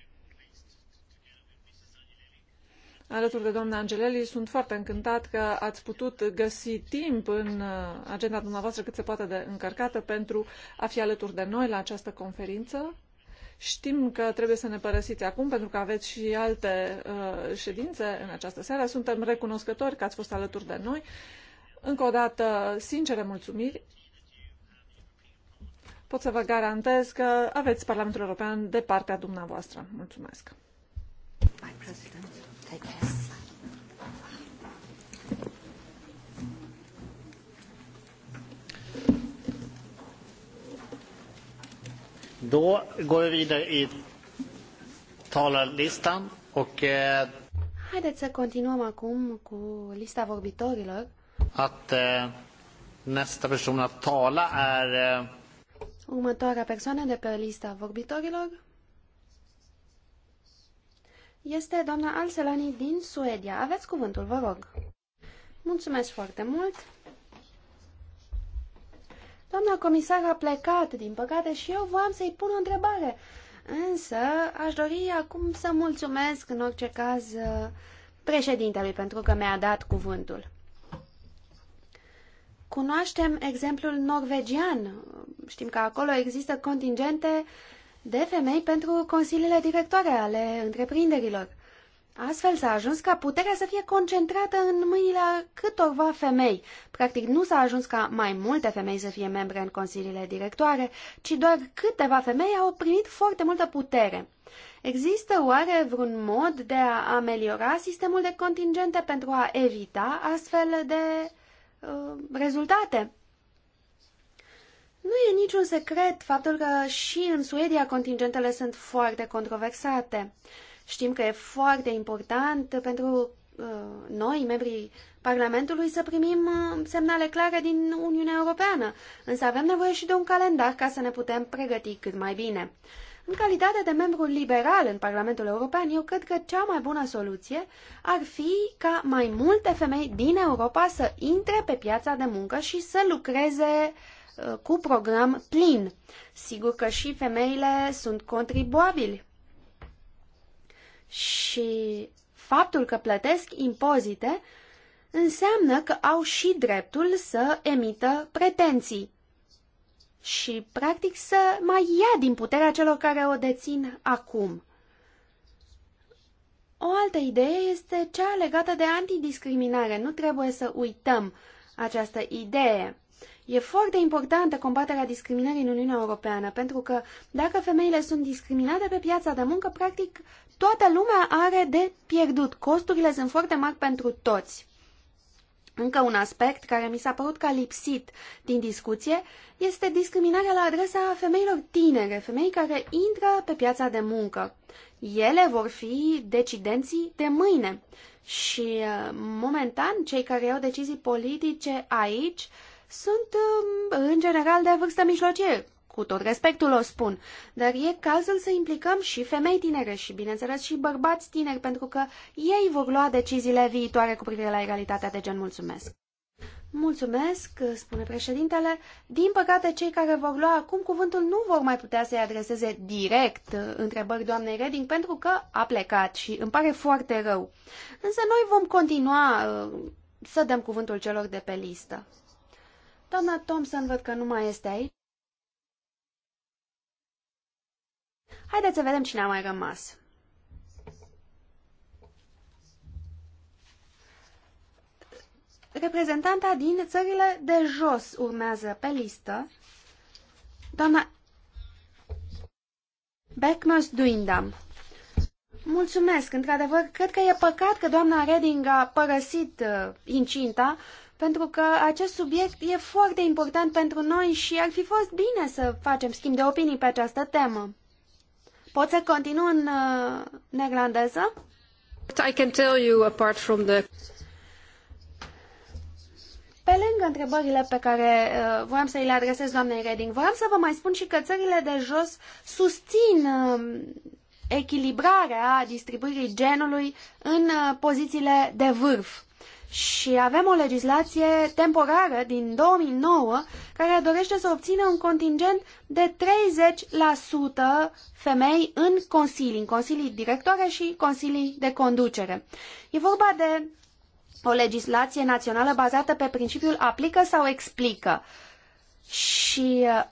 alături de doamna Angeleli Sunt foarte încântat că ați putut găsi timp în uh, agenda dumneavoastră cât se poate de încărcată pentru a fi alături de noi la această conferință. Știm că trebuie să ne părăsiți acum pentru că aveți și alte uh, ședințe în această seară. Suntem recunoscători că ați fost alături de noi. Încă o dată, sincere mulțumiri. Pot să vă garantez că aveți Parlamentul European de partea dumneavoastră. Mulțumesc. Bye, take this. Då går vi vidare i talarlistan och... Eh, Haideți să continuăm acum cu lista vorbitorilor. Att eh, nästa person att tala är... Eh... Următoarea persoană de pe lista vorbitorilor este doamna Alselani din Suedia. Aveți cuvântul, vă rog. Mulțumesc foarte mult. Doamna comisar a plecat, din păcate, și eu voiam să-i pun o întrebare. Însă aș dori acum să mulțumesc, în orice caz, președintelui pentru că mi-a dat cuvântul. Cunoaștem exemplul norvegian. Știm că acolo există contingente de femei pentru consiliile directoare ale întreprinderilor. Astfel s-a ajuns ca puterea să fie concentrată în mâinile câtorva femei. Practic nu s-a ajuns ca mai multe femei să fie membre în consiliile directoare, ci doar câteva femei au primit foarte multă putere. Există oare vreun mod de a ameliora sistemul de contingente pentru a evita astfel de uh, rezultate? Nu e niciun secret faptul că și în Suedia contingentele sunt foarte controversate. Știm că e foarte important pentru uh, noi, membrii Parlamentului, să primim uh, semnale clare din Uniunea Europeană, însă avem nevoie și de un calendar ca să ne putem pregăti cât mai bine. În calitate de membru liberal în Parlamentul European, eu cred că cea mai bună soluție ar fi ca mai multe femei din Europa să intre pe piața de muncă și să lucreze uh, Uh, cu program plin. Sigur că și femeile sunt contribuabili. Și faptul că plătesc impozite înseamnă că au și dreptul să emită pretenții și, practic, să mai ia din puterea celor care o dețin acum. O altă idee este cea legată de antidiscriminare. Nu trebuie să uităm această idee. E foarte importantă combaterea discriminării în Uniunea Europeană, pentru că dacă femeile sunt discriminate pe piața de muncă, practic toată lumea are de pierdut. Costurile sunt foarte mari pentru toți. Încă un aspect care mi s-a părut ca lipsit din discuție este discriminarea la adresa femeilor tinere, femei care intră pe piața de muncă. Ele vor fi decidenții de mâine și, uh, momentan, cei care iau decizii politice aici uh, sunt um, în general de vârstă mijlocie, cu tot respectul o spun, dar e cazul să implicăm și femei tinere și, bineînțeles, și bărbați tineri, pentru că ei vor lua deciziile viitoare cu privire la egalitatea de gen. Mulțumesc! Mulțumesc, spune președintele. Din păcate, cei care vor lua acum cuvântul nu vor mai putea să-i adreseze direct uh, întrebări doamnei Reding pentru că a plecat și îmi pare foarte rău. Însă noi vom continua uh, să dăm cuvântul celor de pe listă. Doamna Thompson văd că nu mai este aici. Haideți să vedem cine a mai rămas. Reprezentanta din țările de jos urmează pe listă, doamna Beckmers Duindam. Mulțumesc, într-adevăr, cred că e păcat că doamna Reding a părăsit uh, incinta, pentru că acest subiect e foarte important pentru noi și ar fi fost bine să facem schimb de opinii pe această temă. Pot să continu în uh, neerlandeză? I can tell you apart from the... Pe lângă întrebările pe care uh, voiam să le adresez doamnei Reding, voiam să vă mai spun și că țările de jos susțin uh, echilibrarea distribuirii genului în uh, pozițiile de vârf și avem o legislație temporară din 2009 care dorește să obțină un contingent de 30% femei în consilii, în consilii directoare și consilii de conducere. E vorba de o legislație națională bazată pe principiul aplică sau explică și uh,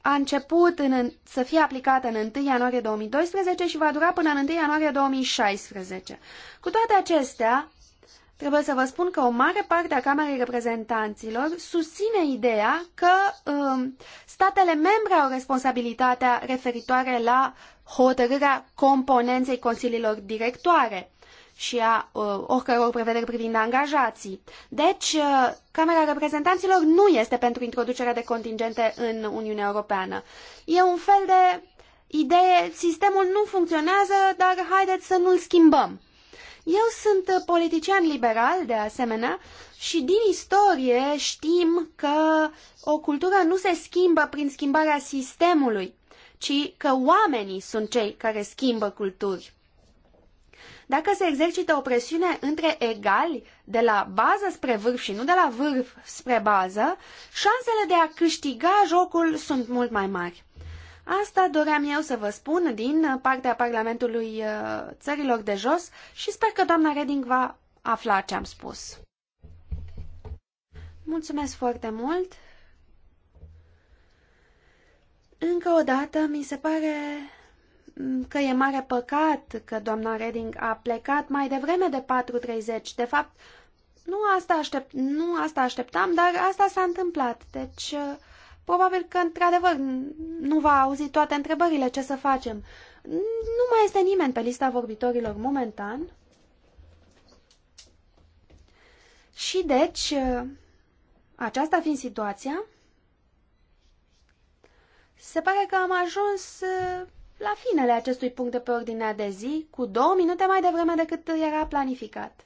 a început în, să fie aplicată în 1 ianuarie 2012 și va dura până în 1 ianuarie 2016. Cu toate acestea, Trebuie să vă spun că o mare parte a Camerei Reprezentanților susține ideea că um, statele membre au responsabilitatea referitoare la hotărârea componenței consiliilor directoare și a uh, oricăror prevederi privind angajații. Deci, uh, Camera Reprezentanților nu este pentru introducerea de contingente în Uniunea Europeană. E un fel de idee, sistemul nu funcționează, dar haideți să nu-l schimbăm. Eu sunt uh, politician liberal, de asemenea, și din istorie știm că o cultură nu se schimbă prin schimbarea sistemului, ci că oamenii sunt cei care schimbă culturi. Dacă se exercită o presiune între egali, de la bază spre vârf și nu de la vârf spre bază, șansele de a câștiga jocul sunt mult mai mari. Asta doream eu să vă spun din partea Parlamentului uh, Țărilor de Jos și sper că doamna Reding va afla ce am spus. Mulțumesc foarte mult! Încă o dată, mi se pare mm, că e mare păcat că doamna Reding a plecat mai devreme de 4.30. De fapt, nu asta, aștept, nu asta așteptam, dar asta s-a întâmplat. Deci, uh, Probabil că, într-adevăr, nu va auzi toate întrebările ce să facem. Nu mai este nimeni pe lista vorbitorilor momentan. Și deci, ă, aceasta fiind situația, se pare că am ajuns ă, la finele acestui punct de pe ordinea de zi, cu două minute mai devreme decât era planificat.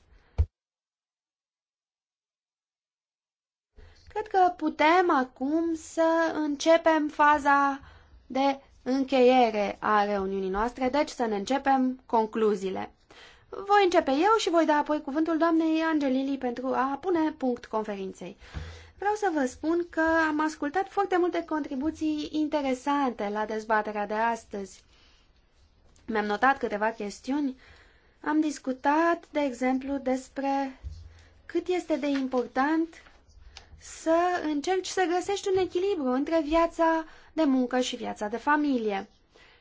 Cred că putem acum să începem faza de încheiere a reuniunii noastre, deci să ne începem concluziile. Voi începe eu și voi da apoi cuvântul doamnei Angelili pentru a pune punct conferinței. Vreau să vă spun că am ascultat foarte multe contribuții interesante la dezbaterea de astăzi. Mi-am notat câteva chestiuni. Am discutat, de exemplu, despre cât este de important să încerci să găsești un echilibru între viața de muncă și viața de familie.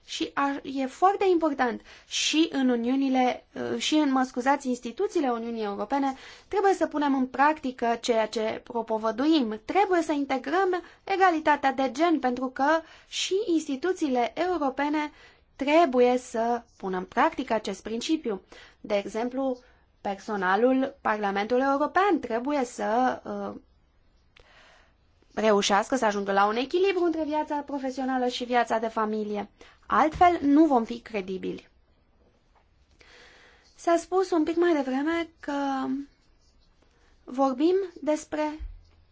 Și a, e foarte important și în Uniunile, uh, și în, mă scuzați, instituțiile Uniunii Europene, trebuie să punem în practică ceea ce propovăduim. Trebuie să integrăm egalitatea de gen, pentru că și instituțiile europene trebuie să pună în practică acest principiu. De exemplu, personalul Parlamentului European trebuie să uh, reușească să ajungă la un echilibru între viața profesională și viața de familie. Altfel, nu vom fi credibili. S-a spus un pic mai devreme că vorbim despre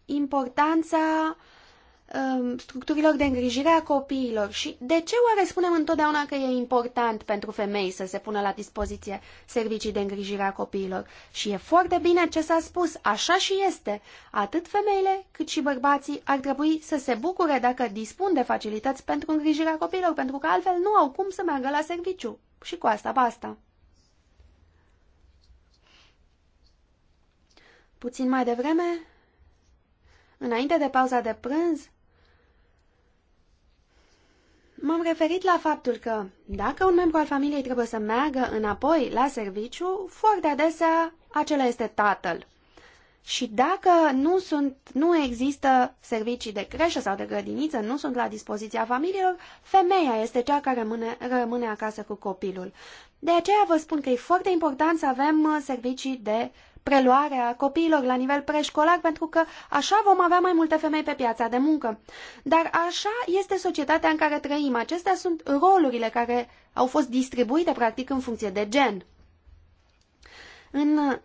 importanța Um, structurilor de îngrijire a copiilor și de ce oare spunem întotdeauna că e important pentru femei să se pună la dispoziție servicii de îngrijire a copiilor? Și e foarte bine ce s-a spus, așa și este. Atât femeile cât și bărbații ar trebui să se bucure dacă dispun de facilități pentru îngrijirea copiilor, pentru că altfel nu au cum să meargă la serviciu. Și cu asta basta. Puțin mai devreme, înainte de pauza de prânz, M-am referit la faptul că, dacă un membru al familiei trebuie să meargă înapoi la serviciu, foarte adesea acela este tatăl. Și dacă nu, sunt, nu există servicii de creșă sau de grădiniță, nu sunt la dispoziția familiilor, femeia este cea care rămâne, rămâne acasă cu copilul. De aceea vă spun că e foarte important să avem uh, servicii de preluarea copiilor la nivel preșcolar, pentru că așa vom avea mai multe femei pe piața de muncă. Dar așa este societatea în care trăim. Acestea sunt rolurile care au fost distribuite, practic, în funcție de gen. În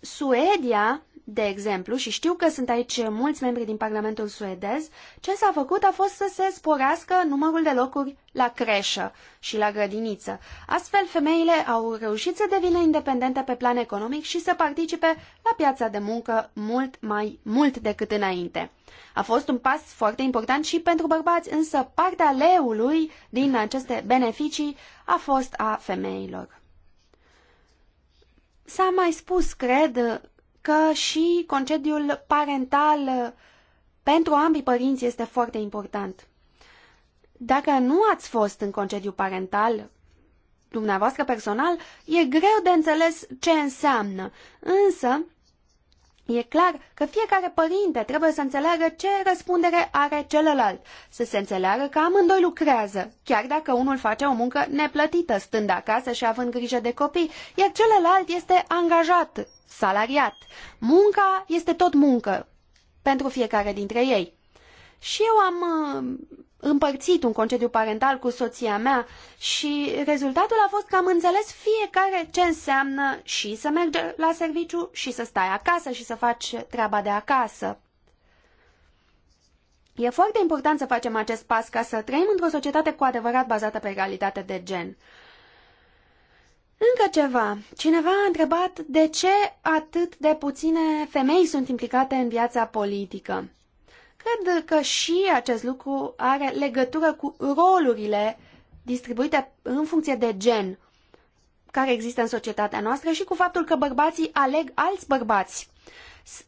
Suedia, de exemplu, și știu că sunt aici mulți membri din Parlamentul suedez, ce s-a făcut a fost să se sporească numărul de locuri la creșă și la grădiniță. Astfel, femeile au reușit să devină independente pe plan economic și să participe la piața de muncă mult mai mult decât înainte. A fost un pas foarte important și pentru bărbați, însă partea leului din aceste beneficii a fost a femeilor. S-a mai spus, cred, că și concediul parental pentru ambii părinți este foarte important. Dacă nu ați fost în concediu parental, dumneavoastră personal, e greu de înțeles ce înseamnă. Însă, E clar că fiecare părinte trebuie să înțeleagă ce răspundere are celălalt, să se înțeleagă că amândoi lucrează, chiar dacă unul face o muncă neplătită, stând acasă și având grijă de copii, iar celălalt este angajat salariat. Munca este tot muncă pentru fiecare dintre ei. Și eu am uh, împărțit un concediu parental cu soția mea și rezultatul a fost că am înțeles fiecare ce înseamnă și să merg la serviciu și să stai acasă și să faci treaba de acasă. E foarte important să facem acest pas ca să trăim într-o societate cu adevărat bazată pe egalitate de gen. Încă ceva. Cineva a întrebat de ce atât de puține femei sunt implicate în viața politică. Cred că și acest lucru are legătură cu rolurile distribuite în funcție de gen care există în societatea noastră și cu faptul că bărbații aleg alți bărbați.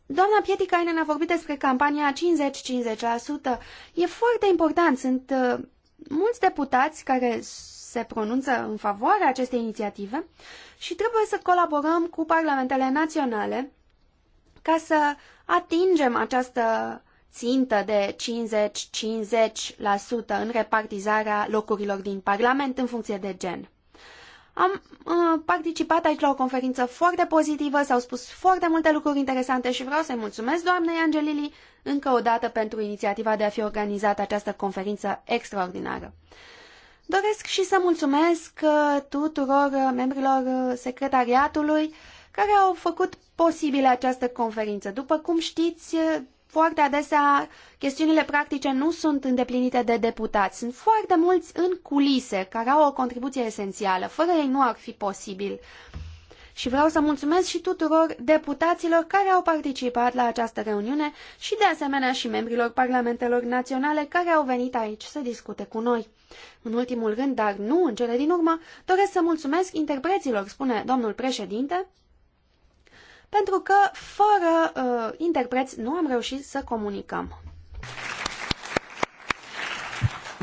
Doamna Pieticainen a vorbit despre campania 50-50%. E foarte important. Sunt uh, mulți deputați care se pronunță în favoarea acestei inițiative și trebuie să colaborăm cu parlamentele naționale ca să atingem această țintă de 50-50% în repartizarea locurilor din Parlament în funcție de gen. Am uh, participat aici la o conferință foarte pozitivă, s-au spus foarte multe lucruri interesante și vreau să-i mulțumesc doamnei Angelili încă o dată pentru inițiativa de a fi organizată această conferință extraordinară. Doresc și să mulțumesc uh, tuturor uh, membrilor uh, secretariatului care au făcut posibilă această conferință. După cum știți, foarte adesea chestiunile practice nu sunt îndeplinite de deputați. Sunt foarte mulți în culise care au o contribuție esențială. Fără ei nu ar fi posibil. Și vreau să mulțumesc și tuturor deputaților care au participat la această reuniune și de asemenea și membrilor parlamentelor naționale care au venit aici să discute cu noi. În ultimul rând, dar nu în cele din urmă, doresc să mulțumesc interpreților, spune domnul președinte, pentru că fără uh, interpreți nu am reușit să comunicăm.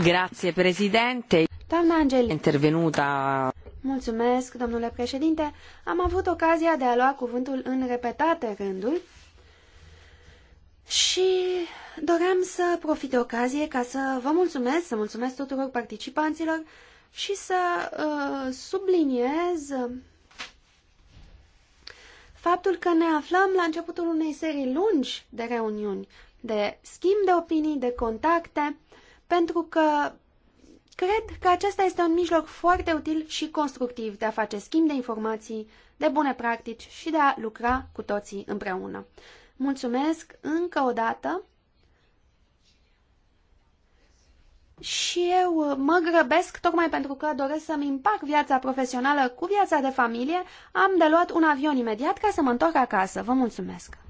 Grazie, președinte. Doamna Angel. Intervenuta. Mulțumesc, domnule președinte. Am avut ocazia de a lua cuvântul în repetate rânduri și doream să profit de ocazie ca să vă mulțumesc, să mulțumesc tuturor participanților și să uh, subliniez faptul că ne aflăm la începutul unei serii lungi de reuniuni, de schimb de opinii, de contacte, pentru că cred că acesta este un mijloc foarte util și constructiv de a face schimb de informații, de bune practici și de a lucra cu toții împreună. Mulțumesc încă o dată. Și eu mă grăbesc tocmai pentru că doresc să-mi împac viața profesională cu viața de familie. Am de luat un avion imediat ca să mă întorc acasă. Vă mulțumesc!